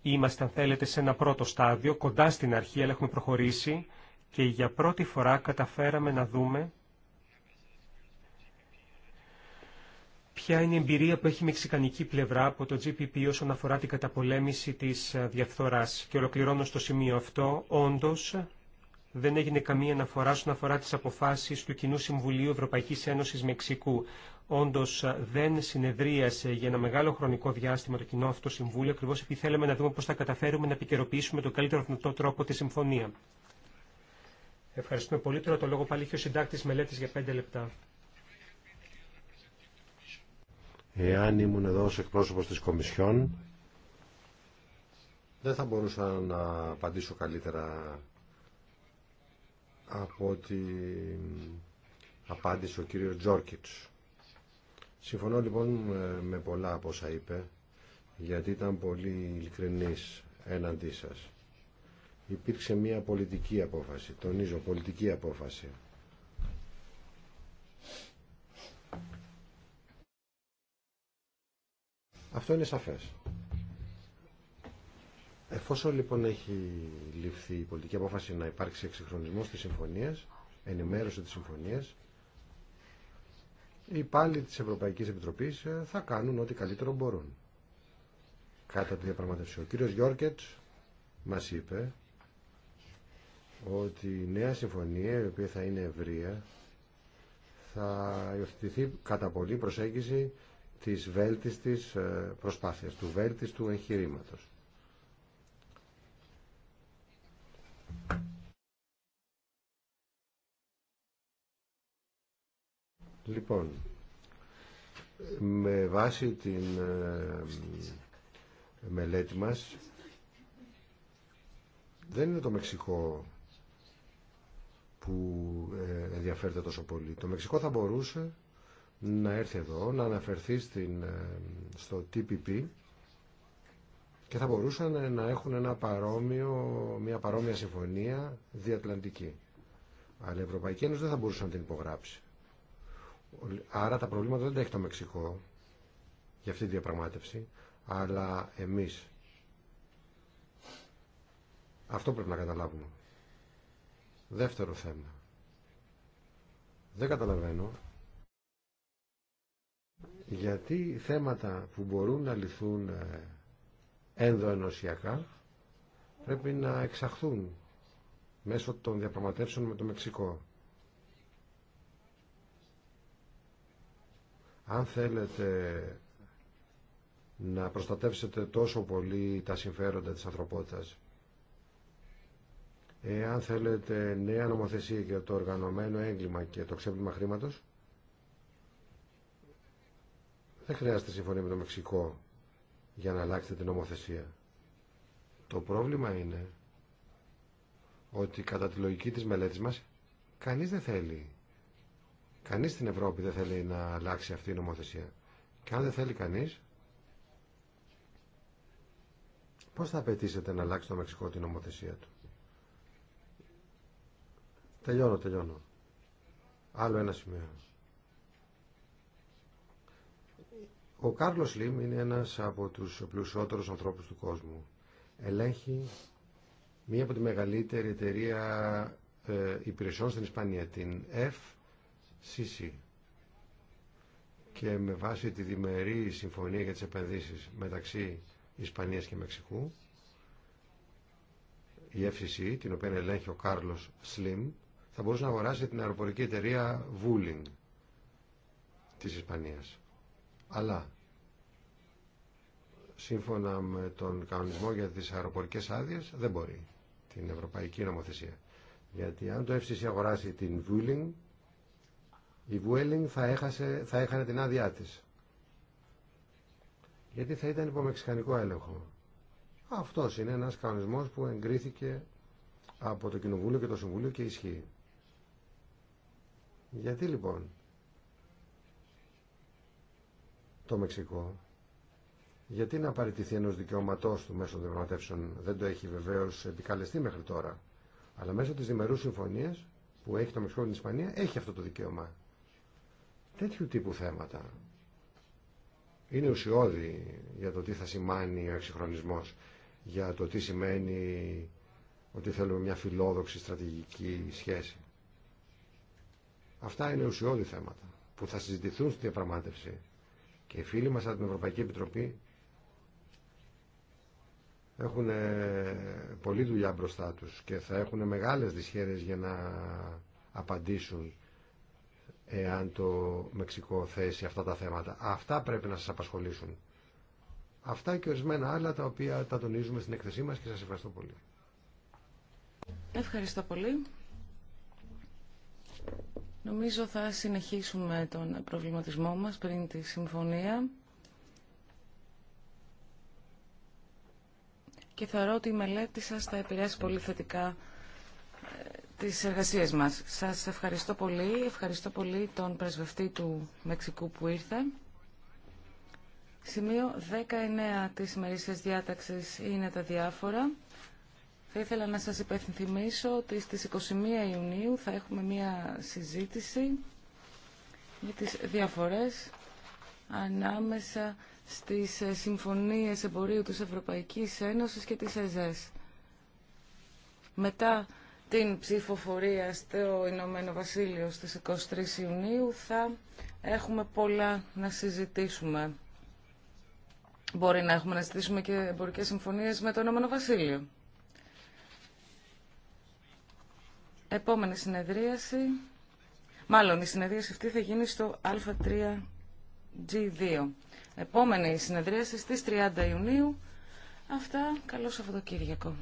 Είμαστε, αν θέλετε, σε ένα πρώτο στάδιο, κοντά στην αρχή, αλλά έχουμε προχωρήσει και για πρώτη φορά καταφέραμε να δούμε ποια είναι η εμπειρία που έχει η μεξικανική πλευρά από το GPP όσον αφορά την καταπολέμηση της ε, διαφθοράς. Και ολοκληρώνω στο σημείο αυτό, όντως δεν έγινε καμία αναφορά όσον αφορά τις αποφάσεις του Κοινού Συμβουλίου Ευρωπαϊκής Ένωσης Μεξικού. Όντως ε, δεν συνεδρίασε για ένα μεγάλο χρονικό διάστημα το Κοινό αυτό Συμβούλιο, ακριβώ επειδή θέλαμε να δούμε πώς θα καταφέρουμε να επικαιροποιήσουμε τον καλύτερο δυνατό τρόπο τη συμφωνία. Ευχαριστούμε πολύ. Τώρα το λόγο πάλι έχει ο συντάκτης μελέτης για 5 λεπτά. Εάν ήμουν εδώ ως εκπρόσωπος της Κομισιόν, δεν θα μπορούσα να απαντήσω καλύτερα από ότι απάντησε ο κύριος Τζόρκιτς. Συμφωνώ λοιπόν με πολλά από όσα είπε, γιατί ήταν πολύ ειλικρινής έναντί σας. Υπήρξε μια πολιτική απόφαση, τονίζω, πολιτική απόφαση. Αυτό είναι σαφές. Εφόσον λοιπόν έχει ληφθεί η πολιτική απόφαση να υπάρξει εξυγχρονισμός της συμφωνίας, ενημέρωση της συμφωνίας, οι υπάλληλοι της Ευρωπαϊκής Επιτροπής ε, θα κάνουν ό,τι καλύτερο μπορούν. από τη διαπραγματευσή. Ο κύριος Γιόρκετς μας είπε ότι η νέα συμφωνία, η οποία θα είναι ευρεία, θα υιοθετηθεί κατά πολύ προσέγγιση της βέλτιστης ε, προσπάθειας, του βέλτιστου εγχειρήματος. Λοιπόν, με βάση την ε, μελέτη μας, δεν είναι το Μεξικό που ε, ενδιαφέρεται τόσο πολύ. Το Μεξικό θα μπορούσε να έρθει εδώ, να αναφερθεί στην, ε, στο TPP και θα μπορούσαν ε, να έχουν ένα παρόμοιο, μια παρόμοια συμφωνία διατλαντική. Αλλά η Ευρωπαϊκή Ένωση δεν θα μπορούσε να την υπογράψει. Άρα τα προβλήματα δεν τα έχει το Μεξικό για αυτή τη διαπραγμάτευση, αλλά εμείς. Αυτό πρέπει να καταλάβουμε. Δεύτερο θέμα. Δεν καταλαβαίνω γιατί θέματα που μπορούν να λυθούν ε, ενδοενωσιακά πρέπει να εξαχθούν μέσω των διαπραγματεύσεων με το Μεξικό. Αν θέλετε να προστατεύσετε τόσο πολύ τα συμφέροντα της ανθρωπότητας, εάν θέλετε νέα νομοθεσία για το οργανωμένο έγκλημα και το ξέπλυμα χρήματος, δεν χρειάζεται συμφωνία με το Μεξικό για να αλλάξετε την νομοθεσία. Το πρόβλημα είναι ότι κατά τη λογική της μελέτης μας κανείς δεν θέλει. Κανείς στην Ευρώπη δεν θέλει να αλλάξει αυτή η νομοθεσία. Και αν δεν θέλει κανείς, πώς θα απαιτήσετε να αλλάξει το Μεξικό την νομοθεσία του. Τελειώνω, τελειώνω. Άλλο ένα σημείο. Ο Κάρλος Λίμ είναι ένας από τους πλουσιότερους ανθρώπους του κόσμου. Ελέγχει μία από τη μεγαλύτερη εταιρεία ε, υπηρεσιών στην Ισπανία, την FCC. Και με βάση τη διμερή συμφωνία για τις επενδύσεις μεταξύ Ισπανίας και Μεξικού, η FCC, την οποία ελέγχει ο Κάρλος Σλιμ, θα μπορούσε να αγοράσει την αεροπορική εταιρεία Βούλινγκ της Ισπανίας. Αλλά σύμφωνα με τον κανονισμό για τις αεροπορικές άδειες δεν μπορεί την ευρωπαϊκή νομοθεσία. Γιατί αν το FCC αγοράσει την Vueling, η Vueling θα, έχασε, θα έχανε την άδειά της. Γιατί θα ήταν υπό μεξικανικό έλεγχο. Αυτός είναι ένας κανονισμός που εγκρίθηκε από το Κοινοβούλιο και το Συμβούλιο και ισχύει. Γιατί λοιπόν το Μεξικό, γιατί να παραιτηθεί ενό δικαιώματό του μέσω των διαπραγματεύσεων, δεν το έχει βεβαίω επικαλεστεί μέχρι τώρα. Αλλά μέσω τη διμερού συμφωνία που έχει το Μεξικό με την Ισπανία, έχει αυτό το δικαίωμα. Τέτοιου τύπου θέματα είναι ουσιώδη για το τι θα σημάνει ο εξυγχρονισμό, για το τι σημαίνει ότι θέλουμε μια φιλόδοξη στρατηγική σχέση. Αυτά είναι ουσιώδη θέματα που θα συζητηθούν στη διαπραγμάτευση και οι φίλοι μας από την Ευρωπαϊκή Επιτροπή έχουν πολλή δουλειά μπροστά τους και θα έχουν μεγάλες δυσχέρειες για να απαντήσουν εάν το Μεξικό θέσει αυτά τα θέματα. Αυτά πρέπει να σας απασχολήσουν. Αυτά και ορισμένα άλλα τα οποία τα τονίζουμε στην έκθεσή μας και σας ευχαριστώ πολύ. Ευχαριστώ πολύ. Νομίζω θα συνεχίσουμε τον προβληματισμό μας πριν τη συμφωνία και θεωρώ ότι η μελέτη σας θα επηρεάσει πολύ θετικά ε, τις εργασίες μας. Σας ευχαριστώ πολύ. Ευχαριστώ πολύ τον πρεσβευτή του Μεξικού που ήρθε. Σημείο 19 της ημερήσιας διάταξης είναι τα διάφορα. Θα ήθελα να σας υπενθυμίσω ότι στις 21 Ιουνίου θα έχουμε μία συζήτηση για τις διαφορές ανάμεσα στις ε, συμφωνίες εμπορίου της Ευρωπαϊκής Ένωσης και της ΕΖΕΣ. Μετά την ψηφοφορία στο Ηνωμένο Βασίλειο στις 23 Ιουνίου θα έχουμε πολλά να συζητήσουμε. Μπορεί να έχουμε να συζητήσουμε και εμπορικές συμφωνίες με το Ηνωμένο Βασίλειο. Επόμενη συνεδρίαση, μάλλον η συνεδρίαση αυτή θα γίνει στο α3G2. Επόμενη συνεδρίαση στις 30 Ιουνίου. Αυτά, καλό Σαββατοκύριακο.